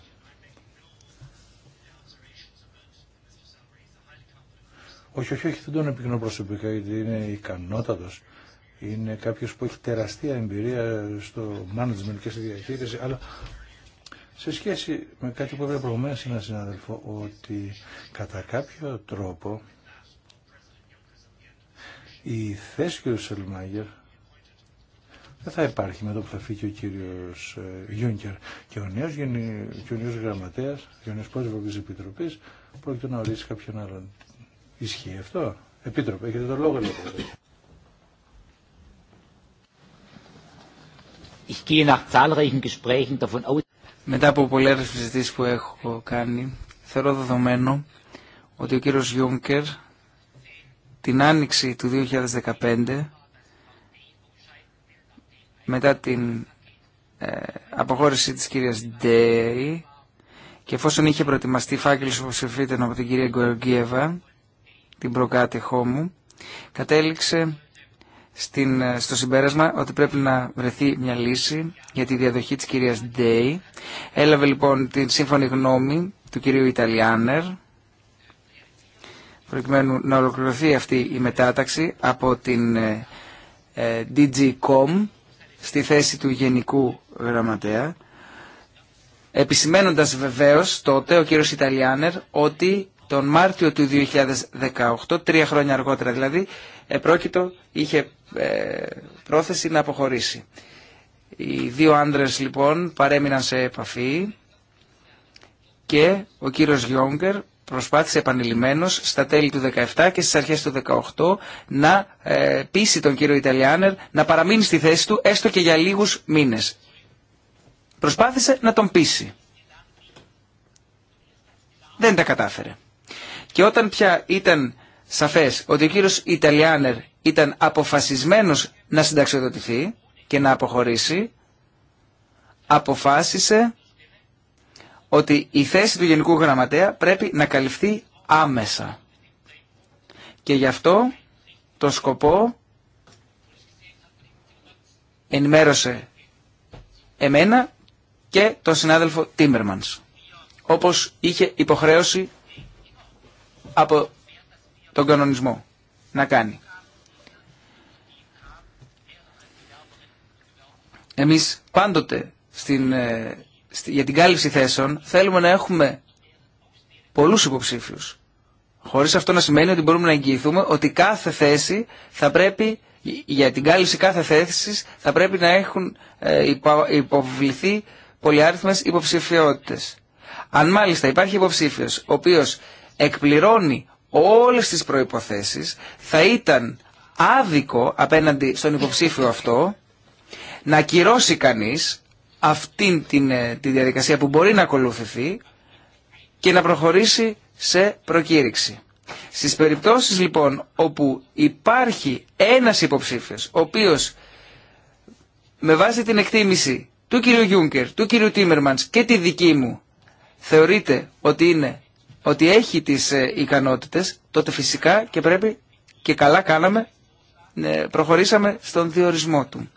Όχι, όχι, όχι, δεν τον επικοινωνώ προσωπικά, γιατί είναι ικανότατο. Είναι κάποιο που έχει τεραστία εμπειρία στο management και στη διαχείριση, αλλά σε σχέση με κάτι που έπρεπε προηγουμένω σε συνάδελφο, ότι κατά κάποιο τρόπο η θέση του κ. Σελμάγερ δεν θα υπάρχει με το που θα φύγει ο κύριο ε, Γιούνκερ. Και ο νέος, και ο γραμματέας, και ο νέος πρόεδρος της Επιτροπής πρόκειται να ορίσει κάποιον άλλον. Ισχύει αυτό. Επίτροπε, έχετε τον λόγο λοιπόν. Μετά από πολλέ συζητήσεις που έχω κάνει, θεωρώ δεδομένο ότι ο κύριος Γιούνκερ την άνοιξη του 2015 μετά την ε, αποχώρηση της κυρίας Ντέι και εφόσον είχε προετοιμαστεί φάκελος όπως ψηφίταν από την κυρία Γκοργίεβα την προκάτεχό μου, κατέληξε στην, στο συμπέρασμα ότι πρέπει να βρεθεί μια λύση για τη διαδοχή της κυρίας Ντέι. Έλαβε λοιπόν την σύμφωνη γνώμη του κυρίου Ιταλιάνερ, προκειμένου να ολοκληρωθεί αυτή η μετάταξη από την ε, ε DG.com στη θέση του Γενικού Γραμματέα, επισημένοντας βεβαίως τότε ο κύριος Ιταλιάνερ ότι τον Μάρτιο του 2018, τρία χρόνια αργότερα δηλαδή, επρόκειτο είχε ε, πρόθεση να αποχωρήσει. Οι δύο άντρες λοιπόν παρέμειναν σε επαφή και ο κύριος Γιόγκερ προσπάθησε επανειλημμένος στα τέλη του 2017 και στις αρχές του 2018 να ε, πείσει τον κύριο Ιταλιάνερ να παραμείνει στη θέση του έστω και για λίγους μήνες. Προσπάθησε να τον πείσει. Δεν τα κατάφερε. Και όταν πια ήταν σαφές ότι ο κύριος Ιταλιάνερ ήταν αποφασισμένος να συνταξιοδοτηθεί και να αποχωρήσει, αποφάσισε ότι η θέση του Γενικού Γραμματέα πρέπει να καλυφθεί άμεσα. Και γι' αυτό το σκοπό ενημέρωσε εμένα και τον συνάδελφο Τίμερμανς, όπως είχε υποχρέωση από τον κανονισμό να κάνει. Εμείς πάντοτε στην, ε, για την κάλυψη θέσεων θέλουμε να έχουμε πολλούς υποψήφιους. Χωρίς αυτό να σημαίνει ότι μπορούμε να εγγυηθούμε ότι κάθε θέση θα πρέπει, για την κάλυψη κάθε θέση, θα πρέπει να έχουν ε, υποβληθεί πολυάριθμες υποψηφιότητες. Αν μάλιστα υπάρχει υποψήφιος ο οποίος εκπληρώνει όλες τις προϋποθέσεις, θα ήταν άδικο απέναντι στον υποψήφιο αυτό να κυρώσει κανείς αυτήν την, ε, τη διαδικασία που μπορεί να ακολουθηθεί και να προχωρήσει σε προκήρυξη. Στις περιπτώσεις λοιπόν όπου υπάρχει ένας υποψήφιος ο οποίος με βάση την εκτίμηση του κυρίου Γιούγκερ, του κυρίου Τίμερμαντς και τη δική μου θεωρείται ότι είναι ότι έχει τις ε, ικανότητες, τότε φυσικά και πρέπει και καλά κάναμε, ε, προχωρήσαμε στον διορισμό του.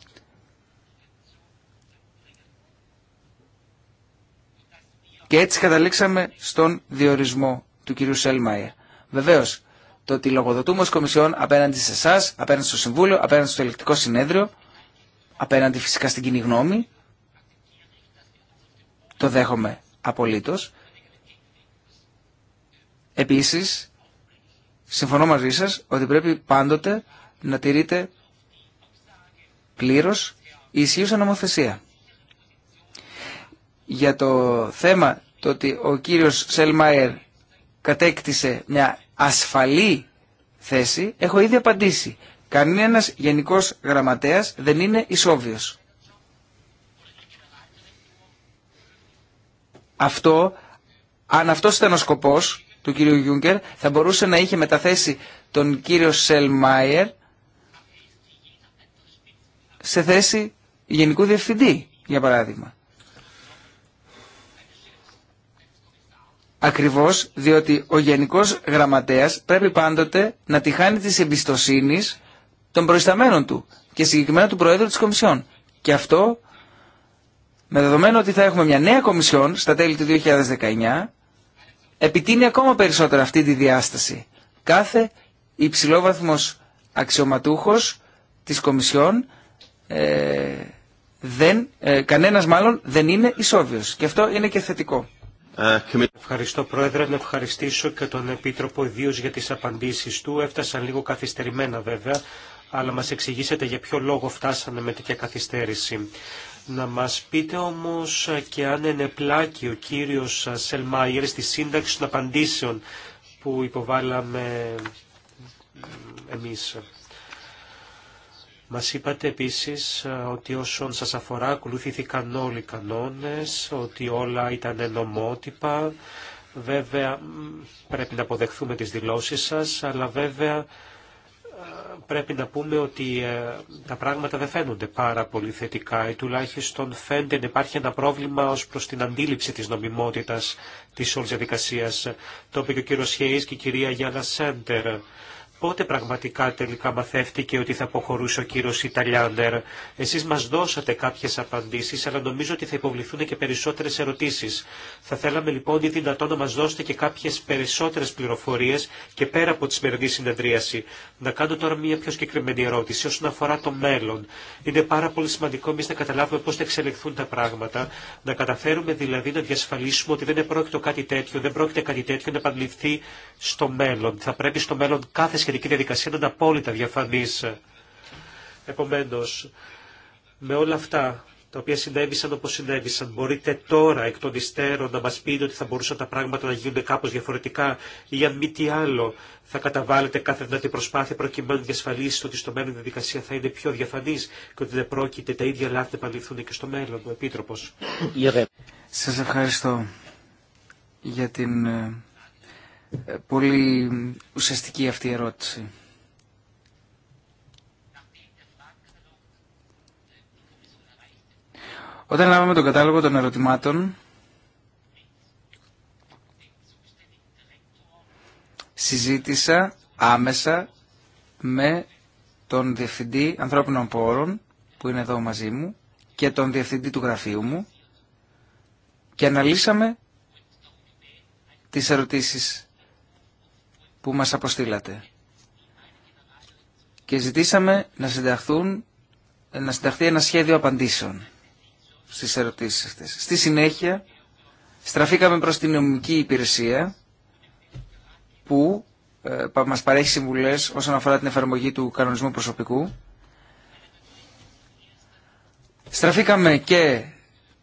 Και έτσι καταλήξαμε στον διορισμό του κυρίου Σέλμαια. Βεβαίως, το ότι λογοδοτούμε ως Κομισιόν απέναντι σε εσά, απέναντι στο Συμβούλιο, απέναντι στο Ελεκτικό Συνέδριο, απέναντι φυσικά στην κοινή γνώμη, το δέχομαι απολύτως Επίσης, συμφωνώ μαζί σας ότι πρέπει πάντοτε να τηρείτε πλήρως η ισχύουσα νομοθεσία. Για το θέμα το ότι ο κύριος Σελμάιερ κατέκτησε μια ασφαλή θέση, έχω ήδη απαντήσει. Κανένας γενικός γραμματέας δεν είναι ισόβιος. Αυτό, αν αυτός ήταν ο σκοπός, του κύριου Γιούγκερ θα μπορούσε να είχε μεταθέσει τον κύριο Σελμάιερ σε θέση γενικού διευθυντή, για παράδειγμα. Ακριβώς διότι ο γενικός γραμματέας πρέπει πάντοτε να τη χάνει της εμπιστοσύνης των προϊσταμένων του και συγκεκριμένα του Προέδρου της Κομισιόν. Και αυτό με δεδομένο ότι θα έχουμε μια νέα Κομισιόν στα τέλη του 2019 επιτείνει ακόμα περισσότερο αυτή τη διάσταση. Κάθε υψηλόβαθμος αξιωματούχος της Κομισιόν ε, δεν, ε, κανένας μάλλον δεν είναι ισόβιος και αυτό είναι και θετικό. Ευχαριστώ Πρόεδρε, να ευχαριστήσω και τον Επίτροπο ιδίω για τις απαντήσεις του. Έφτασαν λίγο καθυστερημένα βέβαια, αλλά μας εξηγήσετε για ποιο λόγο φτάσανε με τέτοια καθυστέρηση. Να μας πείτε όμως και αν ενεπλάκει ο κύριος Σελμάιερ στη σύνταξη των απαντήσεων που υποβάλαμε εμείς. Μας είπατε επίσης ότι όσον σας αφορά ακολουθήθηκαν όλοι οι κανόνες, ότι όλα ήταν νομότυπα. Βέβαια πρέπει να αποδεχθούμε τις δηλώσεις σας, αλλά βέβαια πρέπει να πούμε ότι ε, τα πράγματα δεν φαίνονται πάρα πολύ θετικά ή τουλάχιστον φαίνεται να υπάρχει ένα πρόβλημα ως προς την αντίληψη της νομιμότητας της όλης διαδικασίας. Το είπε και ο κύριος και η κυρία Γιάννα Σέντερ πότε πραγματικά τελικά μαθεύτηκε ότι θα αποχωρούσε ο κύριο Ιταλιάντερ. Εσεί μα δώσατε κάποιε απαντήσει, αλλά νομίζω ότι θα υποβληθούν και περισσότερε ερωτήσει. Θα θέλαμε λοιπόν ή δυνατόν να μα δώσετε και κάποιε περισσότερε πληροφορίε και πέρα από τη σημερινή συνεδρίαση. Να κάνω τώρα μια πιο συγκεκριμένη ερώτηση όσον αφορά το μέλλον. Είναι πάρα πολύ σημαντικό εμεί να καταλάβουμε πώ θα εξελιχθούν τα πράγματα, να καταφέρουμε δηλαδή να διασφαλίσουμε ότι δεν πρόκειται κάτι τέτοιο, δεν πρόκειται κάτι τέτοιο να επανληφθεί στο μέλλον. Θα πρέπει στο μέλλον κάθε σχετική διαδικασία ήταν απόλυτα διαφανή επομένω. με όλα αυτά τα οποία συνέβησαν όπω συνέβησαν. Μπορείτε τώρα εκ των υστέρων να μα πείτε ότι θα μπορούσαν τα πράγματα να γίνονται κάπω διαφορετικά ή αν μη τι άλλο θα καταβάλλετε κάθε δυνατή προσπάθεια προκειμένου να διασφαλίσετε ότι στο μέλλον η διαδικασία θα είναι πιο διαφανή και ότι δεν πρόκειται τα ίδια λάθη να επαληθούν και στο μέλλον. Ο επίτροπο. Σα ευχαριστώ για την ε, πολύ ουσιαστική αυτή η ερώτηση. Όταν λάβαμε τον κατάλογο των ερωτημάτων, συζήτησα άμεσα με τον Διευθυντή Ανθρώπινων Πόρων, που είναι εδώ μαζί μου, και τον Διευθυντή του Γραφείου μου, και αναλύσαμε τις ερωτήσεις που μας αποστήλατε. Και ζητήσαμε να, συνταχθούν, να συνταχθεί ένα σχέδιο απαντήσεων στις ερωτήσεις αυτές. Στη συνέχεια στραφήκαμε προς την νομική υπηρεσία που ε, μας παρέχει συμβουλές όσον αφορά την εφαρμογή του κανονισμού προσωπικού. Στραφήκαμε και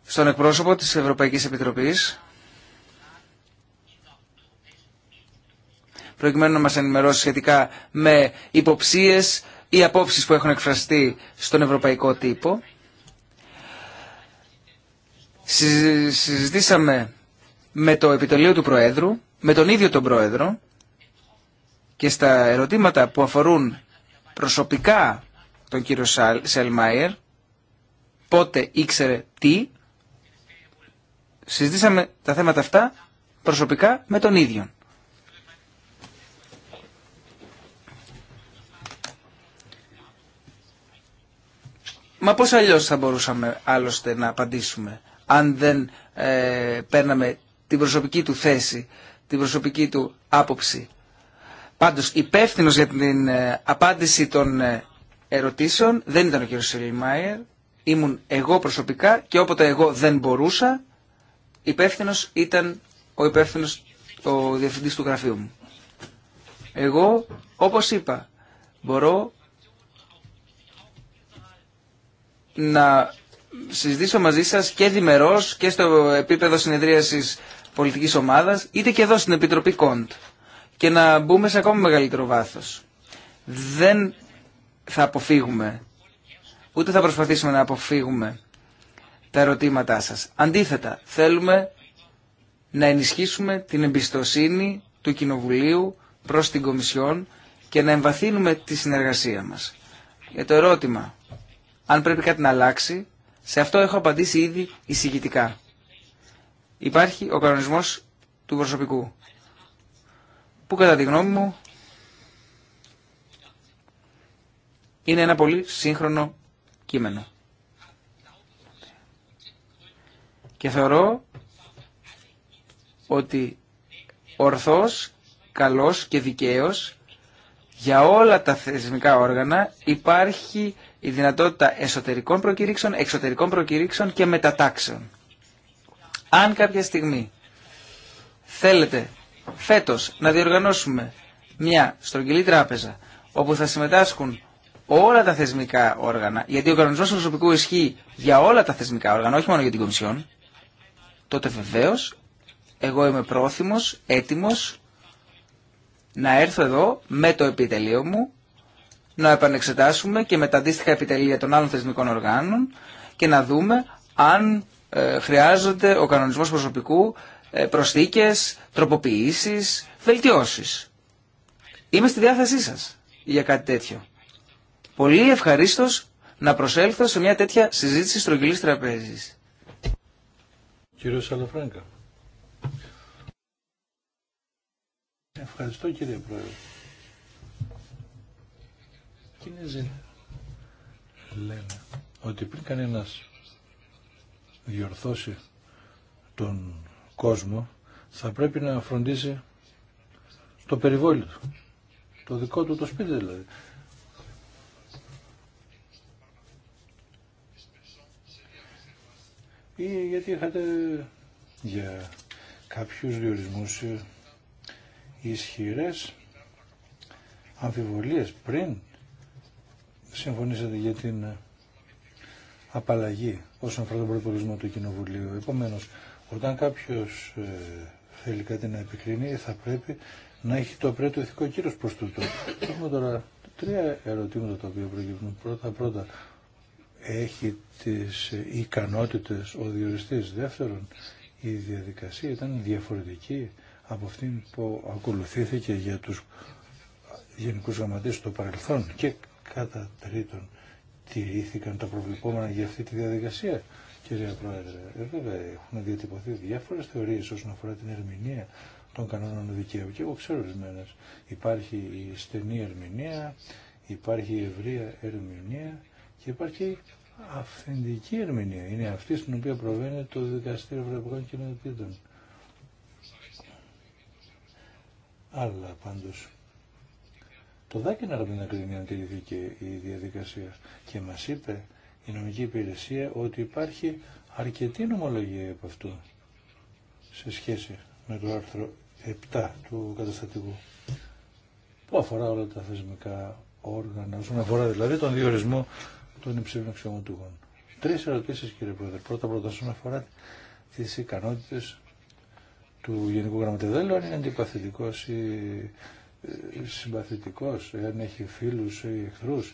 στον εκπρόσωπο της Ευρωπαϊκής Επιτροπής προκειμένου να μας ενημερώσει σχετικά με υποψίες ή απόψεις που έχουν εκφραστεί στον ευρωπαϊκό τύπο. Συζητήσαμε με το επιτελείο του Προέδρου, με τον ίδιο τον Πρόεδρο και στα ερωτήματα που αφορούν προσωπικά τον κύριο Σελμάιερ, πότε ήξερε τι, συζητήσαμε τα θέματα αυτά προσωπικά με τον ίδιο. Μα πώς αλλιώς θα μπορούσαμε άλλωστε να απαντήσουμε αν δεν ε, παίρναμε την προσωπική του θέση, την προσωπική του άποψη. Πάντως υπεύθυνο για την ε, απάντηση των ε, ερωτήσεων δεν ήταν ο κ. Σελιμάιερ, ήμουν εγώ προσωπικά και όποτε εγώ δεν μπορούσα υπεύθυνο ήταν ο υπεύθυνο ο διευθυντής του γραφείου μου. Εγώ, όπως είπα, μπορώ να συζητήσω μαζί σας και διμερώς και στο επίπεδο συνεδρίασης πολιτικής ομάδας, είτε και εδώ στην Επιτροπή Κοντ και να μπούμε σε ακόμα μεγαλύτερο βάθος. Δεν θα αποφύγουμε, ούτε θα προσπαθήσουμε να αποφύγουμε τα ερωτήματά σας. Αντίθετα, θέλουμε να ενισχύσουμε την εμπιστοσύνη του Κοινοβουλίου προς την Κομισιόν και να εμβαθύνουμε τη συνεργασία μας. Για το ερώτημα αν πρέπει κάτι να αλλάξει, σε αυτό έχω απαντήσει ήδη εισηγητικά. Υπάρχει ο κανονισμός του προσωπικού, που κατά τη γνώμη μου είναι ένα πολύ σύγχρονο κείμενο. Και θεωρώ ότι ορθός, καλός και δικαίος για όλα τα θεσμικά όργανα υπάρχει η δυνατότητα εσωτερικών προκηρύξεων, εξωτερικών προκηρύξεων και μετατάξεων. Αν κάποια στιγμή θέλετε φέτος να διοργανώσουμε μια στρογγυλή τράπεζα όπου θα συμμετάσχουν όλα τα θεσμικά όργανα, γιατί ο κανονισμός του προσωπικού ισχύει για όλα τα θεσμικά όργανα, όχι μόνο για την Κομισιόν, τότε βεβαίω εγώ είμαι πρόθυμος, έτοιμος να έρθω εδώ με το επιτελείο μου να επανεξετάσουμε και με τα αντίστοιχα επιτελεία των άλλων θεσμικών οργάνων και να δούμε αν ε, χρειάζονται ο κανονισμός προσωπικού ε, προσθήκες, τροποποιήσεις, βελτιώσεις. Είμαι στη διάθεσή σας για κάτι τέτοιο. Πολύ ευχαρίστως να προσέλθω σε μια τέτοια συζήτηση στρογγυλής τραπέζης. Κύριο Ευχαριστώ κύριε Πρόεδρε. Κινέζοι λένε ότι πριν κανένας διορθώσει τον κόσμο θα πρέπει να φροντίσει το περιβόλι του, το δικό του το σπίτι δηλαδή. Ή γιατί είχατε για κάποιους διορισμούς ισχυρές αμφιβολίες πριν συμφωνήσατε για την ε, απαλλαγή όσον αφορά τον προπολογισμό του Κοινοβουλίου. Επομένω, όταν κάποιο ε, θέλει κάτι να επικρίνει, θα πρέπει να έχει το απαραίτητο ηθικό κύριο προ τούτο. Έχουμε τώρα τρία ερωτήματα τα οποία προκύπτουν. Πρώτα-πρώτα, έχει τι ε, ικανότητε, ο διοριστής. Δεύτερον, η διαδικασία ήταν διαφορετική από αυτήν που ακολουθήθηκε για τους γενικούς γραμματείς στο παρελθόν και Κατά τρίτον, τηρήθηκαν τα προβλεπόμενα για αυτή τη διαδικασία. κυρία Πρόεδρε, ε, βέβαια έχουν διατυπωθεί διάφορε θεωρίε όσον αφορά την ερμηνεία των κανόνων δικαίου. Και εγώ ξέρω ορισμένε. Υπάρχει η στενή ερμηνεία, υπάρχει η ευρεία ερμηνεία και υπάρχει αυθεντική ερμηνεία. Είναι αυτή στην οποία προβαίνει το Δικαστήριο Ευρωπαϊκών Κοινοτήτων. Αλλά πάντως το ΔΑΚΙΝΑ, από την Ακρίνη αν η διαδικασία και μας είπε η νομική υπηρεσία ότι υπάρχει αρκετή νομολογία από αυτό σε σχέση με το άρθρο 7 του καταστατικού που αφορά όλα τα θεσμικά όργανα, όσον αφορά δηλαδή τον διορισμό των υψηλών αξιωματούχων. Τρει ερωτήσει, κύριε Πρόεδρε. Πρώτα πρώτα, όσον αφορά τι ικανότητε του Γενικού Γραμματεία. Δεν λέω αν είναι αντιπαθητικό ή συμπαθητικός, εάν έχει φίλους ή εχθρούς,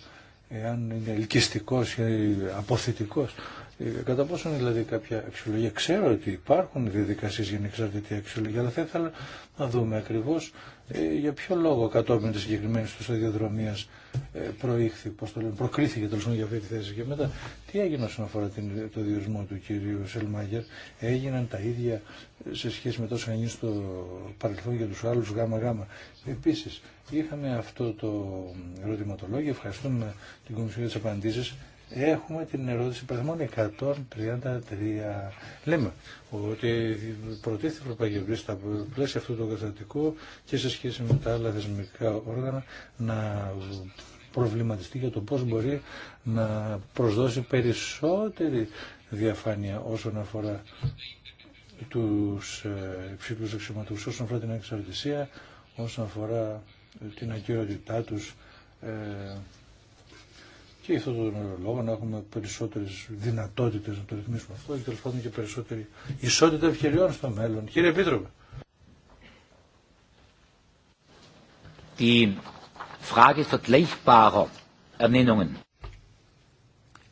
εάν είναι ελκυστικός ή αποθητικός. Ε, κατά πόσο είναι δηλαδή κάποια αξιολογία. Ξέρω ότι υπάρχουν διαδικασίε για ανεξαρτητή αξιολογία, αλλά θα ήθελα να δούμε ακριβώ ε, για ποιο λόγο κατόπιν τη συγκεκριμένη του σταδιοδρομία ε, προήχθη, πώ το λένε, τέλο για αυτή τη θέση. Και μετά, τι έγινε όσον αφορά την, το διορισμό του κυρίου Σελμάγερ, έγιναν τα ίδια ε, σε σχέση με τόσα γίνει στο παρελθόν για του άλλου ΓΓ. Επίση, είχαμε αυτό το ε, ερωτηματολόγιο. Ευχαριστούμε την Κομισιόν για τι απαντήσει έχουμε την ερώτηση παραθμών 133. Λέμε ότι προτίθεται η Ευρωπαϊκή Επιτροπή στα πλαίσια αυτού του καταστατικού και σε σχέση με τα άλλα θεσμικά όργανα να προβληματιστεί για το πώς μπορεί να προσδώσει περισσότερη διαφάνεια όσον αφορά τους ε, ψήφιους αξιωματούς, όσον αφορά την εξαρτησία, όσον αφορά την ακυρωτητά τους, ε, και γι' τον λόγο να έχουμε περισσότερε δυνατότητε να το ρυθμίσουμε αυτό και τέλο πάντων και περισσότερη ισότητα ευκαιριών στο μέλλον. Κύριε Επίτροπε.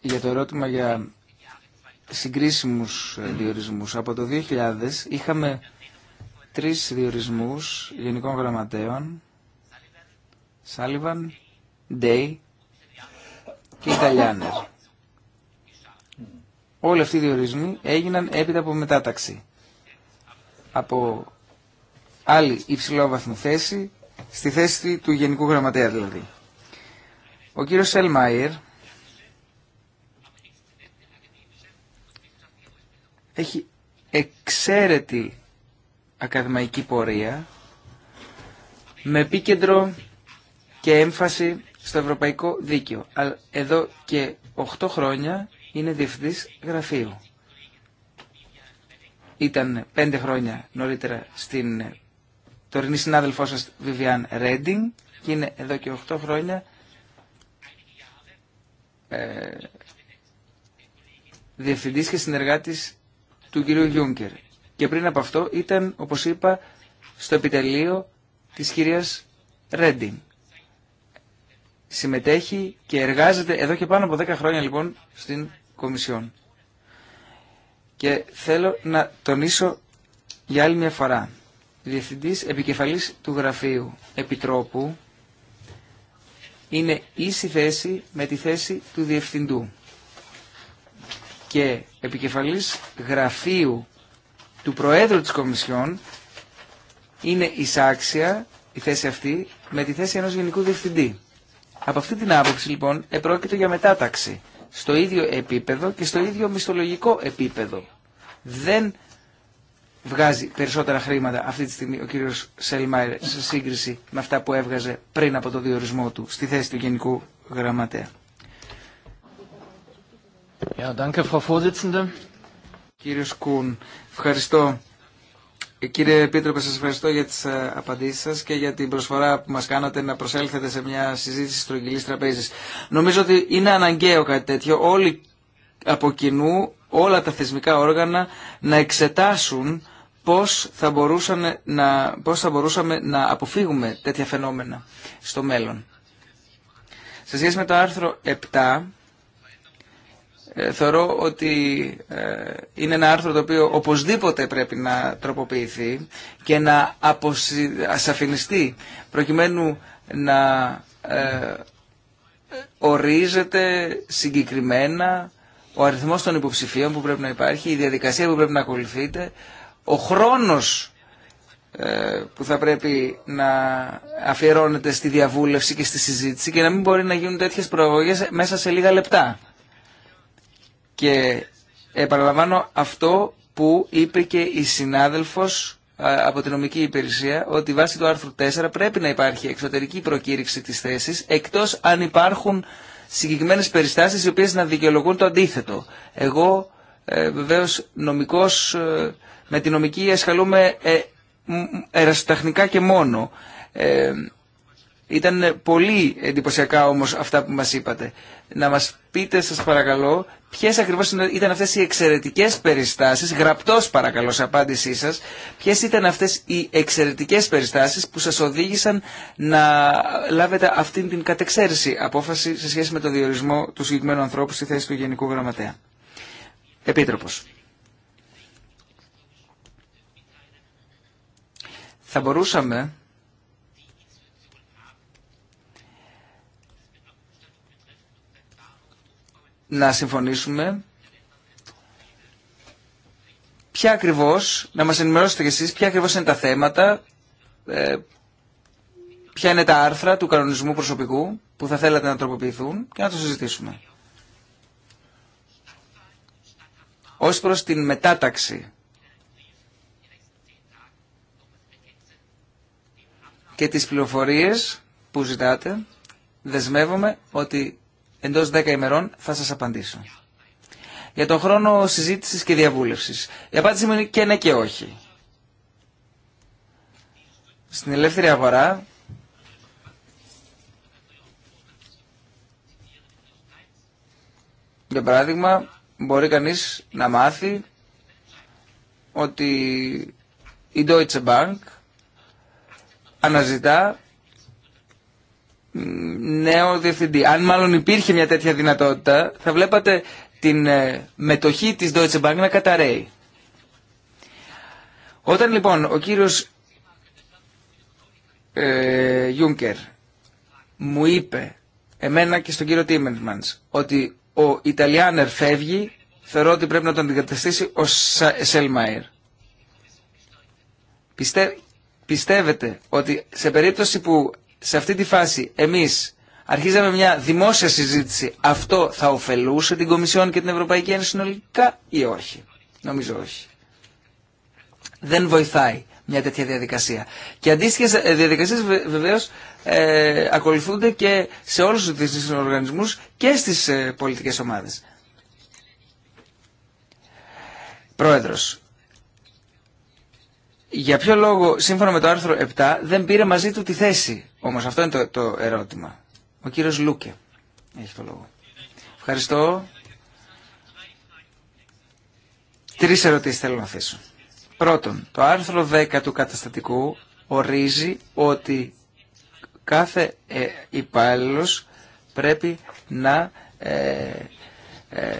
Για το ερώτημα για συγκρίσιμους ε, διορισμούς. Από το 2000 είχαμε τρεις διορισμούς γενικών γραμματέων, Σάλιβαν, Ντέι και Όλοι αυτοί οι διορισμοί έγιναν έπειτα από μετάταξη. Από άλλη υψηλόβαθμη θέση, στη θέση του Γενικού Γραμματέα δηλαδή. Ο κύριος Σελμάιερ έχει εξαίρετη ακαδημαϊκή πορεία με επίκεντρο και έμφαση στο Ευρωπαϊκό Δίκαιο. Αλλά Εδώ και 8 χρόνια είναι διευθυντής γραφείου. Ήταν 5 χρόνια νωρίτερα στην ε, τωρινή συνάδελφό σα Βιβιάν Ρέντινγκ και είναι εδώ και 8 χρόνια ε, διευθυντής και συνεργάτης του κυρίου Γιούγκερ. Και πριν από αυτό ήταν, όπως είπα, στο επιτελείο της κυρίας Ρέντινγκ συμμετέχει και εργάζεται εδώ και πάνω από 10 χρόνια λοιπόν στην Κομισιόν. Και θέλω να τονίσω για άλλη μια φορά. Διευθυντής επικεφαλής του γραφείου Επιτρόπου είναι ίση θέση με τη θέση του Διευθυντού και επικεφαλής γραφείου του Προέδρου της Κομισιόν είναι ισάξια η θέση αυτή με τη θέση ενός Γενικού Διευθυντή. Από αυτή την άποψη λοιπόν επρόκειτο για μετάταξη στο ίδιο επίπεδο και στο ίδιο μισθολογικό επίπεδο. Δεν βγάζει περισσότερα χρήματα αυτή τη στιγμή ο κύριος Σελμάιρ σε σύγκριση με αυτά που έβγαζε πριν από το διορισμό του στη θέση του Γενικού Γραμματέα. Ja, danke, Frau Vorsitzende. Κύριος Κούν, ευχαριστώ Κύριε Επίτροπε, σα ευχαριστώ για τις ε, απαντήσεις σας και για την προσφορά που μας κάνατε να προσέλθετε σε μια συζήτηση στρογγυλή τραπέζη. Νομίζω ότι είναι αναγκαίο κάτι τέτοιο. Όλοι από κοινού, όλα τα θεσμικά όργανα να εξετάσουν πώς θα, θα μπορούσαμε να αποφύγουμε τέτοια φαινόμενα στο μέλλον. Σε σχέση με το άρθρο 7 ε, θεωρώ ότι ε, είναι ένα άρθρο το οποίο οπωσδήποτε πρέπει να τροποποιηθεί και να ασαφινιστεί προκειμένου να ε, ορίζεται συγκεκριμένα ο αριθμός των υποψηφίων που πρέπει να υπάρχει, η διαδικασία που πρέπει να ακολουθείται, ο χρόνος που θα πρέπει να αφιερώνεται στη διαβούλευση και στη συζήτηση και να μην μπορεί να γίνουν τέτοιες προαγωγές μέσα σε λίγα λεπτά. Και επαναλαμβάνω αυτό που είπε και η συνάδελφος ε, από την νομική υπηρεσία ότι βάσει του άρθρου 4 πρέπει να υπάρχει εξωτερική προκήρυξη της θέσης εκτός αν υπάρχουν συγκεκριμένες περιστάσεις οι οποίες να δικαιολογούν το αντίθετο. Εγώ ε, βεβαίως νομικός, ε, με τη νομική ασχαλούμε ε, και μόνο. Ε, ήταν πολύ εντυπωσιακά όμως αυτά που μας είπατε. Να μας πείτε σας παρακαλώ ποιε ακριβώς ήταν αυτές οι εξαιρετικές περιστάσει, γραπτό παρακαλώ σε απάντησή σας, ποιε ήταν αυτές οι εξαιρετικές περιστάσει που σας οδήγησαν να λάβετε αυτήν την κατεξαίρεση απόφαση σε σχέση με το διορισμό του συγκεκριμένου ανθρώπου στη θέση του Γενικού Γραμματέα. Επίτροπο. Θα μπορούσαμε να συμφωνήσουμε ποια ακριβώς, να μας ενημερώσετε κι εσείς ποια ακριβώς είναι τα θέματα, ε, ποια είναι τα άρθρα του κανονισμού προσωπικού που θα θέλατε να τροποποιηθούν και να το συζητήσουμε. Ως προς την μετάταξη και τις πληροφορίες που ζητάτε, δεσμεύομαι ότι εντός 10 ημερών θα σας απαντήσω. Για τον χρόνο συζήτησης και διαβούλευση Η απάντηση μου είναι και ναι και όχι. Στην ελεύθερη αγορά για παράδειγμα μπορεί κανείς να μάθει ότι η Deutsche Bank αναζητά νέο διευθυντή. Αν μάλλον υπήρχε μια τέτοια δυνατότητα, θα βλέπατε την ε, μετοχή της Deutsche Bank να καταραίει. Όταν λοιπόν ο κύριος ε, Juncker μου είπε εμένα και στον κύριο Τίμερμανς ότι ο Ιταλιάνερ φεύγει, θεωρώ ότι πρέπει να τον αντικαταστήσει ο Σελμαϊρ. πιστεύετε ότι σε περίπτωση που σε αυτή τη φάση εμείς αρχίζαμε μια δημόσια συζήτηση αυτό θα ωφελούσε την Κομισιόν και την Ευρωπαϊκή Ένωση συνολικά ή όχι. Νομίζω όχι. Δεν βοηθάει μια τέτοια διαδικασία. Και αντίστοιχε διαδικασίε βεβαίω ε, ακολουθούνται και σε όλου του διεθνεί οργανισμού και στι ε, πολιτικέ ομάδε. Πρόεδρο, για ποιο λόγο σύμφωνα με το άρθρο 7 δεν πήρε μαζί του τη θέση όμως αυτό είναι το, ερώτημα. Ο κύριος Λούκε έχει το λόγο. Ευχαριστώ. Τρεις ερωτήσεις θέλω να θέσω. Πρώτον, το άρθρο 10 του καταστατικού ορίζει ότι κάθε ε, υπάλληλο πρέπει να ε, ε,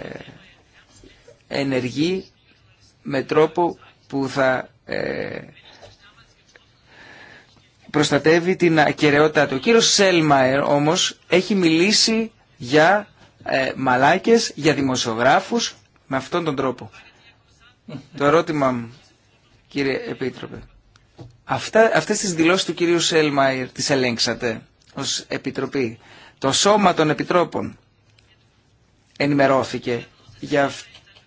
ενεργεί με τρόπο που θα ε, προστατεύει την ακαιρεότητά του. Ο κύριος Σέλμαερ όμως έχει μιλήσει για ε, μαλάκες, για δημοσιογράφους με αυτόν τον τρόπο. Το ερώτημα μου, κύριε Επίτροπε, αυτά, αυτές τις δηλώσεις του κυρίου Σέλμαερ τις ελέγξατε ως Επιτροπή. Το σώμα των Επιτρόπων ενημερώθηκε για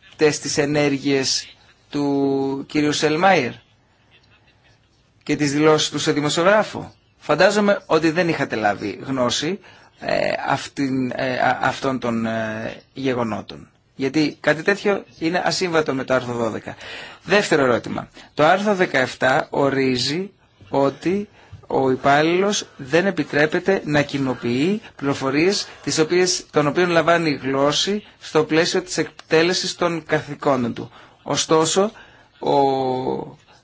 αυτές τις ενέργειες του κυρίου Σέλμαερ και τις δηλώσεις του σε δημοσιογράφο. Φαντάζομαι ότι δεν είχατε λάβει γνώση ε, αυτήν, ε, αυτών των ε, γεγονότων. Γιατί κάτι τέτοιο είναι ασύμβατο με το άρθρο 12. Δεύτερο ερώτημα. Το άρθρο 17 ορίζει ότι ο υπάλληλο δεν επιτρέπεται να κοινοποιεί πληροφορίε των οποίων λαμβάνει γλώσση στο πλαίσιο της εκτέλεσης των καθηκόντων του. Ωστόσο, ο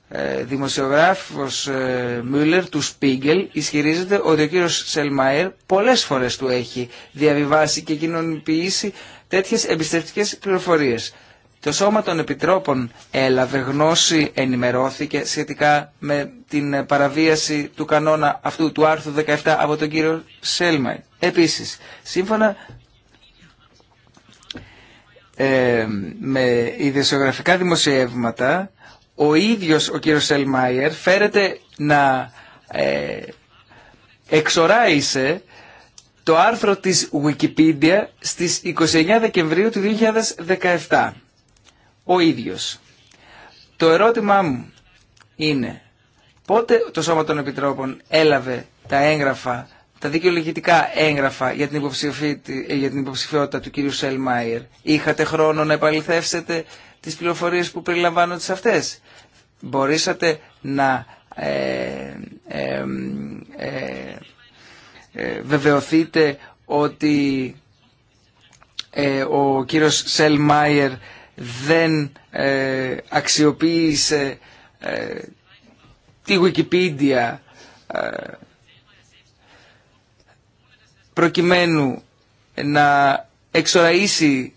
ε, δημοσιογράφος Μούλερ του Σπίγκελ ισχυρίζεται ότι ο κύριος Σελμαέρ πολλές φορές του έχει διαβιβάσει και κοινωνιποιήσει τέτοιες εμπιστευτικές πληροφορίες. Το Σώμα των Επιτρόπων έλαβε γνώση, ενημερώθηκε σχετικά με την παραβίαση του κανόνα αυτού του άρθρου 17 από τον κύριο Σέλμαϊ. Επίσης, σύμφωνα ε, με ιδεσιογραφικά δημοσιεύματα ο ίδιος ο κύριος Σελμάιερ φέρεται να ε, εξοράισε το άρθρο της Wikipedia στις 29 Δεκεμβρίου του 2017. Ο ίδιος. Το ερώτημά μου είναι πότε το Σώμα των Επιτρόπων έλαβε τα έγγραφα, τα δικαιολογητικά έγγραφα για την, ε, για την υποψηφιότητα του κυρίου Σελμάιερ. Είχατε χρόνο να επαληθεύσετε τις πληροφορίες που περιλαμβάνονται σε αυτές. Μπορέσατε να ε ε, ε, ε, βεβαιωθείτε ότι ε, ο κύριος Σελμάιερ δεν αξιοποίησε τη Wikipedia προκειμένου να εξοραίσει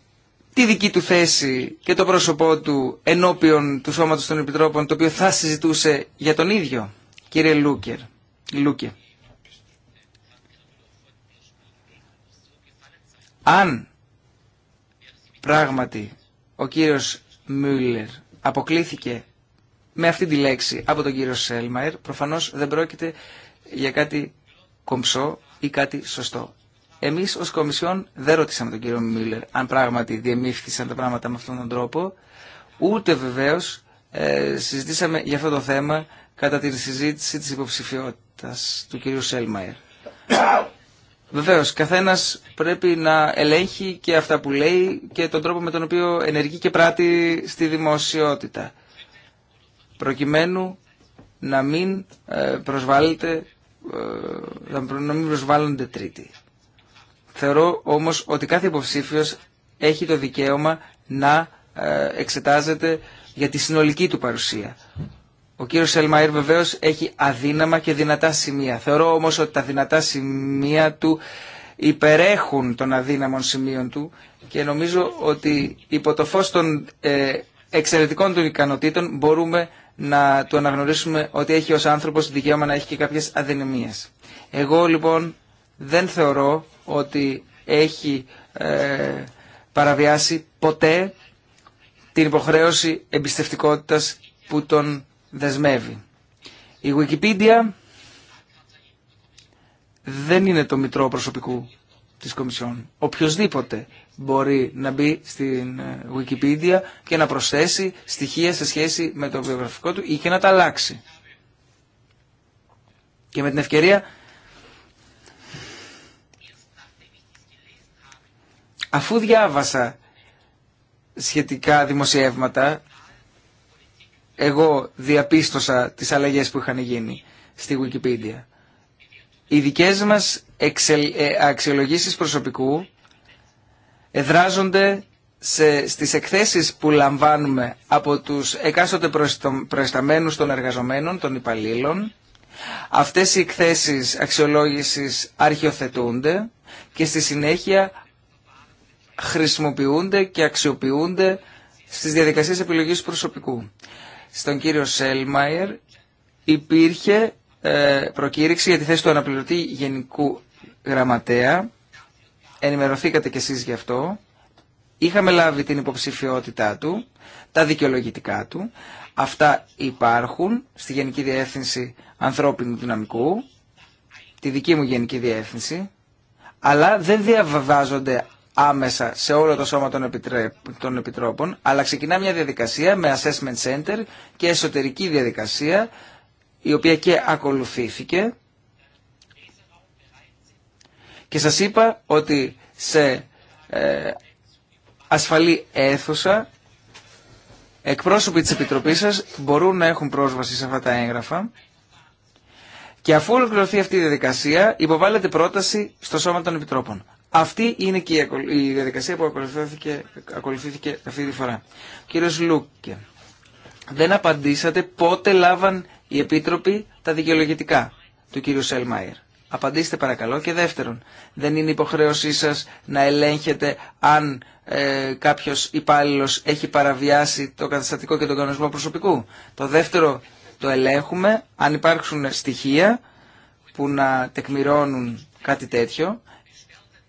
τη δική του θέση και το πρόσωπό του ενώπιον του Σώματος των Επιτρόπων, το οποίο θα συζητούσε για τον ίδιο, κύριε Λούκερ. Λούκε. Αν πράγματι ο κύριος Μούλερ αποκλήθηκε με αυτή τη λέξη από τον κύριο Σέλμαερ, προφανώς δεν πρόκειται για κάτι κομψό ή κάτι σωστό. Εμείς ως Κομισιόν δεν ρωτήσαμε τον κύριο Μίλλερ αν πράγματι διεμήφθησαν τα πράγματα με αυτόν τον τρόπο, ούτε βεβαίω ε, συζητήσαμε για αυτό το θέμα κατά τη συζήτηση της υποψηφιότητα του κυρίου Σέλμαερ. Βεβαίω, καθένα πρέπει να ελέγχει και αυτά που λέει και τον τρόπο με τον οποίο ενεργεί και πράττει στη δημοσιότητα. Προκειμένου να μην ε, προσβάλλεται ε, να μην προσβάλλονται τρίτοι. Θεωρώ όμως ότι κάθε υποψήφιος έχει το δικαίωμα να ε, εξετάζεται για τη συνολική του παρουσία. Ο κύριο Σελμαΐρ βεβαίω έχει αδύναμα και δυνατά σημεία. Θεωρώ όμω ότι τα δυνατά σημεία του υπερέχουν των αδύναμων σημείων του και νομίζω ότι υπό το φως των ε, εξαιρετικών του ικανοτήτων μπορούμε να του αναγνωρίσουμε ότι έχει ως άνθρωπος δικαίωμα να έχει και κάποιες αδυναμίες. Εγώ λοιπόν δεν θεωρώ ότι έχει ε, παραβιάσει ποτέ την υποχρέωση εμπιστευτικότητας που τον δεσμεύει. Η Wikipedia δεν είναι το μητρό προσωπικού της Κομισιόν. Οποιοςδήποτε μπορεί να μπει στην ε, Wikipedia και να προσθέσει στοιχεία σε σχέση με το βιογραφικό του ή και να τα αλλάξει. Και με την ευκαιρία Αφού διάβασα σχετικά δημοσιεύματα, εγώ διαπίστωσα τις αλλαγές που είχαν γίνει στη Wikipedia. Οι δικές μας εξελ, ε, αξιολογήσεις προσωπικού εδράζονται σε, στις εκθέσεις που λαμβάνουμε από τους εκάστοτε προεσταμένου των εργαζομένων, των υπαλλήλων. Αυτές οι εκθέσεις αξιολόγησης αρχιοθετούνται και στη συνέχεια χρησιμοποιούνται και αξιοποιούνται στις διαδικασίες επιλογής προσωπικού. Στον κύριο Σέλμαϊερ υπήρχε ε, προκήρυξη για τη θέση του αναπληρωτή γενικού γραμματέα. Ενημερωθήκατε κι εσείς γι' αυτό. Είχαμε λάβει την υποψηφιότητά του, τα δικαιολογητικά του. Αυτά υπάρχουν στη Γενική Διεύθυνση Ανθρώπινου Δυναμικού, τη δική μου Γενική Διεύθυνση, αλλά δεν διαβάζονται άμεσα σε όλο το σώμα των, επιτρέ... επιτρόπων, αλλά ξεκινά μια διαδικασία με assessment center και εσωτερική διαδικασία, η οποία και ακολουθήθηκε. Και σας είπα ότι σε ε, ασφαλή αίθουσα εκπρόσωποι της Επιτροπής σας μπορούν να έχουν πρόσβαση σε αυτά τα έγγραφα και αφού ολοκληρωθεί αυτή η διαδικασία υποβάλλεται πρόταση στο Σώμα των Επιτρόπων. Αυτή είναι και η διαδικασία που ακολουθήθηκε, αυτή τη φορά. κύριος Λούκε, δεν απαντήσατε πότε λάβαν οι επίτροποι τα δικαιολογητικά του κύριου Σέλμαϊρ. Απαντήστε παρακαλώ. Και δεύτερον, δεν είναι υποχρέωσή σας να ελέγχετε αν ε, κάποιος υπάλληλο έχει παραβιάσει το καταστατικό και τον κανονισμό προσωπικού. Το δεύτερο το ελέγχουμε αν υπάρξουν στοιχεία που να τεκμηρώνουν κάτι τέτοιο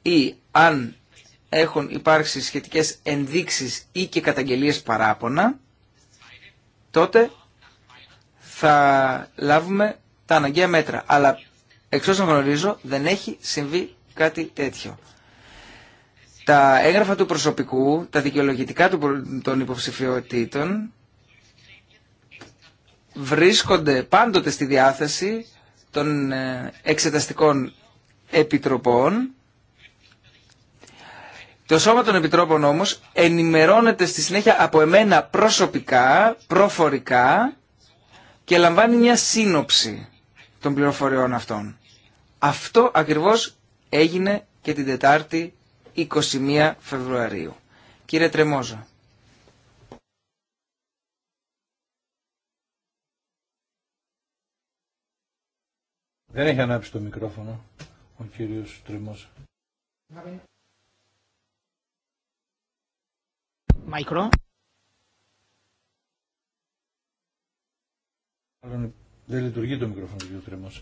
ή αν έχουν υπάρξει σχετικές ενδείξεις ή και καταγγελίες παράπονα, τότε θα λάβουμε τα αναγκαία μέτρα. Αλλά εξ όσων γνωρίζω δεν έχει συμβεί κάτι τέτοιο. Τα έγγραφα του προσωπικού, τα δικαιολογητικά των υποψηφιότητων βρίσκονται πάντοτε στη διάθεση των ε, εξεταστικών επιτροπών το Σώμα των Επιτρόπων όμω ενημερώνεται στη συνέχεια από εμένα προσωπικά, προφορικά και λαμβάνει μια σύνοψη των πληροφοριών αυτών. Αυτό ακριβώς έγινε και την Τετάρτη 21 Φεβρουαρίου. Κύριε Τρεμόζα. Δεν έχει ανάψει το μικρόφωνο ο κύριος Τρεμόζα. Μικρό. Δεν λειτουργεί το μικρόφωνο του Τρέμος.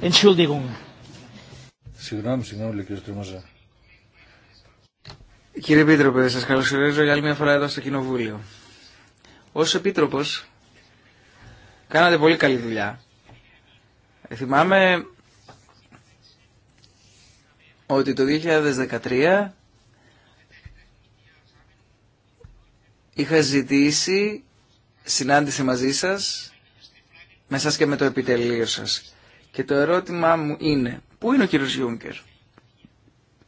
Entschuldigung. Συγγνώμη, συγγνώμη, κύριε Τρεμόζα. Κύριε Επίτροπε, σας καλωσορίζω για άλλη μια φορά εδώ στο Κοινοβούλιο. Ως Επίτροπος, κάνατε πολύ καλή δουλειά. Ε, θυμάμαι ότι το 2013 είχα ζητήσει συνάντηση μαζί σας, με σας και με το επιτελείο σας. Και το ερώτημά μου είναι, πού είναι ο κύριος Γιούγκερ,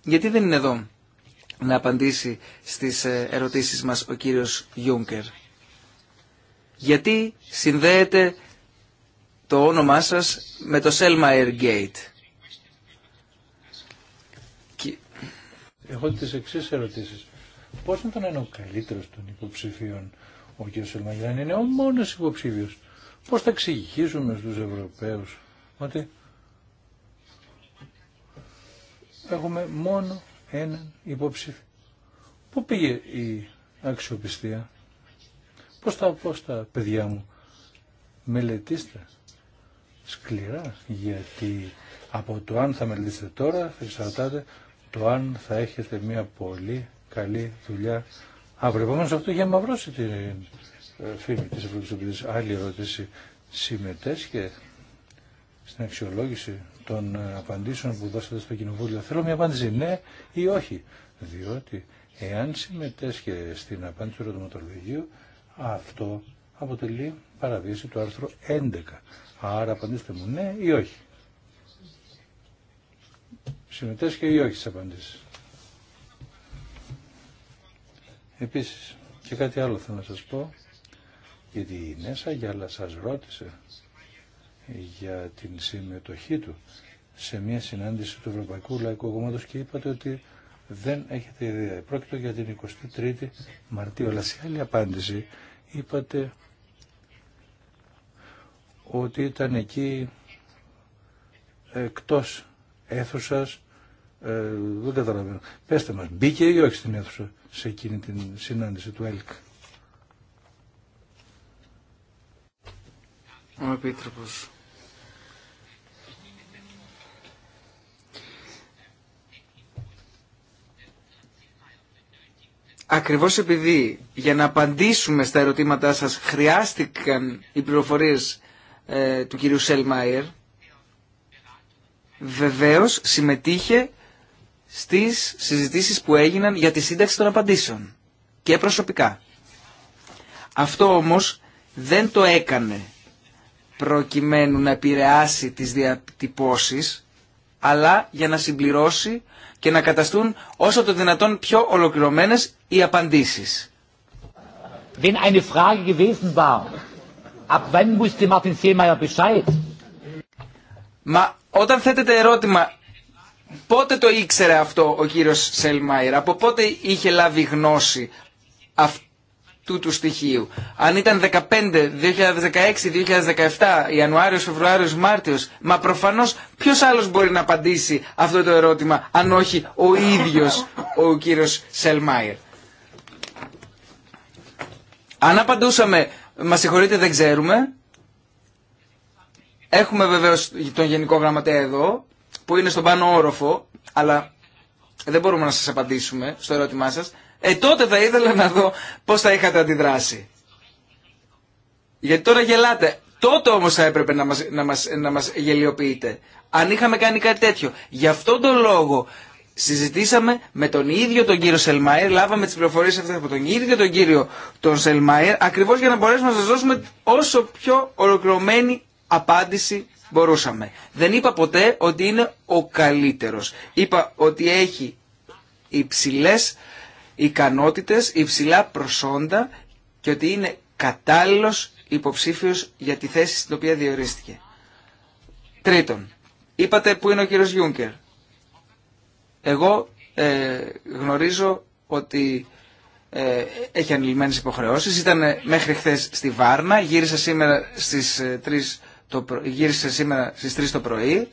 γιατί δεν είναι εδώ να απαντήσει στις ε, ερωτήσεις μας ο κύριος Γιούγκερ. Γιατί συνδέεται το όνομά σας με το Selmayr Γκέιτ; Έχω τις εξής ερωτήσεις. Πώς ήταν τον ο καλύτερος των υποψηφίων ο κ. Σελμαγιάννη είναι ο μόνος υποψήφιος. Πώς θα εξηγήσουμε στους Ευρωπαίους ότι έχουμε μόνο έναν υποψήφιο. Πού πήγε η αξιοπιστία. Πώς τα, πώς τα παιδιά μου. Μελετήστε. Σκληρά. Γιατί από το αν θα μελετήσετε τώρα θα το αν θα έχετε μια πολύ καλή δουλειά αύριο. Επομένως αυτό για μαυρώσει την ε, φήμη της Ευρωπαϊκής Άλλη ερώτηση συμμετέσχε στην αξιολόγηση των ε, απαντήσεων που δώσατε στο Κοινοβούλιο. Θέλω μια απάντηση ναι ή όχι. Διότι εάν συμμετέσχε στην απάντηση του ερωτηματολογίου, αυτό αποτελεί παραβίαση του άρθρου 11. Άρα απαντήστε μου ναι ή όχι. Συμμετέσχε ή όχι στις απαντήσεις. Επίσης, και κάτι άλλο θέλω να σας πω, γιατί η Νέσα Γιάλα σας ρώτησε για την συμμετοχή του σε μια συνάντηση του Ευρωπαϊκού Λαϊκού Κόμματος και είπατε ότι δεν έχετε ιδέα. Πρόκειται για την 23η Μαρτίου. Αλλά σε άλλη απάντηση είπατε ότι ήταν εκεί εκτός αίθουσας ε, δεν καταλαβαίνω. Πέστε μας, μπήκε ή όχι στην αίθουσα σε εκείνη την συνάντηση του ΕΛΚ. Ο Επίτροπος Ακριβώς επειδή για να απαντήσουμε στα ερωτήματά σας χρειάστηκαν οι πληροφορίες ε, του κυρίου Σελμάιερ, βεβαίως συμμετείχε στις συζητήσεις που έγιναν για τη σύνταξη των απαντήσεων και προσωπικά. Αυτό όμως δεν το έκανε προκειμένου να επηρεάσει τις διατυπώσεις, αλλά για να συμπληρώσει και να καταστούν όσο το δυνατόν πιο ολοκληρωμένες οι απαντήσεις. Wenn eine Frage gewesen war, ab wann wusste Martin Μα όταν θέτεται ερώτημα, πότε το ήξερε αυτό ο κύριος Σελμάιρ, από πότε είχε λάβει γνώση αυτό, του στοιχείου. Αν ήταν 15, 2016, 2017, Ιανουάριος, Φεβρουάριος, Μάρτιος, μα προφανώς ποιος άλλος μπορεί να απαντήσει αυτό το ερώτημα, αν όχι ο ίδιος ο κύριος Σελμάιερ. Αν απαντούσαμε, μα συγχωρείτε δεν ξέρουμε, έχουμε βεβαίω τον Γενικό Γραμματέα εδώ, που είναι στον πάνω όροφο, αλλά δεν μπορούμε να σας απαντήσουμε στο ερώτημά σας ε τότε θα ήθελα να δω πώς θα είχατε αντιδράσει. Γιατί τώρα γελάτε. Τότε όμως θα έπρεπε να μας, να μας, να μας γελιοποιείτε. Αν είχαμε κάνει κάτι τέτοιο. Γι' αυτόν τον λόγο συζητήσαμε με τον ίδιο τον κύριο Σελμαϊρ, λάβαμε τις πληροφορίες αυτές από τον ίδιο τον κύριο τον Σελμαϊρ, ακριβώς για να μπορέσουμε να σας δώσουμε όσο πιο ολοκληρωμένη απάντηση μπορούσαμε. Δεν είπα ποτέ ότι είναι ο καλύτερος. Είπα ότι έχει υψηλές ικανότητες, υψηλά προσόντα και ότι είναι κατάλληλος υποψήφιος για τη θέση στην οποία διορίστηκε. Τρίτον, είπατε που είναι ο κύριος Γιούγκερ. Εγώ ε, γνωρίζω ότι ε, έχει ανηλυμένες υποχρεώσεις. Ήταν μέχρι χθε στη Βάρνα, γύρισε σήμερα στις, 3 ε, το, γύρισε το πρωί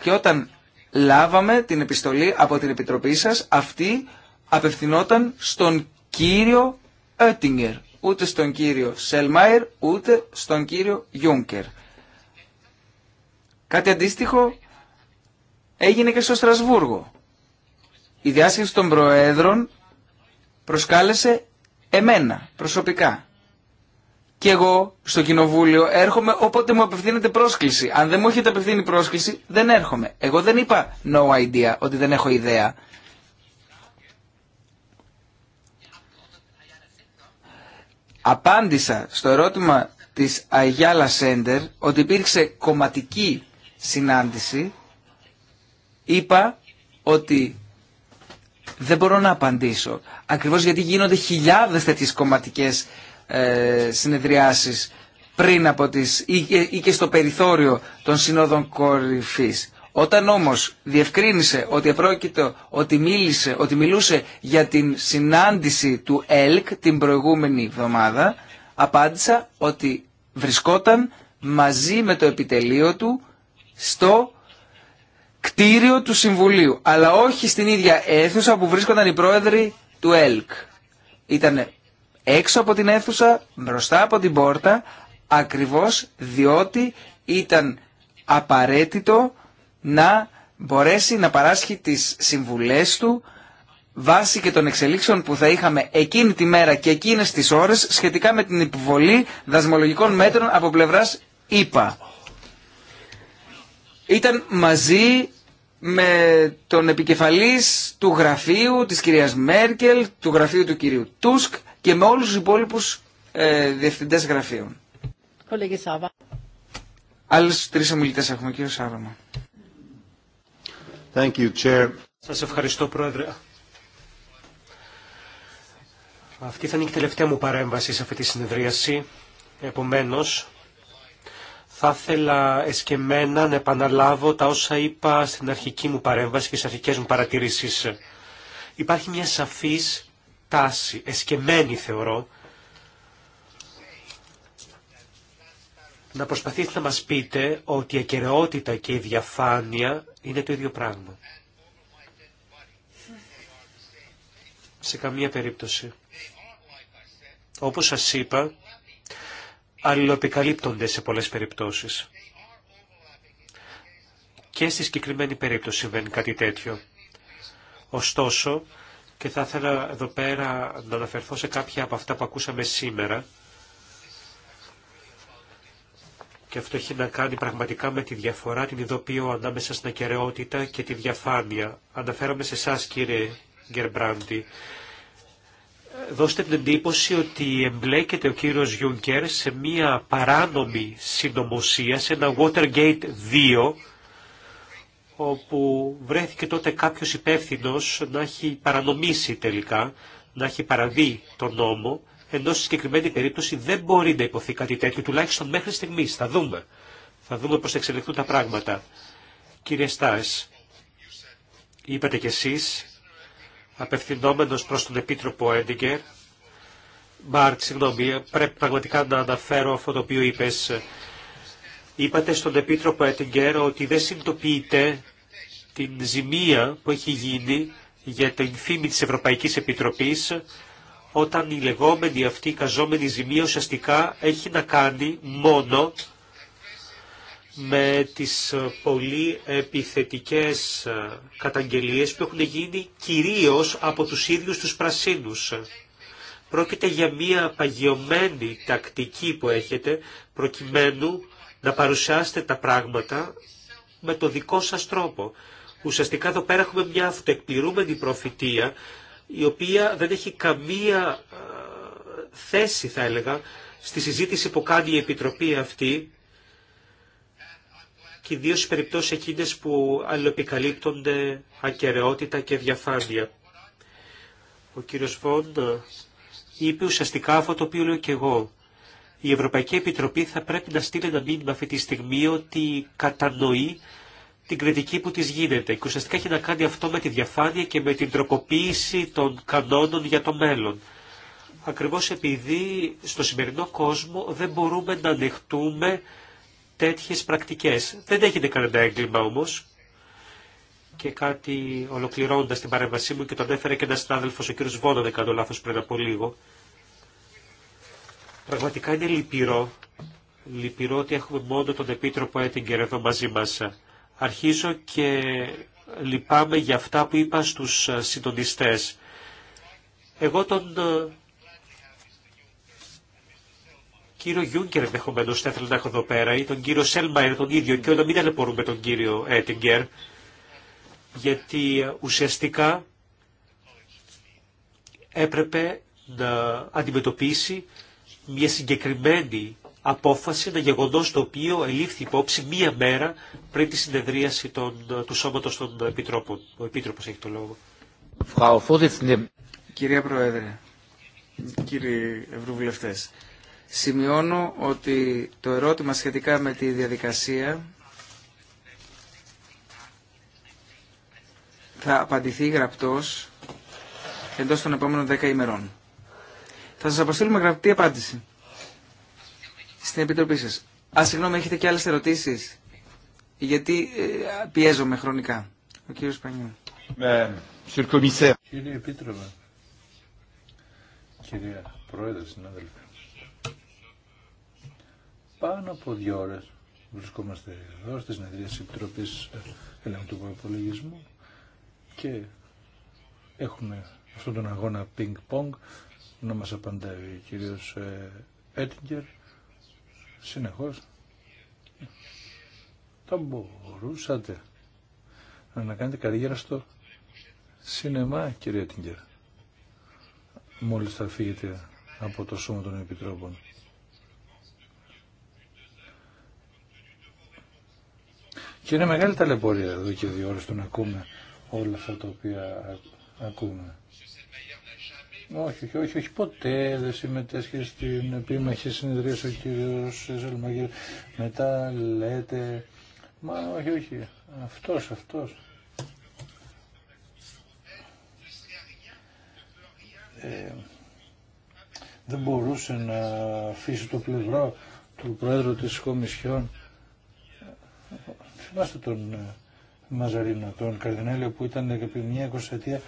και όταν λάβαμε την επιστολή από την Επιτροπή σας, αυτή απευθυνόταν στον κύριο Έτιγκερ, ούτε στον κύριο Σελμάιρ, ούτε στον κύριο Γιούνκερ. Κάτι αντίστοιχο έγινε και στο Στρασβούργο. Η διάσκεψη των Προέδρων προσκάλεσε εμένα προσωπικά. Και εγώ στο κοινοβούλιο έρχομαι όποτε μου απευθύνεται πρόσκληση. Αν δεν μου έχετε απευθύνει πρόσκληση, δεν έρχομαι. Εγώ δεν είπα no idea, ότι δεν έχω ιδέα. Απάντησα στο ερώτημα της Αγιάλα Σέντερ ότι υπήρξε κομματική συνάντηση. Είπα ότι δεν μπορώ να απαντήσω. Ακριβώς γιατί γίνονται χιλιάδες τέτοιες κομματικές ε, συνεδριάσεις πριν από τις ή ή και στο περιθώριο των συνόδων κορυφής. Όταν όμως διευκρίνησε ότι επρόκειτο ότι μίλησε, ότι μιλούσε για την συνάντηση του ΕΛΚ την προηγούμενη εβδομάδα, απάντησα ότι βρισκόταν μαζί με το επιτελείο του στο κτίριο του Συμβουλίου, αλλά όχι στην ίδια αίθουσα που βρίσκονταν οι πρόεδροι του ΕΛΚ. Ήταν έξω από την αίθουσα, μπροστά από την πόρτα, ακριβώς διότι ήταν απαραίτητο να μπορέσει να παράσχει τις συμβουλές του βάσει και των εξελίξεων που θα είχαμε εκείνη τη μέρα και εκείνες τις ώρες σχετικά με την υποβολή δασμολογικών μέτρων από πλευράς ΕΠΑ. Ήταν μαζί με τον επικεφαλής του γραφείου της κυρίας Μέρκελ, του γραφείου του κυρίου Τούσκ και με όλους τους υπόλοιπους ε, διευθυντές γραφείων. Άλλες τρεις ομιλητές έχουμε, κύριο Σάβαμα. Thank Σας ευχαριστώ, Πρόεδρε. Αυτή θα είναι η τελευταία μου παρέμβαση σε αυτή τη συνεδρίαση. Επομένως, θα ήθελα εσκεμένα να επαναλάβω τα όσα είπα στην αρχική μου παρέμβαση και στις αρχικές μου παρατηρήσεις. Υπάρχει μια σαφής τάση, εσκεμένη θεωρώ, να προσπαθείτε να μας πείτε ότι η ακαιρεότητα και η διαφάνεια είναι το ίδιο πράγμα. Σε καμία περίπτωση. Όπως σας είπα, αλληλοεπικαλύπτονται σε πολλές περιπτώσεις. Και στη συγκεκριμένη περίπτωση συμβαίνει κάτι τέτοιο. Ωστόσο, και θα ήθελα εδώ πέρα να αναφερθώ σε κάποια από αυτά που ακούσαμε σήμερα, και αυτό έχει να κάνει πραγματικά με τη διαφορά την ειδοποιώ ανάμεσα στην ακαιρεότητα και τη διαφάνεια. Αναφέρομαι σε εσά κύριε Γκερμπράντι. Δώστε την εντύπωση ότι εμπλέκεται ο κύριος Γιούνκερ σε μία παράνομη συνωμοσία, σε ένα Watergate 2, όπου βρέθηκε τότε κάποιος υπεύθυνος να έχει παρανομήσει τελικά, να έχει παραδεί τον νόμο ενώ στη συγκεκριμένη περίπτωση δεν μπορεί να υποθεί κάτι τέτοιο, τουλάχιστον μέχρι στιγμή. Θα δούμε. Θα δούμε πώ θα εξελιχθούν τα πράγματα. Κύριε Στάε, είπατε κι εσεί, απευθυνόμενο προ τον Επίτροπο Έντιγκερ, Μπάρτ, συγγνώμη, πρέπει πραγματικά να αναφέρω αυτό το οποίο είπε. Είπατε στον Επίτροπο Έντιγκερ ότι δεν συνειδητοποιείται την ζημία που έχει γίνει για την φήμη της Ευρωπαϊκής Επιτροπής όταν η λεγόμενη αυτή καζόμενη ζημία ουσιαστικά έχει να κάνει μόνο με τις ε, πολύ επιθετικές ε, καταγγελίες που έχουν γίνει κυρίως από τους ίδιους τους πρασίνους. Πρόκειται για μία παγιωμένη τακτική που έχετε προκειμένου να παρουσιάσετε τα πράγματα με το δικό σας τρόπο. Ουσιαστικά εδώ πέρα έχουμε μια αυτοεκπληρούμενη προφητεία η οποία δεν έχει καμία ε, θέση θα έλεγα στη συζήτηση που κάνει η Επιτροπή αυτή και ιδίω στι περιπτώσει εκείνε που αλληλοπικαλύπτονται ακαιρεότητα και διαφάνεια. Ο κύριος Βον είπε ουσιαστικά αυτό το οποίο λέω και εγώ. Η Ευρωπαϊκή Επιτροπή θα πρέπει να στείλει ένα μήνυμα αυτή τη στιγμή ότι κατανοεί την κριτική που τη γίνεται και ουσιαστικά έχει να κάνει αυτό με τη διαφάνεια και με την τροποποίηση των κανόνων για το μέλλον. Ακριβώς επειδή στο σημερινό κόσμο δεν μπορούμε να ανεχτούμε τέτοιες πρακτικές. Δεν έγινε κανένα έγκλημα όμως και κάτι ολοκληρώνοντας την παρέμβασή μου και τον έφερε και ένας συνάδελφος, ο κύριος Βόνα, δεν κάνω λάθος πριν από λίγο. Πραγματικά είναι λυπηρό, λυπηρό ότι έχουμε μόνο τον Επίτροπο Έτιγκερ εδώ μαζί μας αρχίζω και λυπάμαι για αυτά που είπα στους συντονιστές. Εγώ τον ε, κύριο Γιούγκερ ενδεχομένω θα ήθελα να έχω εδώ πέρα ή τον κύριο Σέλμαερ τον ίδιο και όταν μην ταλαιπωρούμε τον κύριο Έτιγκερ γιατί ε, ουσιαστικά έπρεπε να αντιμετωπίσει μια συγκεκριμένη απόφαση, ένα γεγονό το οποίο ελήφθη υπόψη μία μέρα πριν τη συνεδρίαση των, του σώματο των Επιτρόπων. Ο Επίτροπος έχει το λόγο. Κυρία Πρόεδρε, κύριοι Ευρωβουλευτέ, σημειώνω ότι το ερώτημα σχετικά με τη διαδικασία θα απαντηθεί γραπτώς εντός των επόμενων δέκα ημερών. Θα σας αποστείλουμε γραπτή απάντηση στην Επιτροπή σα. Α, συγγνώμη, έχετε και άλλε ερωτήσει Γιατί ε, πιέζομαι χρονικά. Ο κύριο Πανιού. Ε, κύριε Επίτροπε, κυρία Πρόεδρε, συνάδελφοι, πάνω από δύο ώρε βρισκόμαστε εδώ στη συνεδρία τη Επιτροπή Ελέγχου του και έχουμε αυτόν τον αγώνα πινκ-πονγκ να μας απαντάει ο κύριος Έτιγκερ συνεχώς θα μπορούσατε να κάνετε καριέρα στο σινεμά, κυρία Τιγκέρ. Μόλις θα φύγετε από το Σώμα των Επιτρόπων. Και είναι μεγάλη ταλαιπωρία εδώ και δύο ώρες τον ακούμε όλα αυτά τα οποία ακούμε. Όχι, όχι, όχι, ποτέ δεν συμμετέσχε στην επίμαχη συνεδρία ο κύριο Ζελμαγέρ. Μετά λέτε. Μα όχι, όχι. Αυτό, αυτό. Ε, δεν μπορούσε να αφήσει το πλευρό του Πρόεδρου της Κομισιόν. Ε, θυμάστε τον ε, Μαζαρίνα, τον Καρδινέλιο που ήταν επί μια εικοσαετία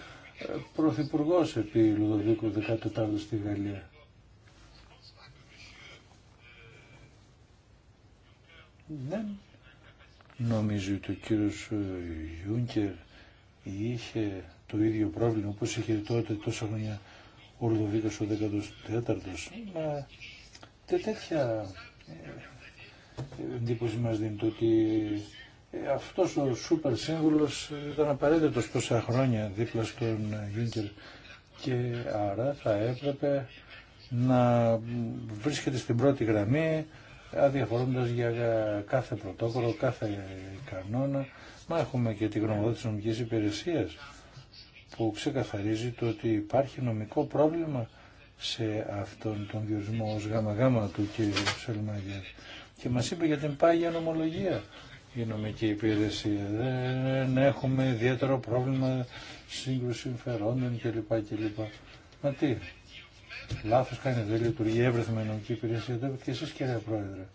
πρωθυπουργός επί Λουδοβίκου 14 στη Γαλλία. Δεν ναι. νομίζω ότι ο κύριος ε, Γιούνκερ είχε το ίδιο πρόβλημα όπως είχε τότε τόσα χρόνια ο Λουδοβίκος ο 14ος. Μα τέτοια ε, ε, εντύπωση μας δίνει το ότι ε, αυτός ο σούπερ σύμβουλος ήταν απαραίτητος τόσα χρόνια δίπλα στον Γιούγκερ και άρα θα έπρεπε να βρίσκεται στην πρώτη γραμμή αδιαφορώντας για κάθε πρωτόκολλο, κάθε κανόνα. Μα έχουμε και τη γνωμοδότηση της νομικής υπηρεσίας που ξεκαθαρίζει το ότι υπάρχει νομικό πρόβλημα σε αυτόν τον διορισμό ως γάμα γάμα του κ. Σελμαγιάς. Και μας είπε για την πάγια νομολογία η νομική υπηρεσία. Δεν έχουμε ιδιαίτερο πρόβλημα σύγκρουση συμφερόντων κλπ. κλπ. Μα τι, λάθος κάνει, δεν λειτουργεί εύρεθμα η νομική υπηρεσία. δεν και εσείς κύριε Πρόεδρε.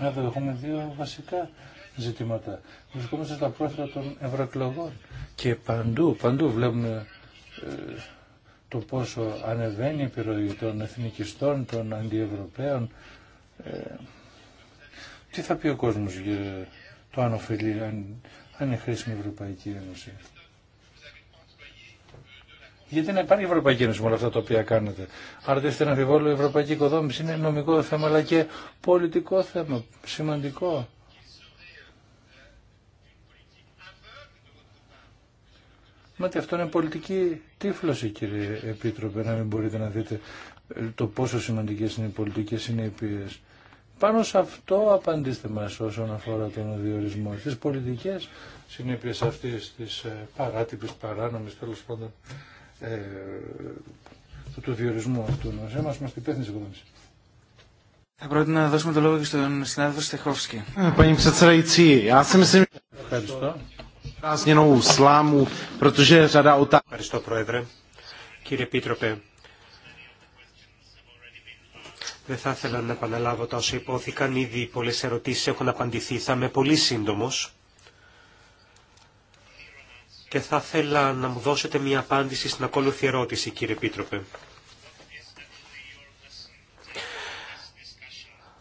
Εδώ έχουμε δύο βασικά ζητήματα. Βρισκόμαστε στα πρόθυρα των ευρωεκλογών και παντού, παντού βλέπουμε ε, το πόσο ανεβαίνει η επιρροή των εθνικιστών, των αντιευρωπαίων. Ε, τι θα πει ο κόσμος για το αν ωφελεί, αν, αν είναι χρήσιμη η Ευρωπαϊκή Ένωση. Γιατί να υπάρχει Ευρωπαϊκή Ένωση με όλα αυτά τα οποία κάνετε. Άρα δεν να αμφιβόλο η Ευρωπαϊκή Οικοδόμηση είναι νομικό θέμα αλλά και πολιτικό θέμα. Σημαντικό. Μα αυτό είναι πολιτική τύφλωση κύριε Επίτροπε να μην μπορείτε να δείτε το πόσο σημαντικές είναι οι πολιτικές συνέπειες. Πάνω σε αυτό απαντήστε μας όσον αφορά τον διορισμό στις πολιτικές συνέπειες αυτής της ε, παράτυπης, παράνομης τέλος πάντων ε, του διορισμού αυτού. Εμάς είμαστε υπεύθυνοι οικοδόμηση. Θα πρότεινα να δώσουμε το λόγο και στον συνάδελφο Στεχόφσκι. Ε, Ευχαριστώ. Ευχαριστώ, Πρόεδρε. Κύριε Πίτροπε, δεν θα ήθελα να επαναλάβω τα όσα υπόθηκαν. Ήδη πολλές ερωτήσεις έχουν απαντηθεί. Θα είμαι πολύ σύντομος. Και θα ήθελα να μου δώσετε μια απάντηση στην ακόλουθη ερώτηση, κύριε Πίτροπε.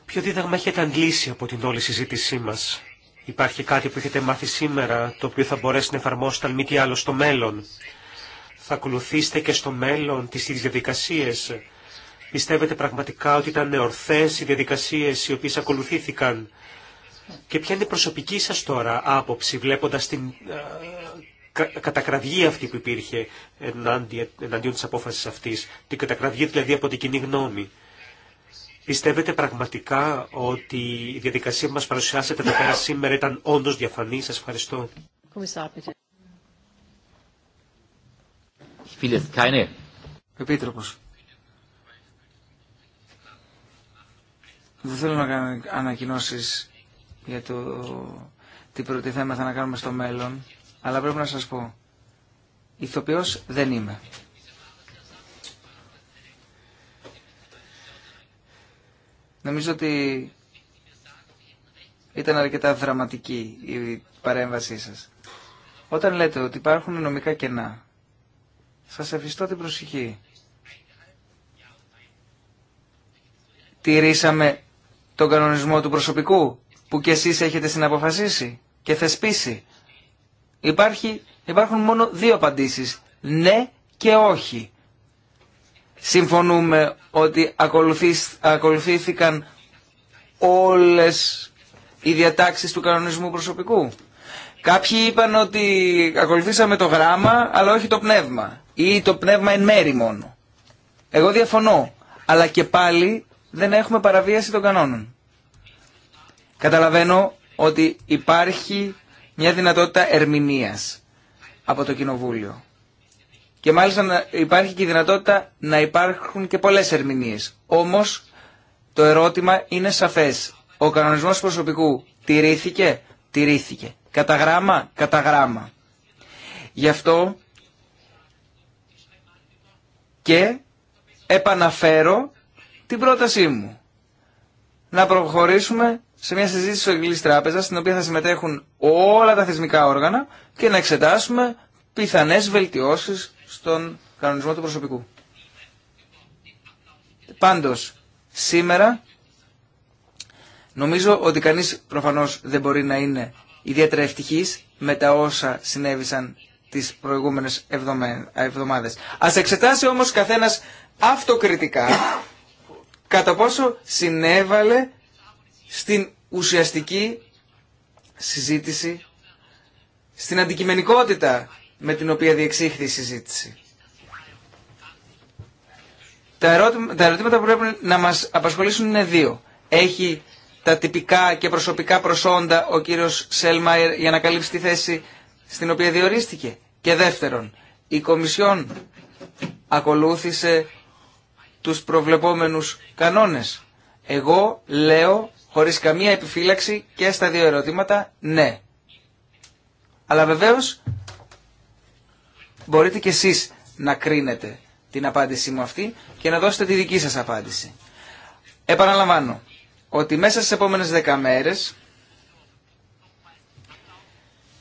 Ποιο δίδαγμα έχετε αντλήσει από την όλη συζήτησή μας. Υπάρχει κάτι που έχετε μάθει σήμερα, το οποίο θα μπορέσει να εφαρμόσετε αν μη τι άλλο στο μέλλον. Θα ακολουθήσετε και στο μέλλον τις ίδιες διαδικασίες Πιστεύετε πραγματικά ότι ήταν ορθές οι διαδικασίες οι οποίες ακολουθήθηκαν και ποια είναι η προσωπική σας τώρα άποψη βλέποντας την ε, κα, κατακραυγή αυτή που υπήρχε εναντίον, τη της απόφασης αυτής, την κατακραυγή δηλαδή από την κοινή γνώμη. Πιστεύετε πραγματικά ότι η διαδικασία που μας παρουσιάσετε εδώ πέρα σήμερα ήταν όντως διαφανή. Σας ευχαριστώ. Επίτροπος. Δεν θέλω να κάνω ανακοινώσει για το τι προτιθέμεθα θα να κάνουμε στο μέλλον, αλλά πρέπει να σας πω, ηθοποιός δεν είμαι. Νομίζω ότι ήταν αρκετά δραματική η παρέμβασή σας. Όταν λέτε ότι υπάρχουν νομικά κενά, σας ευχαριστώ την προσοχή. Τηρήσαμε τον κανονισμό του προσωπικού που κι εσείς έχετε συναποφασίσει και θεσπίσει. Υπάρχει, υπάρχουν μόνο δύο απαντήσεις. Ναι και όχι. Συμφωνούμε ότι ακολουθήθηκαν όλες οι διατάξεις του κανονισμού προσωπικού. Κάποιοι είπαν ότι ακολουθήσαμε το γράμμα αλλά όχι το πνεύμα ή το πνεύμα εν μέρη μόνο. Εγώ διαφωνώ. Αλλά και πάλι δεν έχουμε παραβίαση των κανόνων. Καταλαβαίνω ότι υπάρχει μια δυνατότητα ερμηνείας από το Κοινοβούλιο. Και μάλιστα υπάρχει και η δυνατότητα να υπάρχουν και πολλές ερμηνείες. Όμως το ερώτημα είναι σαφές. Ο κανονισμός προσωπικού τηρήθηκε, τηρήθηκε. Κατά γράμμα, κατά γράμμα. Γι' αυτό και επαναφέρω την πρότασή μου. Να προχωρήσουμε σε μια συζήτηση της Ογγλής Τράπεζας, στην οποία θα συμμετέχουν όλα τα θεσμικά όργανα και να εξετάσουμε πιθανές βελτιώσεις στον κανονισμό του προσωπικού. Πάντως, σήμερα νομίζω ότι κανείς προφανώς δεν μπορεί να είναι ιδιαίτερα ευτυχής με τα όσα συνέβησαν τις προηγούμενες εβδομάδες. Ας εξετάσει όμως καθένας αυτοκριτικά κατά πόσο συνέβαλε στην ουσιαστική συζήτηση, στην αντικειμενικότητα με την οποία διεξήχθη η συζήτηση. Τα ερωτήματα που πρέπει να μας απασχολήσουν είναι δύο. Έχει τα τυπικά και προσωπικά προσόντα ο κύριος Σέλμαϊρ για να καλύψει τη θέση στην οποία διορίστηκε. Και δεύτερον, η Κομισιόν ακολούθησε τους προβλεπόμενους κανόνες. Εγώ λέω χωρίς καμία επιφύλαξη και στα δύο ερωτήματα ναι. Αλλά βεβαίως μπορείτε κι εσείς να κρίνετε την απάντησή μου αυτή και να δώσετε τη δική σας απάντηση. Επαναλαμβάνω ότι μέσα στις επόμενες δέκα μέρες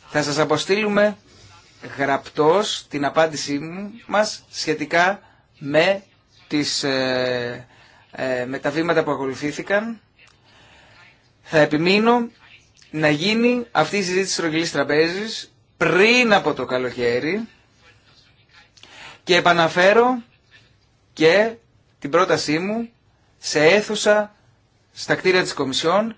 θα σας αποστείλουμε γραπτός την απάντησή μας σχετικά με τις, ε, ε, με τα βήματα που ακολουθήθηκαν. Θα επιμείνω να γίνει αυτή η συζήτηση της Ρογγυλής Τραπέζης πριν από το καλοκαίρι και επαναφέρω και την πρότασή μου σε αίθουσα στα κτίρια της Κομισιόν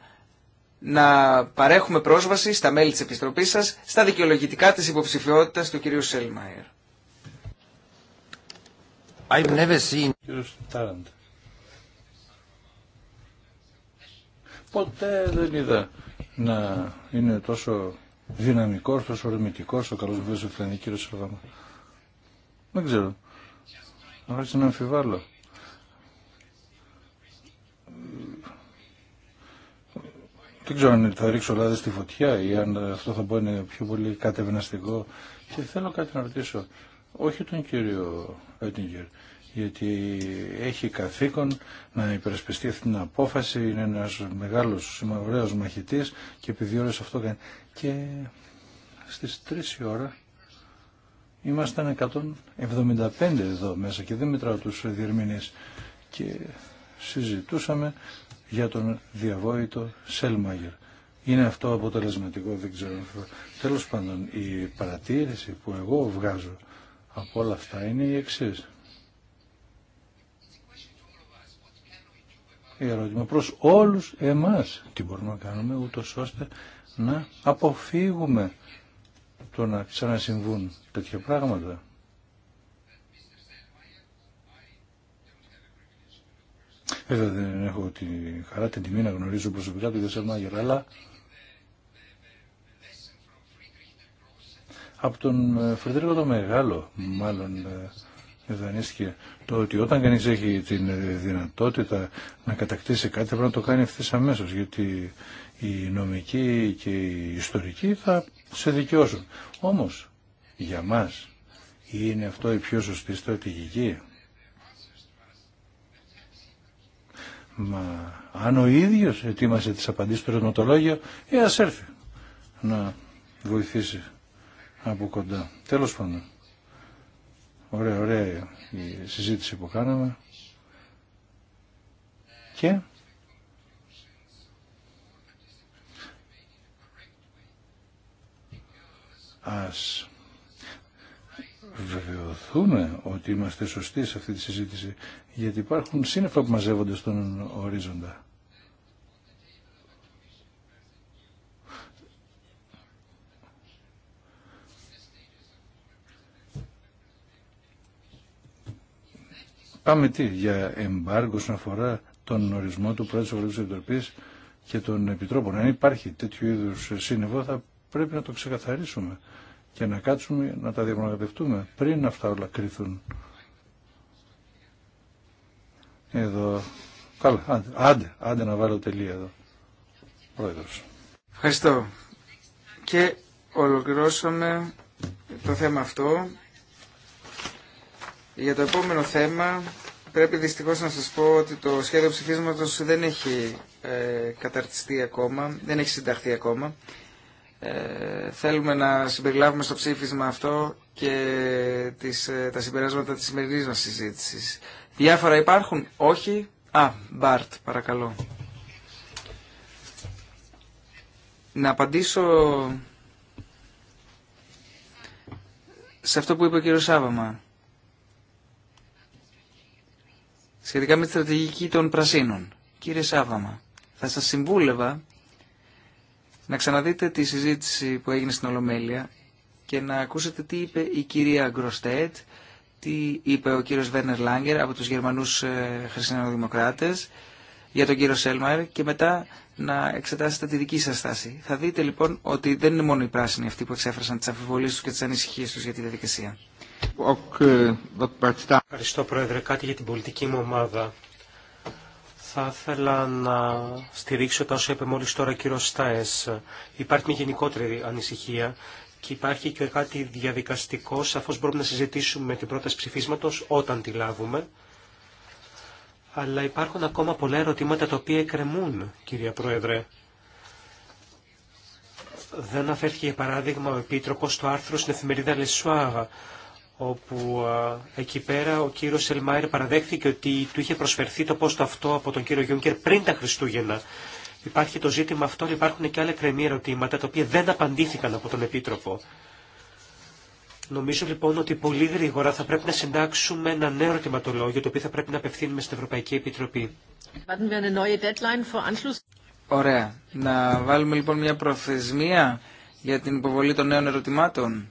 να παρέχουμε πρόσβαση στα μέλη της Επιστροπής σας στα δικαιολογητικά της υποψηφιότητας του κυρίου Σέλμαϊρ κύριος Τάραντ. Ποτέ δεν είδα να είναι τόσο δυναμικός, τόσο ορμητικός ο καλός βίος του κύριος Σαρβάμα. Δεν ξέρω. Άρχισε να αμφιβάλλω. Δεν ξέρω αν θα ρίξω λάδι στη φωτιά ή αν αυτό θα να είναι πιο πολύ κατευναστικό. Και θέλω κάτι να ρωτήσω. Όχι τον κύριο Έτιγκερ γιατί έχει καθήκον να υπερασπιστεί αυτή την απόφαση, είναι ένας μεγάλος ωραίος μαχητής και επειδή όλες αυτό κάνει. Και στις 3 η ώρα ήμασταν 175 εδώ μέσα και δεν μετράω τους διερμηνείς και συζητούσαμε για τον διαβόητο Σέλμαγερ. Είναι αυτό αποτελεσματικό, δεν ξέρω. Τέλος πάντων, η παρατήρηση που εγώ βγάζω από όλα αυτά είναι η εξής. ερώτημα προς όλους εμάς τι μπορούμε να κάνουμε ούτω ώστε να αποφύγουμε το να ξανασυμβούν τέτοια πράγματα. Βέβαια δεν έχω τη χαρά την τιμή να γνωρίζω προσωπικά τον Δεσσερ Μάγερ, αλλά από τον Φρεντρίκο το Μεγάλο μάλλον ε, δανείστηκε το ότι όταν κανείς έχει την δυνατότητα να κατακτήσει κάτι πρέπει να το κάνει ευθύ αμέσω. γιατί οι νομικοί και οι ιστορικοί θα σε δικαιώσουν. Όμως για μας είναι αυτό η πιο σωστή στρατηγική. Μα αν ο ίδιος ετοίμασε τις απαντήσεις του ερωτηματολόγιο, ε, α έρθει να βοηθήσει από κοντά. Τέλος πάντων. Ωραία, ωραία η συζήτηση που κάναμε. Και ας βεβαιωθούμε ότι είμαστε σωστοί σε αυτή τη συζήτηση, γιατί υπάρχουν σύννεφα που μαζεύονται στον ορίζοντα. Πάμε τι, για εμπάργκο όσον αφορά τον ορισμό του Πρόεδρου της Ευρωπαϊκής και των Επιτρόπων. Αν υπάρχει τέτοιου είδους σύνεβο θα πρέπει να το ξεκαθαρίσουμε και να κάτσουμε να τα διαπραγματευτούμε πριν αυτά όλα κρυθούν. Εδώ. Καλά, άντε, άντε, να βάλω τελεία εδώ. Πρόεδρος. Ευχαριστώ. Και ολοκληρώσαμε το θέμα αυτό. Για το επόμενο θέμα πρέπει δυστυχώς να σας πω ότι το σχέδιο ψηφίσματος δεν έχει ε, καταρτιστεί ακόμα, δεν έχει συνταχθεί ακόμα. Ε, θέλουμε να συμπεριλάβουμε στο ψήφισμα αυτό και τις, ε, τα συμπεράσματα της σημερινή μας συζήτησης. Διάφορα υπάρχουν, όχι. Α, Μπάρτ, παρακαλώ. Να απαντήσω σε αυτό που είπε ο κύριος Σάβαμα. σχετικά με τη στρατηγική των πρασίνων. Κύριε Σάβαμα, θα σας συμβούλευα να ξαναδείτε τη συζήτηση που έγινε στην Ολομέλεια και να ακούσετε τι είπε η κυρία Γκροστέτ, τι είπε ο κύριος Βέρνερ Λάγκερ από τους Γερμανούς ε, Χριστιανοδημοκράτες για τον κύριο Σέλμαερ και μετά να εξετάσετε τη δική σας στάση. Θα δείτε λοιπόν ότι δεν είναι μόνο οι πράσινοι αυτοί που εξέφρασαν τις αμφιβολίες τους και τις ανησυχίες τους για τη διαδικασία. Eh, Ευχαριστώ Πρόεδρε. Κάτι για την πολιτική μου ομάδα. Θα ήθελα να στηρίξω τα όσα είπε μόλις τώρα ο κύριο Στάε. Υπάρχει μια γενικότερη ανησυχία και υπάρχει και κάτι διαδικαστικό. Σαφώς μπορούμε να συζητήσουμε την πρόταση ψηφίσματος όταν τη λάβουμε. Αλλά υπάρχουν ακόμα πολλά ερωτήματα τα οποία εκκρεμούν, κύριε Πρόεδρε. Δεν αφέρθηκε, για παράδειγμα, ο Επίτροπος στο άρθρο στην εφημερίδα Λεσουάγα όπου α, εκεί πέρα ο κύριο Σελμάιρ παραδέχθηκε ότι του είχε προσφερθεί το πόστο αυτό από τον κύριο Γιούγκερ πριν τα Χριστούγεννα. Υπάρχει το ζήτημα αυτό, αλλά υπάρχουν και άλλα κρεμή ερωτήματα τα οποία δεν απαντήθηκαν από τον Επίτροπο. Νομίζω λοιπόν ότι πολύ γρήγορα θα πρέπει να συντάξουμε ένα νέο ερωτηματολόγιο το οποίο θα πρέπει να απευθύνουμε στην Ευρωπαϊκή Επιτροπή. Ωραία. Να βάλουμε λοιπόν μια προθεσμία για την υποβολή των νέων ερωτημάτων.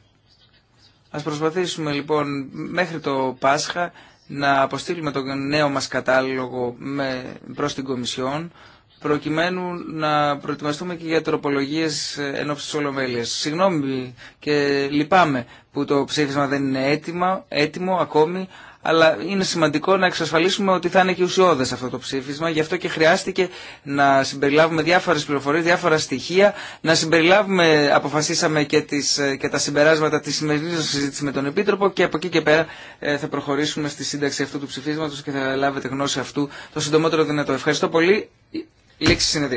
Ας προσπαθήσουμε λοιπόν μέχρι το Πάσχα να αποστείλουμε τον νέο μας κατάλογο με, προς την Κομισιόν προκειμένου να προετοιμαστούμε και για τροπολογίες ενόψει της Ολομέλειας. Συγγνώμη και λυπάμαι που το ψήφισμα δεν είναι έτοιμο ακόμη, αλλά είναι σημαντικό να εξασφαλίσουμε ότι θα είναι και ουσιώδες αυτό το ψήφισμα. Γι' αυτό και χρειάστηκε να συμπεριλάβουμε διάφορες πληροφορίες, διάφορα στοιχεία, να συμπεριλάβουμε, αποφασίσαμε και, τις, ε, και τα συμπεράσματα της σημερινής συζήτηση με τον Επίτροπο και από εκεί και πέρα ε, θα προχωρήσουμε στη σύνταξη αυτού του ψηφίσματος και θα λάβετε γνώση αυτού το συντομότερο δυνατό. Ευχαριστώ πολύ. Λήξη συνεδρία.